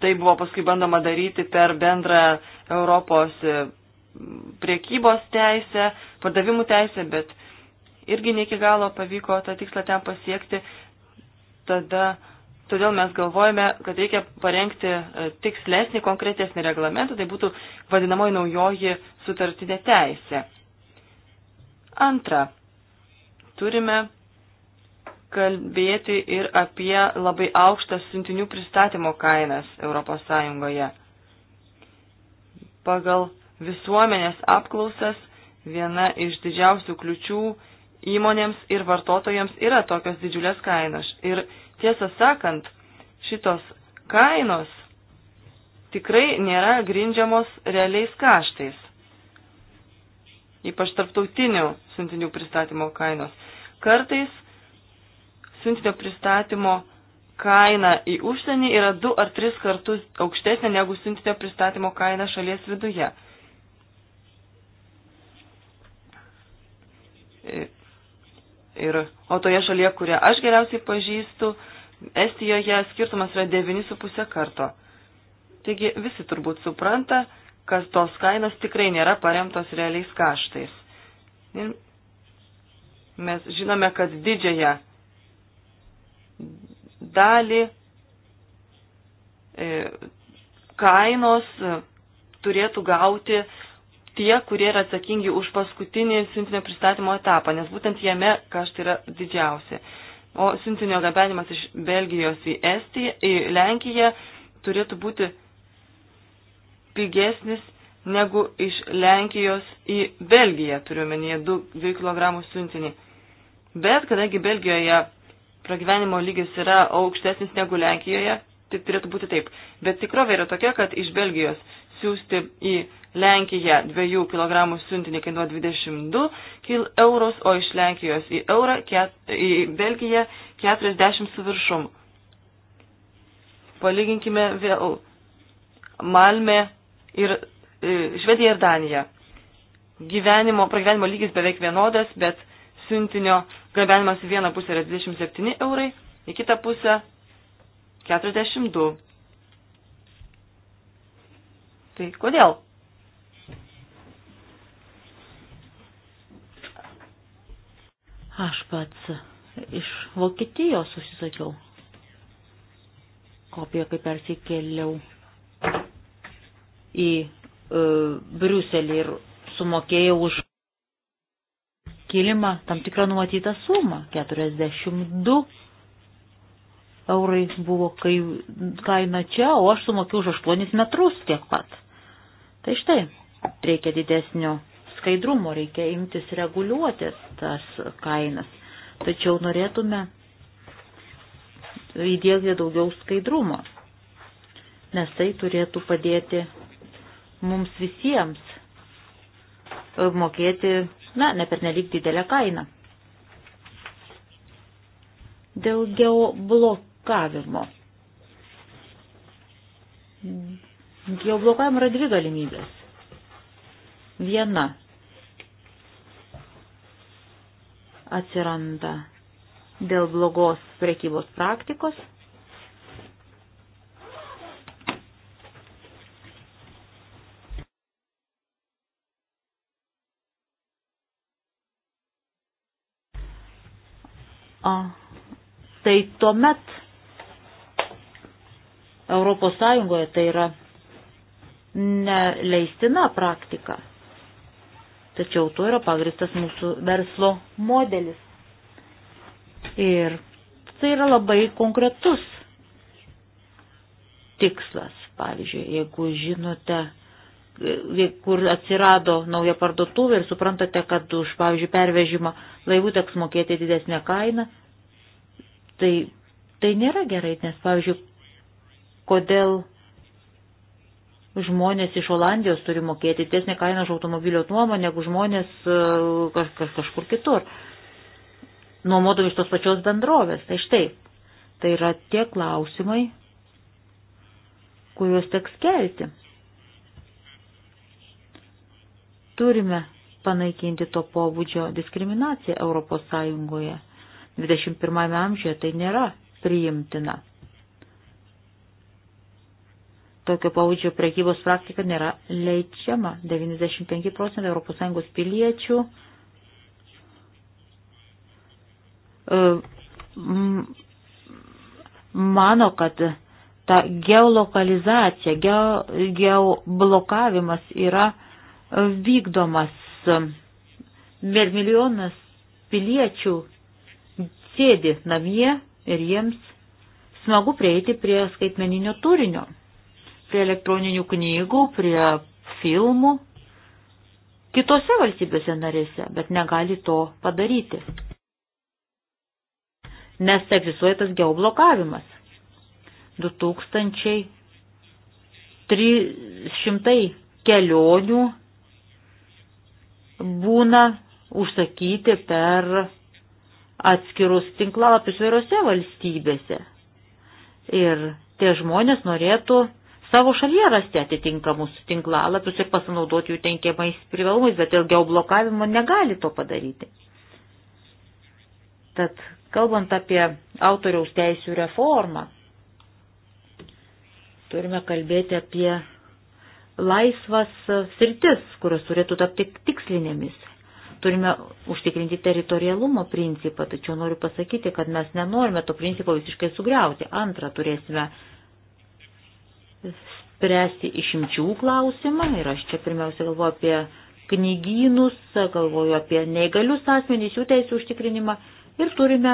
Speaker 3: Tai buvo paskui bandoma daryti per bendrą Europos e, priekybos teisę, pardavimų teisę, bet irgi ne iki galo pavyko tą tikslą ten pasiekti. Tada uh, Todėl mes galvojame, kad reikia parengti e, tikslesnį, konkretesnį reglamentą, tai būtų vadinamoji naujoji sutartinė teisė. Antra, turime kalbėti ir apie labai aukštas siuntinių pristatymo kainas Europos Sąjungoje. Pagal visuomenės apklausas viena iš didžiausių kliučių įmonėms ir vartotojams yra tokios didžiulės kainos. Ir Tiesą sakant, šitos kainos tikrai nėra grindžiamos realiais kaštais, ypač tarptautinių siuntinių pristatymo kainos. Kartais siuntinio pristatymo kaina į užsienį yra du ar tris kartus aukštesnė negu siuntinio pristatymo kaina šalies viduje. Ir, o toje šalyje, kurią aš geriausiai pažįstu, Estijoje skirtumas yra 9,5 karto. Taigi visi turbūt supranta, kad tos kainos tikrai nėra paremtos realiais kaštais. Ir mes žinome, kad didžiąją dalį e, kainos e, turėtų gauti tie, kurie yra atsakingi už paskutinį siuntinio pristatymo etapą, nes būtent jame kaštai yra didžiausi. O siuntinio gabenimas iš Belgijos į Estiją, į Lenkiją turėtų būti pigesnis negu iš Lenkijos į Belgiją, turiuomenyje 2 kg siuntinį. Bet kadangi Belgijoje pragyvenimo lygis yra aukštesnis negu Lenkijoje, tai turėtų būti taip. Bet tikrovė yra tokia, kad iš Belgijos siūsti į Lenkiją 2 kg siuntinį kainuoja 22 eurus, o iš Lenkijos į, eurą, ket, į Belgiją 40 su viršum. Palyginkime vėl Malmė ir e, Švedija ir Danija. Gyvenimo, pragyvenimo lygis beveik vienodas, bet siuntinio gabenimas į vieną pusę yra 27 eurai, į kitą pusę 42.
Speaker 4: Tai kodėl? Aš pats iš Vokietijos užsisakiau kopiją, kai persikėliau į e, Briuselį ir sumokėjau už kilimą tam tikrą numatytą sumą. 42 eurai buvo kai, kaina čia, o aš sumokėjau už 8 metrus tiek pat. Tai štai, reikia didesnio skaidrumo, reikia imtis reguliuoti tas kainas. Tačiau norėtume įdėkti daugiau skaidrumo, nes tai turėtų padėti mums visiems e, mokėti, na, ne per nelik didelę kainą. Dėl geoblokavimo. Geoblokavim yra dvi galimybės. Viena atsiranda dėl blogos prekybos praktikos. O, tai tuomet Europos Sąjungoje tai yra neleistina praktika. Tačiau tuo yra pagristas mūsų verslo modelis. Ir tai yra labai konkretus tikslas. Pavyzdžiui, jeigu žinote, kur atsirado nauja parduotuvė ir suprantate, kad už, pavyzdžiui, pervežimą laivų teks mokėti didesnę kainą, tai, tai nėra gerai, nes, pavyzdžiui, kodėl žmonės iš Olandijos turi mokėti tiesnį kainą už automobilio nuomą negu žmonės kaž, e, kaž, kažkur kitur, nuomodami iš tos pačios bendrovės. Tai štai, tai yra tie klausimai, kuriuos teks kelti. Turime panaikinti to pobūdžio diskriminaciją Europos Sąjungoje. 21 amžiuje tai nėra priimtina tokio paudžio prekybos praktika nėra leidžiama. 95 procentai ES piliečių e, mano, kad ta geolokalizacija, geoblokavimas yra e, vykdomas. Ir milijonas piliečių sėdi namie ir jiems smagu prieiti prie skaitmeninio turinio prie elektroninių knygų, prie filmų kitose valstybėse narėse, bet negali to padaryti. Nes egzistuoja tas geoblokavimas. 2300 kelionių būna užsakyti per atskirus tinklalapius vairiose valstybėse. Ir tie žmonės norėtų savo šalyje rasti atitinkamus tinklalapius ir pasinaudoti jų tenkiamais privalumais, bet dėl geoblokavimo negali to padaryti. Tad kalbant apie autoriaus teisų reformą, turime kalbėti apie laisvas sritis, kurios turėtų tapti tikslinėmis. Turime užtikrinti teritorialumo principą, tačiau noriu pasakyti, kad mes nenorime to principo visiškai sugriauti. Antra, turėsime spręsti išimčių klausimą ir aš čia pirmiausia galvoju apie knygynus, galvoju apie neįgalius asmenys, jų teisų užtikrinimą ir turime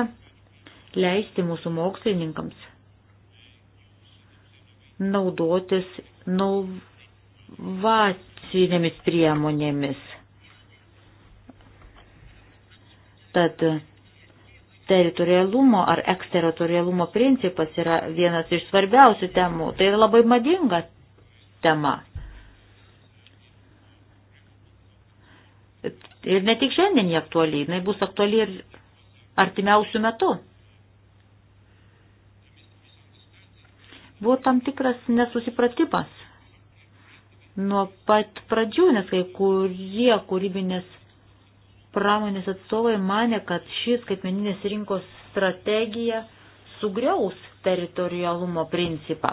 Speaker 4: leisti mūsų mokslininkams naudotis novacinėmis priemonėmis. Tad teritorialumo ar eksteritorialumo principas yra vienas iš svarbiausių temų. Tai yra labai madinga tema. Ir ne tik šiandien jie aktuali, jinai bus aktuali ir artimiausių metų. Buvo tam tikras nesusipratimas nuo pat pradžių, nes kai kurie kūrybinės pramonės atstovai mane, kad šis skaitmeninės rinkos strategija sugriaus teritorialumo principą.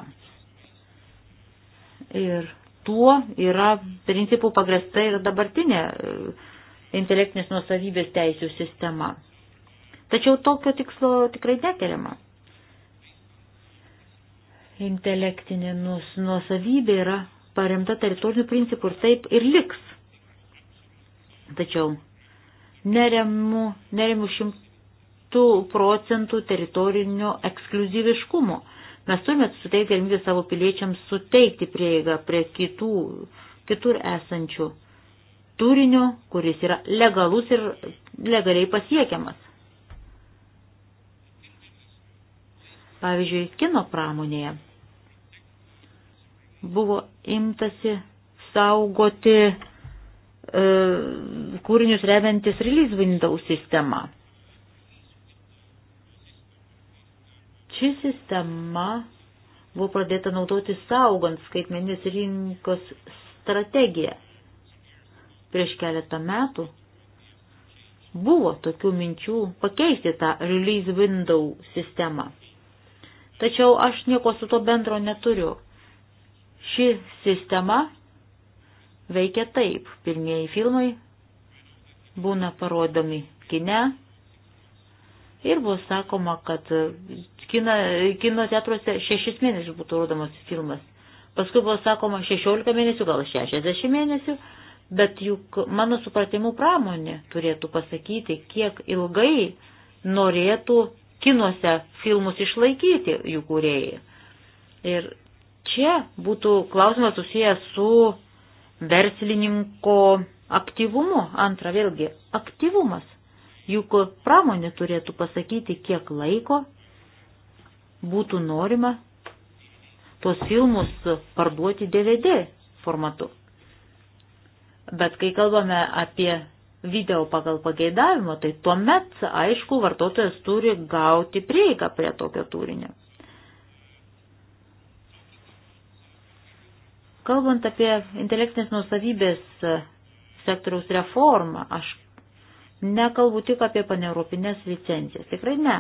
Speaker 4: Ir tuo yra principų pagrėsta ir dabartinė e, intelektinės nuosavybės teisų sistema. Tačiau tokio tikslo tikrai nekeliama. Intelektinė nuosavybė yra paremta teritorinių principų ir taip ir liks. Tačiau neremų, neremų šimtų procentų teritorinio ekskluziviškumo. Mes turime suteikti galimybę savo piliečiams suteikti prieigą prie kitų, kitur esančių turinio, kuris yra legalus ir legaliai pasiekiamas. Pavyzdžiui, kino pramonėje buvo imtasi saugoti E, kūrinius remiantis Release Windows sistema. Ši sistema buvo pradėta naudoti saugant skaitmeninės rinkos strategiją. Prieš keletą metų buvo tokių minčių pakeisti tą Release Window sistemą. Tačiau aš nieko su to bendro neturiu. Ši sistema veikia taip. Pirmieji filmai būna parodomi kine ir buvo sakoma, kad kino, kino teatruose šešis mėnesius būtų rodomas filmas. Paskui buvo sakoma 16 mėnesių, gal 60 mėnesių, bet juk mano supratimu pramonė turėtų pasakyti, kiek ilgai norėtų kinuose filmus išlaikyti jų kūrėjai. Ir čia būtų klausimas susijęs su verslininko aktyvumu. Antra, vėlgi, aktyvumas. Juk pramonė turėtų pasakyti, kiek laiko būtų norima tuos filmus parduoti DVD formatu. Bet kai kalbame apie video pagal pageidavimą, tai tuomet, aišku, vartotojas turi gauti prieigą prie tokio turinio. Kalbant apie intelektinės nusavybės e, sektoriaus reformą, aš nekalbu tik apie paneuropinės licencijas. Tikrai ne.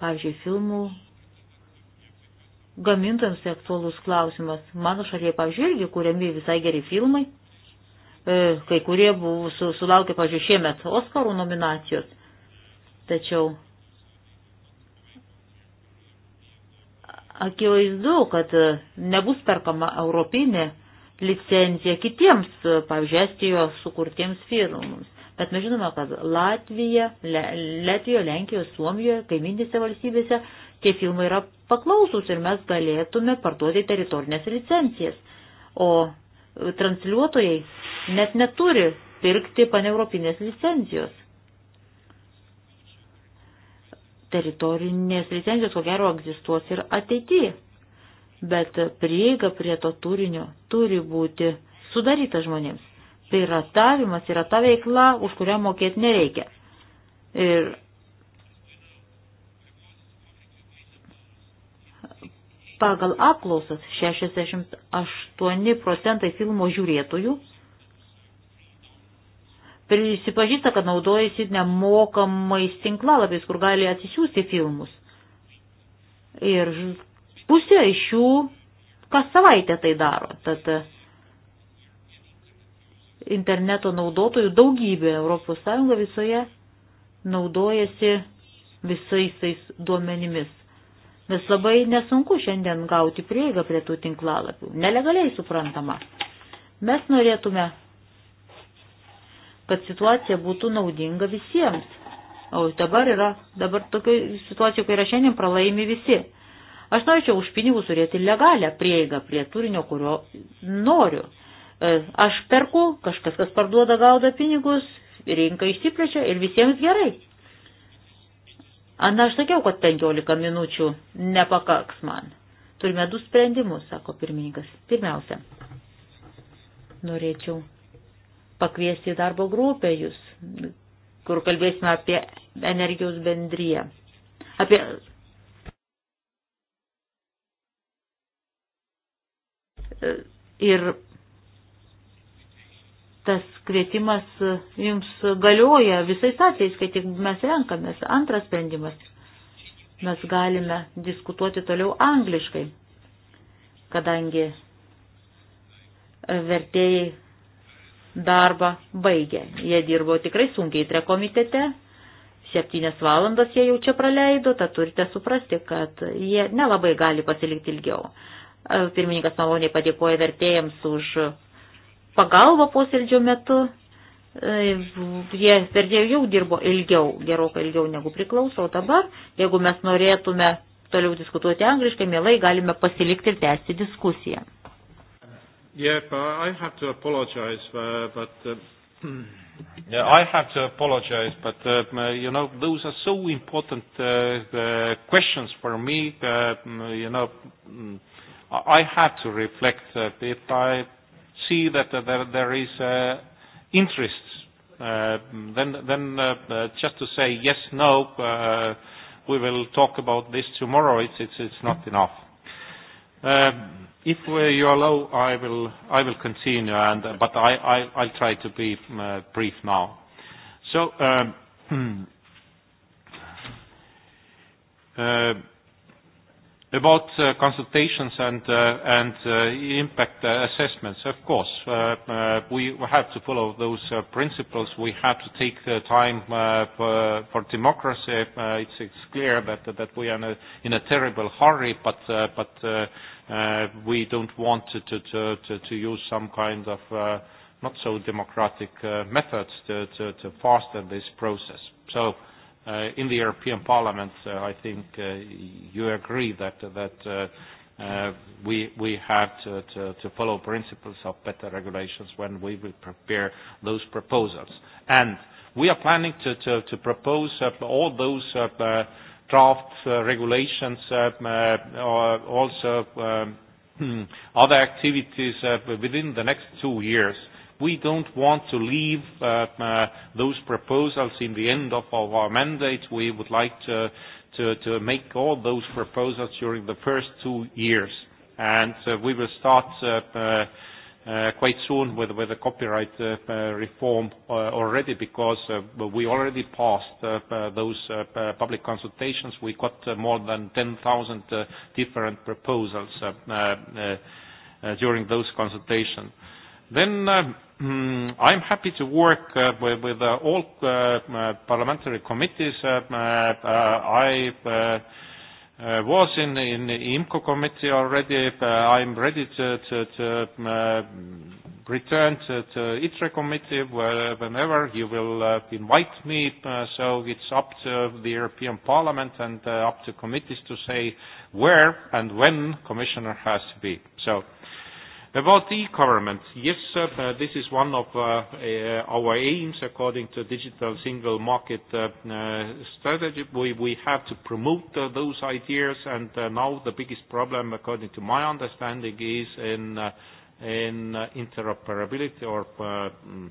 Speaker 4: Pavyzdžiui, filmų gamintojams tai aktuolus klausimas. Mano šalyje, pavyzdžiui, irgi kuriami visai geri filmai. E, kai kurie buvo, su, sulaukė, pavyzdžiui, šiemet Oskarų nominacijos. Tačiau Akivaizdu, kad e, nebus perkama europinė licencija kitiems, e, pavyzdžiui, Estijos sukurtiems firmoms. Bet mes žinome, kad Latvija, Le, Latvijoje, Lenkijoje, Suomijoje, kaiminėse valstybėse tie filmai yra paklausus ir mes galėtume parduoti teritorinės licencijas. O e, transliuotojai net neturi pirkti paneuropinės licencijos teritorinės licencijos ko gero egzistuos ir ateityje, bet prieiga prie to turinio turi būti sudaryta žmonėms. Piratavimas tai yra ta veikla, už kurią mokėti nereikia. Ir pagal apklausas 68 procentai filmo žiūrėtojų prisipažįsta, kad naudojasi nemokamais tinklalapiais, kur gali atsisiųsti filmus. Ir pusė iš jų kas savaitę tai daro. Tad e, interneto naudotojų daugybė ES visoje naudojasi visais tais duomenimis. Nes labai nesunku šiandien gauti prieigą prie tų tinklalapių. Nelegaliai suprantama. Mes norėtume kad situacija būtų naudinga visiems. O dabar yra, dabar tokio situacijoje, kai yra šiandien, pralaimi visi. Aš norėčiau už pinigus turėti legalią prieigą prie turinio, kurio noriu. E, aš perku, kažkas, kas parduoda, gauda pinigus, rinka išsiplečia ir visiems gerai. Ana, aš sakiau, kad 15 minučių nepakaks man. Turime du sprendimus, sako pirmininkas. Pirmiausia, norėčiau pakviesti į darbo grupę jūs, kur kalbėsime apie energijos bendryje. Apie Ir tas kvietimas jums galioja visais atvejais, kai tik mes renkamės. Antras sprendimas. Mes galime diskutuoti toliau angliškai, kadangi vertėjai darbą baigė. Jie dirbo tikrai sunkiai tre komitete, septynias valandas jie jau čia praleido, tad turite suprasti, kad jie nelabai gali pasilikti ilgiau. E, pirmininkas maloniai padėkoja vertėjams už pagalbą posėdžio metu. E, jie vertėjai jau dirbo ilgiau, gerokai ilgiau negu priklauso, o dabar, jeigu mes norėtume toliau diskutuoti angliškai, mielai galime pasilikti ir tęsti diskusiją.
Speaker 1: Yeah, but I have to apologize, uh, but. Uh, *clears throat* yeah, I have to apologize, but uh, uh, you know those are so important uh, uh, questions for me. Uh, you know, I had to reflect uh, if I see that uh, there, there is uh, interest, uh, then then uh, uh, just to say yes, no, uh, we will talk about this tomorrow. It's it's it's not enough. Uh, If you allow, I will, I will continue, and, but I, I, I'll try to be uh, brief now. So, um, *clears throat* uh, about uh, consultations and, uh, and uh, impact assessments, of course, uh, we have to follow those principles. We have to take the time for, for democracy. It's, it's clear that, that we are in a, in a terrible hurry, but, but Uh, we don't want to, to, to, to use some kind of uh, not so democratic uh, methods to, to, to fasten this process. So uh, in the European Parliament, uh, I think uh, you agree that, that uh, uh, we, we have to, to, to follow principles of better regulations when we will prepare those proposals. And we are planning to, to, to propose uh, all those uh, uh, draft uh, regulations, uh, uh, also um, *clears throat* other activities uh, within the next two years. We don't want to leave uh, uh, those proposals in the end of, of our mandate. We would like to, to, to make all those proposals during the first two years. And uh, we will start uh, uh, uh, quite soon with, with the copyright uh, uh, reform uh, already because uh, we already passed uh, uh, those uh, uh, public consultations. We got uh, more than 10,000 uh, different proposals uh, uh, uh, during those consultations. Then uh, hmm, I'm happy to work uh, with, with uh, all uh, uh parliamentary committees. Uh, uh, I uh, uh, was in, in IMCO committee already. Uh, I'm ready to, to, to uh, return to, to ITRE committee where, whenever you will uh, invite me. Uh, so it's up to the European Parliament and uh, up to committees to say where and when Commissioner has to be. So About e-government, yes, uh, this is one of uh, uh, our aims according to digital single market uh, uh, strategy. We, we have to promote uh, those ideas, and now the biggest problem, according to my understanding, is in, in interoperability or mm,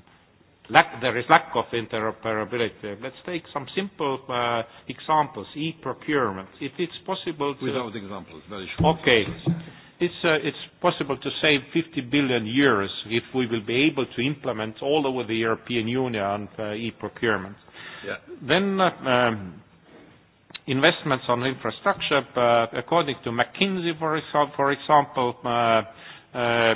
Speaker 1: lack, there is lack of interoperability. Let's take some simple uh, examples. E-procurement. If it's possible to- Without examples, very short. Okay. Examples. It's, uh, it's possible to save 50 billion euros if we will be able to implement all over the European Union uh, e-procurement. Yeah. Then, uh, um, investments on infrastructure, uh, according to McKinsey, for, exa for example, 10% uh,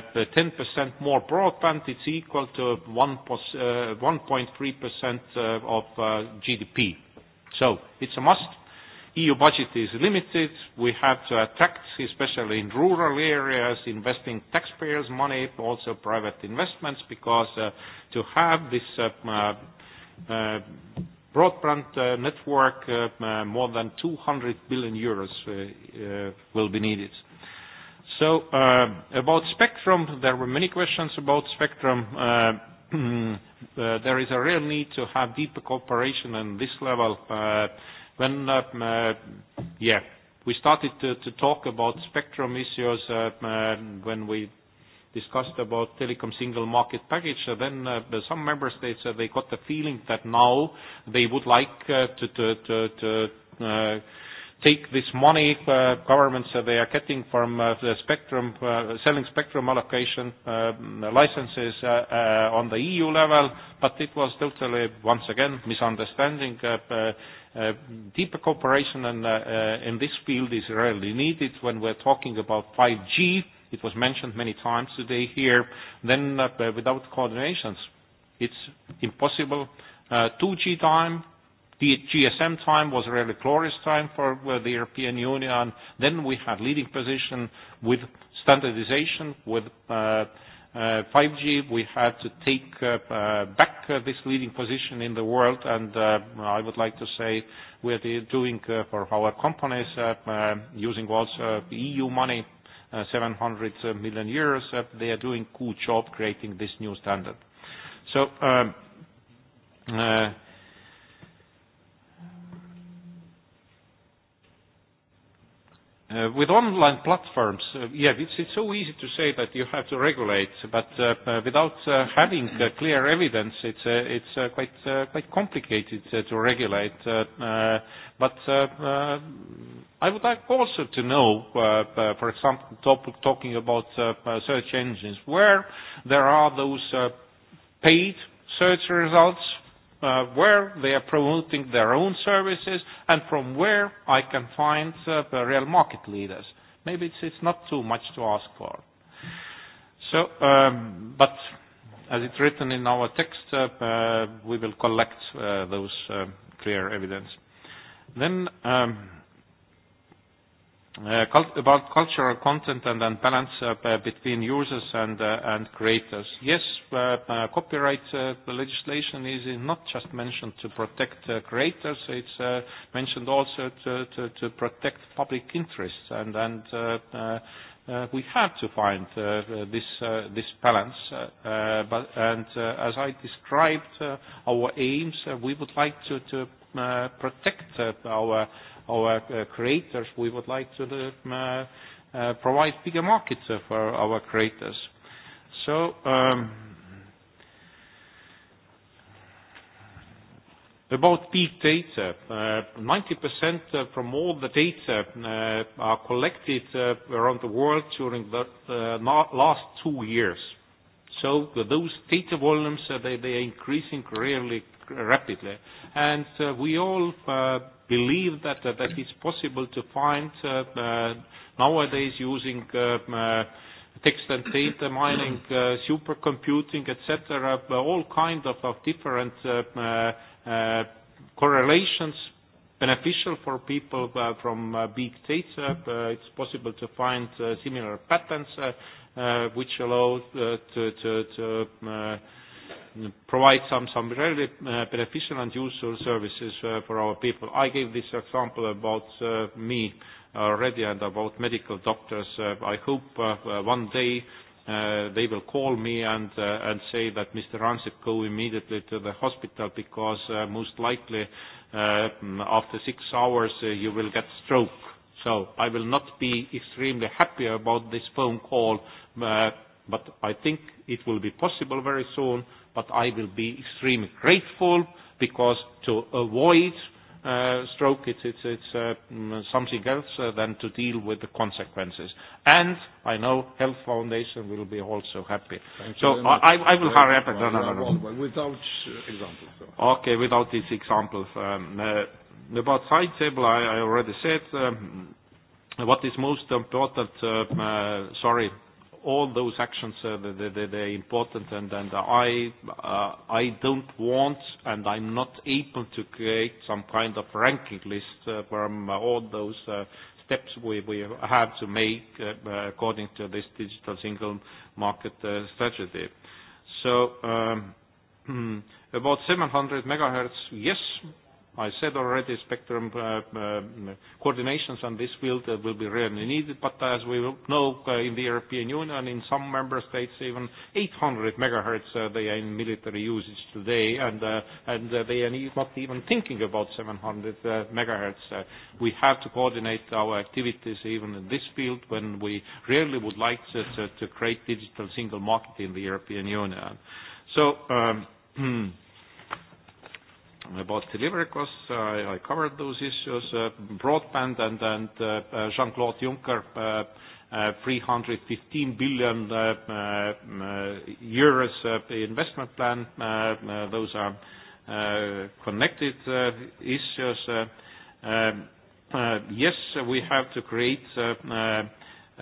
Speaker 1: more broadband, it's equal to 1.3% of GDP. So it's a must EU budget is limited. We have to attract, especially in rural areas, investing taxpayers' money, also private investments, because uh, to have this uh, uh, uh, broadband uh, network, uh, uh, more than 200 billion euros uh, uh, will be needed. So uh, about spectrum, there were many questions about spectrum. Uh, *clears throat* uh, there is a real need to have deeper cooperation on this level. Uh, When uh, uh, yeah, we started to, to talk about spectrum issues uh, when we discussed about telecom single market package, then uh, some member states, uh, they got the feeling that now they would like uh, to, to, to, to uh, take this money uh, governments uh, they are getting from uh, the spectrum, uh, selling spectrum allocation uh, licenses uh, uh, on the EU level, but it was totally, once again, misunderstanding. Uh, uh, Uh, deeper cooperation in, uh, uh, in this field is really needed when we're talking about 5G. It was mentioned many times today here. Then uh, without coordinations, it's impossible. Uh, 2G time, the GSM time was really glorious time for uh, the European Union. Then we had leading position with standardization, with uh, uh, 5G. We have to take uh, uh, back uh, this leading position in the world, and uh, I would like to say we are doing uh, for our companies uh, uh, using also EU money, uh, 700 uh, million euros. Uh, they are doing good job creating this new standard. So. Um, uh, Uh, with online platforms, uh, yeah, it's, it's so easy to say that you have to regulate, but uh, uh, without uh, having uh, clear evidence, it's, uh, it's uh, quite, uh, quite complicated uh, to regulate. Uh, uh, but uh, uh, I would like also to know, uh, uh, for example, top, talking about uh, uh, search engines, where there are those uh, paid search results uh, where they are promoting their own services and from where I can find uh, the real market leaders. Maybe it's, it's not too much to ask for. So, um, but as it's written in our text, uh, uh, we will collect uh, those uh, clear evidence. Then um, Uh, cult about cultural content and then balance uh, between users and, uh, and creators. Yes, uh, uh, copyright uh, legislation is not just mentioned to protect uh, creators, it's uh, mentioned also to, to, to protect public interests and, and uh, uh, uh, we have to find uh, this, uh, this balance. Uh, uh but, and uh, as I described uh, our aims, uh, we would like to, to uh, protect uh, our uh, our uh, creators, we would like to uh, uh, provide bigger markets for our creators. So, um, About big data, uh, 90% from all the data uh, are collected uh, around the world during the last two years. So those data volumes, they, they are increasing really rapidly. And uh, we all uh, believe that, uh, that it's possible to find uh, uh, nowadays using uh, uh, text and data mining, uh, supercomputing, etc., uh, all kind of, of different uh, uh, correlations beneficial for people uh, from uh, big data. Uh, it's possible to find uh, similar patterns uh, uh, which allow uh, to, to, to uh, provide some, some really uh, beneficial and useful services uh, for our people. I gave this example about uh, me already and about medical doctors. Uh, I hope uh, uh one day uh, they will call me and, uh, and say that Mr. Ansip go immediately to the hospital because uh, most likely uh, mm, after six hours uh, you will get stroke. So I will not be extremely happy about this phone call, uh, but I think it will be possible very soon but I will be extremely grateful because to avoid uh, stroke, it's, it's, it's uh, mm, something else uh, than to deal with the consequences. And I know Health Foundation will be also happy. Thank so you I, I, I will hurry up. No, no, no,
Speaker 2: no. Without uh, examples.
Speaker 1: So. Okay, without these examples. Um, uh, about side table, I, I already said um, what is most important. Um, uh, sorry, all those actions, uh, they, they, they're important, and, and I, uh, I don't want, and I'm not able to create some kind of ranking list uh, from uh, all those uh, steps we, we have to make uh, uh, according to this digital single market uh, strategy. So um, hmm, about 700 megahertz, yes, I said already spectrum uh, um, coordinations on this field uh, will be really needed, but as we know uh, in the European Union, in some member states, even 800 megahertz, uh, they are in military usage today, and, uh, and uh, they are not even thinking about 700 uh, megahertz. Uh, we have to coordinate our activities even in this field when we really would like to, to, to create digital single market in the European Union. So, um, *clears throat* About delivery costs, uh, I covered those issues. Uh, broadband and uh, Jean-Claude Juncker, 315 billion euros investment plan. Those are connected issues. Um, yes, we have to create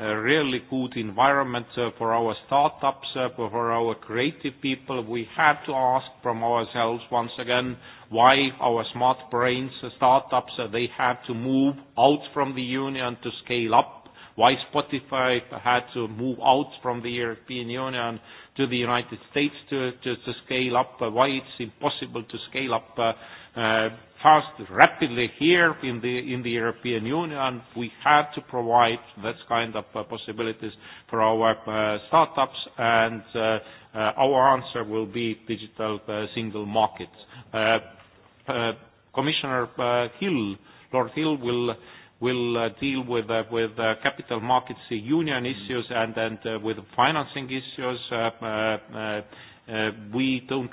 Speaker 1: a really good environment uh, for our startups, uh, for our creative people. We have to ask from ourselves once again why our smart brains uh, startups, uh, they have to move out from the union to scale up, why Spotify had to move out from the European Union to the United States to, to, to scale up, uh, why it's impossible to scale up uh, fast, rapidly here in the, in the European Union. We had to provide that kind of uh, possibilities for our uh, startups, and uh, uh, our answer will be digital uh, single market. Uh, uh, Commissioner uh, Hill, Lord Hill, will will uh, deal with uh, with uh, capital markets union issues and and uh, with financing issues. Uh, uh, uh, we don't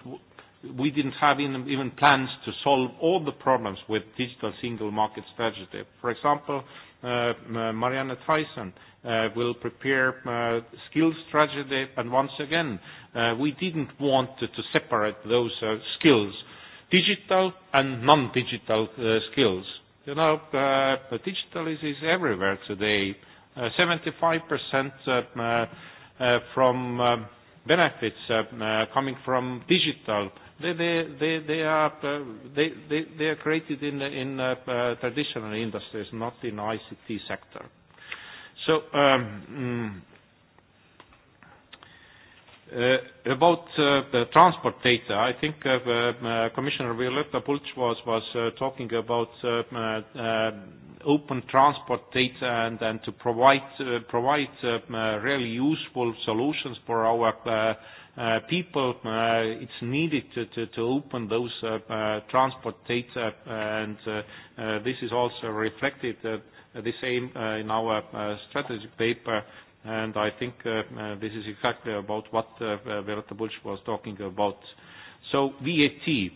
Speaker 1: we didn't have even plans to solve all the problems with digital single market strategy. For example, uh, uh Marianne Thyssen uh, will prepare uh, skills strategy, and once again, uh, we didn't want to, to separate those uh, skills, digital and non-digital skills. You know, digital is, is everywhere today. 75% from um, benefits coming from digital they they they they are uh, they they, they are created in in uh, uh, traditional industries, not in ICT sector. So. Um, mm, uh, about uh, the transport data, I think uh, uh, uh Commissioner Violeta Bulc was, was uh, talking about uh, uh, open transport data and, and to provide, uh, provide uh, uh, really useful solutions for our uh, uh, people, uh, it's needed to, to, to open those uh, uh, transport data, uh, and uh, uh, this is also reflected uh, the same uh, in our uh, strategy paper. And I think uh, uh, this is exactly about what uh, Verata Bulch was talking about. So VAT,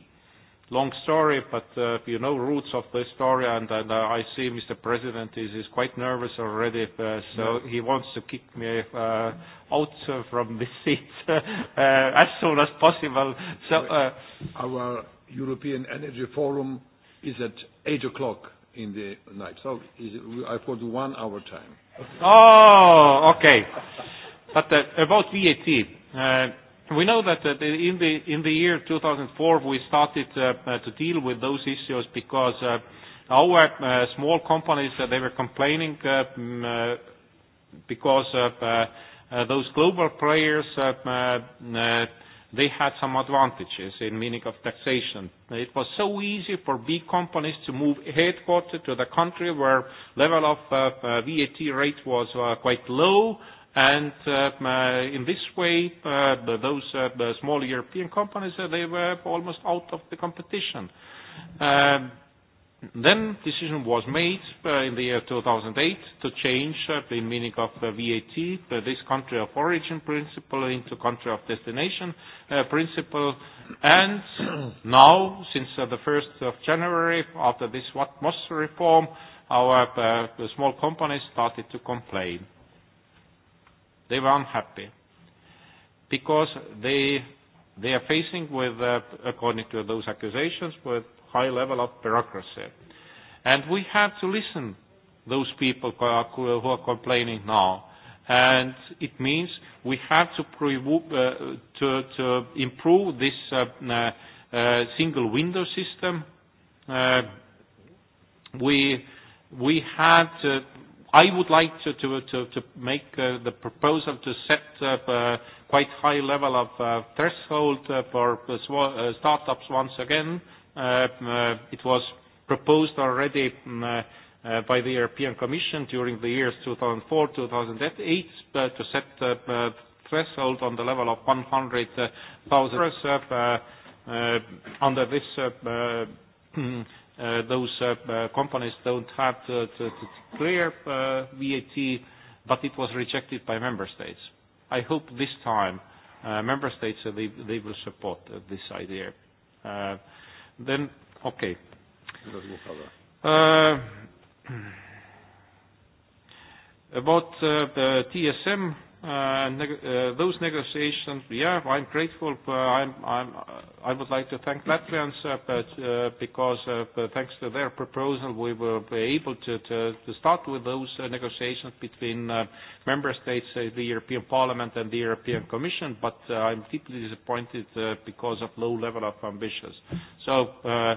Speaker 1: long story, but uh, you know roots of the story, and, and uh, I see Mr. President is, is quite nervous already, uh, so mm. he wants to kick me uh, out uh, from this seat *laughs* uh, as soon as possible. So uh, our
Speaker 2: European Energy Forum is at eight o'clock in the night, so is, I've got one hour time.
Speaker 1: Oh, okay. But uh, about VAT. Uh, We know that uh, in the in the year 2004, we started uh, uh, to deal with those issues because uh, our uh, small companies, uh, they were complaining mm, because those global players, they had some advantages in meaning of taxation. It was so easy for big companies to move headquarters to the country where level of VAT rate was quite low, And uh, uh, in this way, uh, those uh, small European companies, uh, they were almost out of the competition. Uh, then decision was made uh, in the year 2008 to change uh, the meaning of uh, VAT, uh, this country of origin principle into country of destination uh, principle. And *clears throat* now, since uh, the 1st of January, after this WATMOS reform, our uh, small companies started to complain. Uh, they were unhappy because they they are facing with, uh, according to those accusations, with high level of bureaucracy. And we have to listen those people who are, who are complaining now. And it means we have to, pre- uh, to, to improve this uh, uh, uh, single window system. Uh, we, we had to I would like to, to, to, to make uh, the proposal to set up a quite high level of uh, threshold uh, for uh, uh startups once again. Uh, uh, it was proposed already um, uh, uh, by the European Commission during the years 2004-2008 uh, to set up a threshold on the level of 100,000 euros uh, uh, under this uh, uh, Uh, those uh, uh, companies don't have to, to, to clear uh, VAT, but it was rejected by member states. I hope this time uh, member states uh, they, they will support uh, this idea. Uh, then, okay. Uh, *clears throat* about uh, the TSM, uh, neg uh, those negotiations, yeah, I'm grateful. Uh, I'm, I'm, I would like to thank Latvians, uh, but, uh, because uh, but thanks to their proposal, we were able to, to, to start with those uh, negotiations between uh, member states, uh, the European Parliament, and the European Commission. But uh, I'm deeply disappointed uh, because of low level of ambition. So. Uh,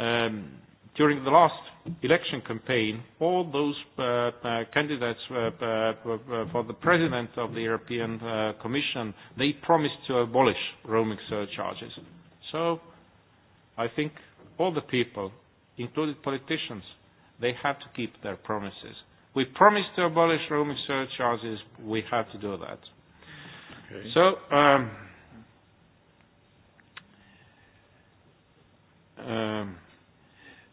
Speaker 1: um, during the last election campaign, all those uh, uh, candidates uh, uh, uh, for the president of the European uh, Commission, they promised to abolish roaming surcharges. So I think all the people, including politicians, they have to keep their promises. We promised to abolish roaming surcharges, we have to do that. Okay. So, um, um,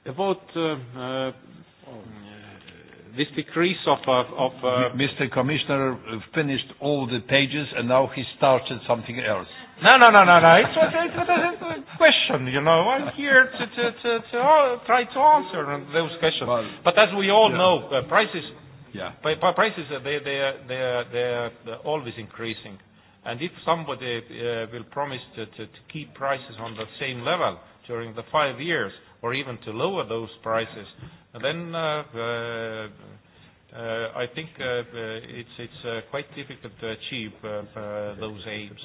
Speaker 1: About uh, uh, this decrease of... Uh, of uh,
Speaker 2: Mr. Commissioner uh, finished all the pages and now he started something else. No, no, no, no, no. It's, what,
Speaker 1: it's, what, it's a uh,
Speaker 2: question, you know. I'm
Speaker 1: here to, to, to, to uh, try to answer those questions. Well, but as we all yeah. know, uh, prices... Yeah. Prices, uh, they, they, they, they're always increasing. And if somebody uh, will promise to, to, to keep prices on the same level during the five years, or even to lower those prices, then uh, uh, uh, I think it's quite difficult to achieve those aims.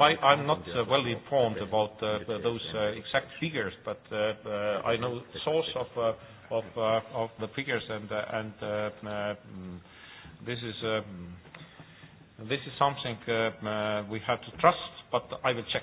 Speaker 1: I'm not well informed about those exact figures, but I know the source of the figures, and mm, um, this is something we have to trust, but I will check.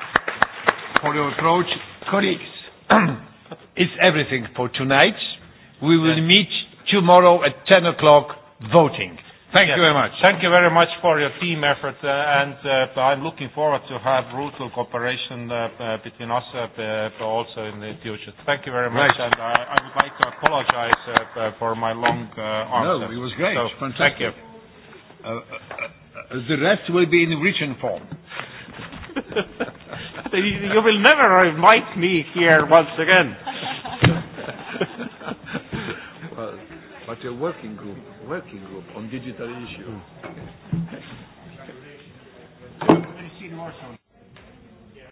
Speaker 2: for your approach. Colleagues, *clears throat* it's everything for tonight. We will meet tomorrow at 10 o'clock voting.
Speaker 1: Thank yes. you very much. Thank you very much for your team effort, uh, and uh, I'm looking forward to have brutal cooperation uh, uh, between us uh, uh, also in the future. Thank you very much, right. and uh, I would like to apologize uh, uh, for my long uh, answer. No, it was great. So, Fantastic. Thank you. Uh, uh, uh,
Speaker 2: the rest will be in written form.
Speaker 1: *laughs* you will never invite me here once again. *laughs* well, but a working group,
Speaker 6: working group on digital issues.
Speaker 7: Okay.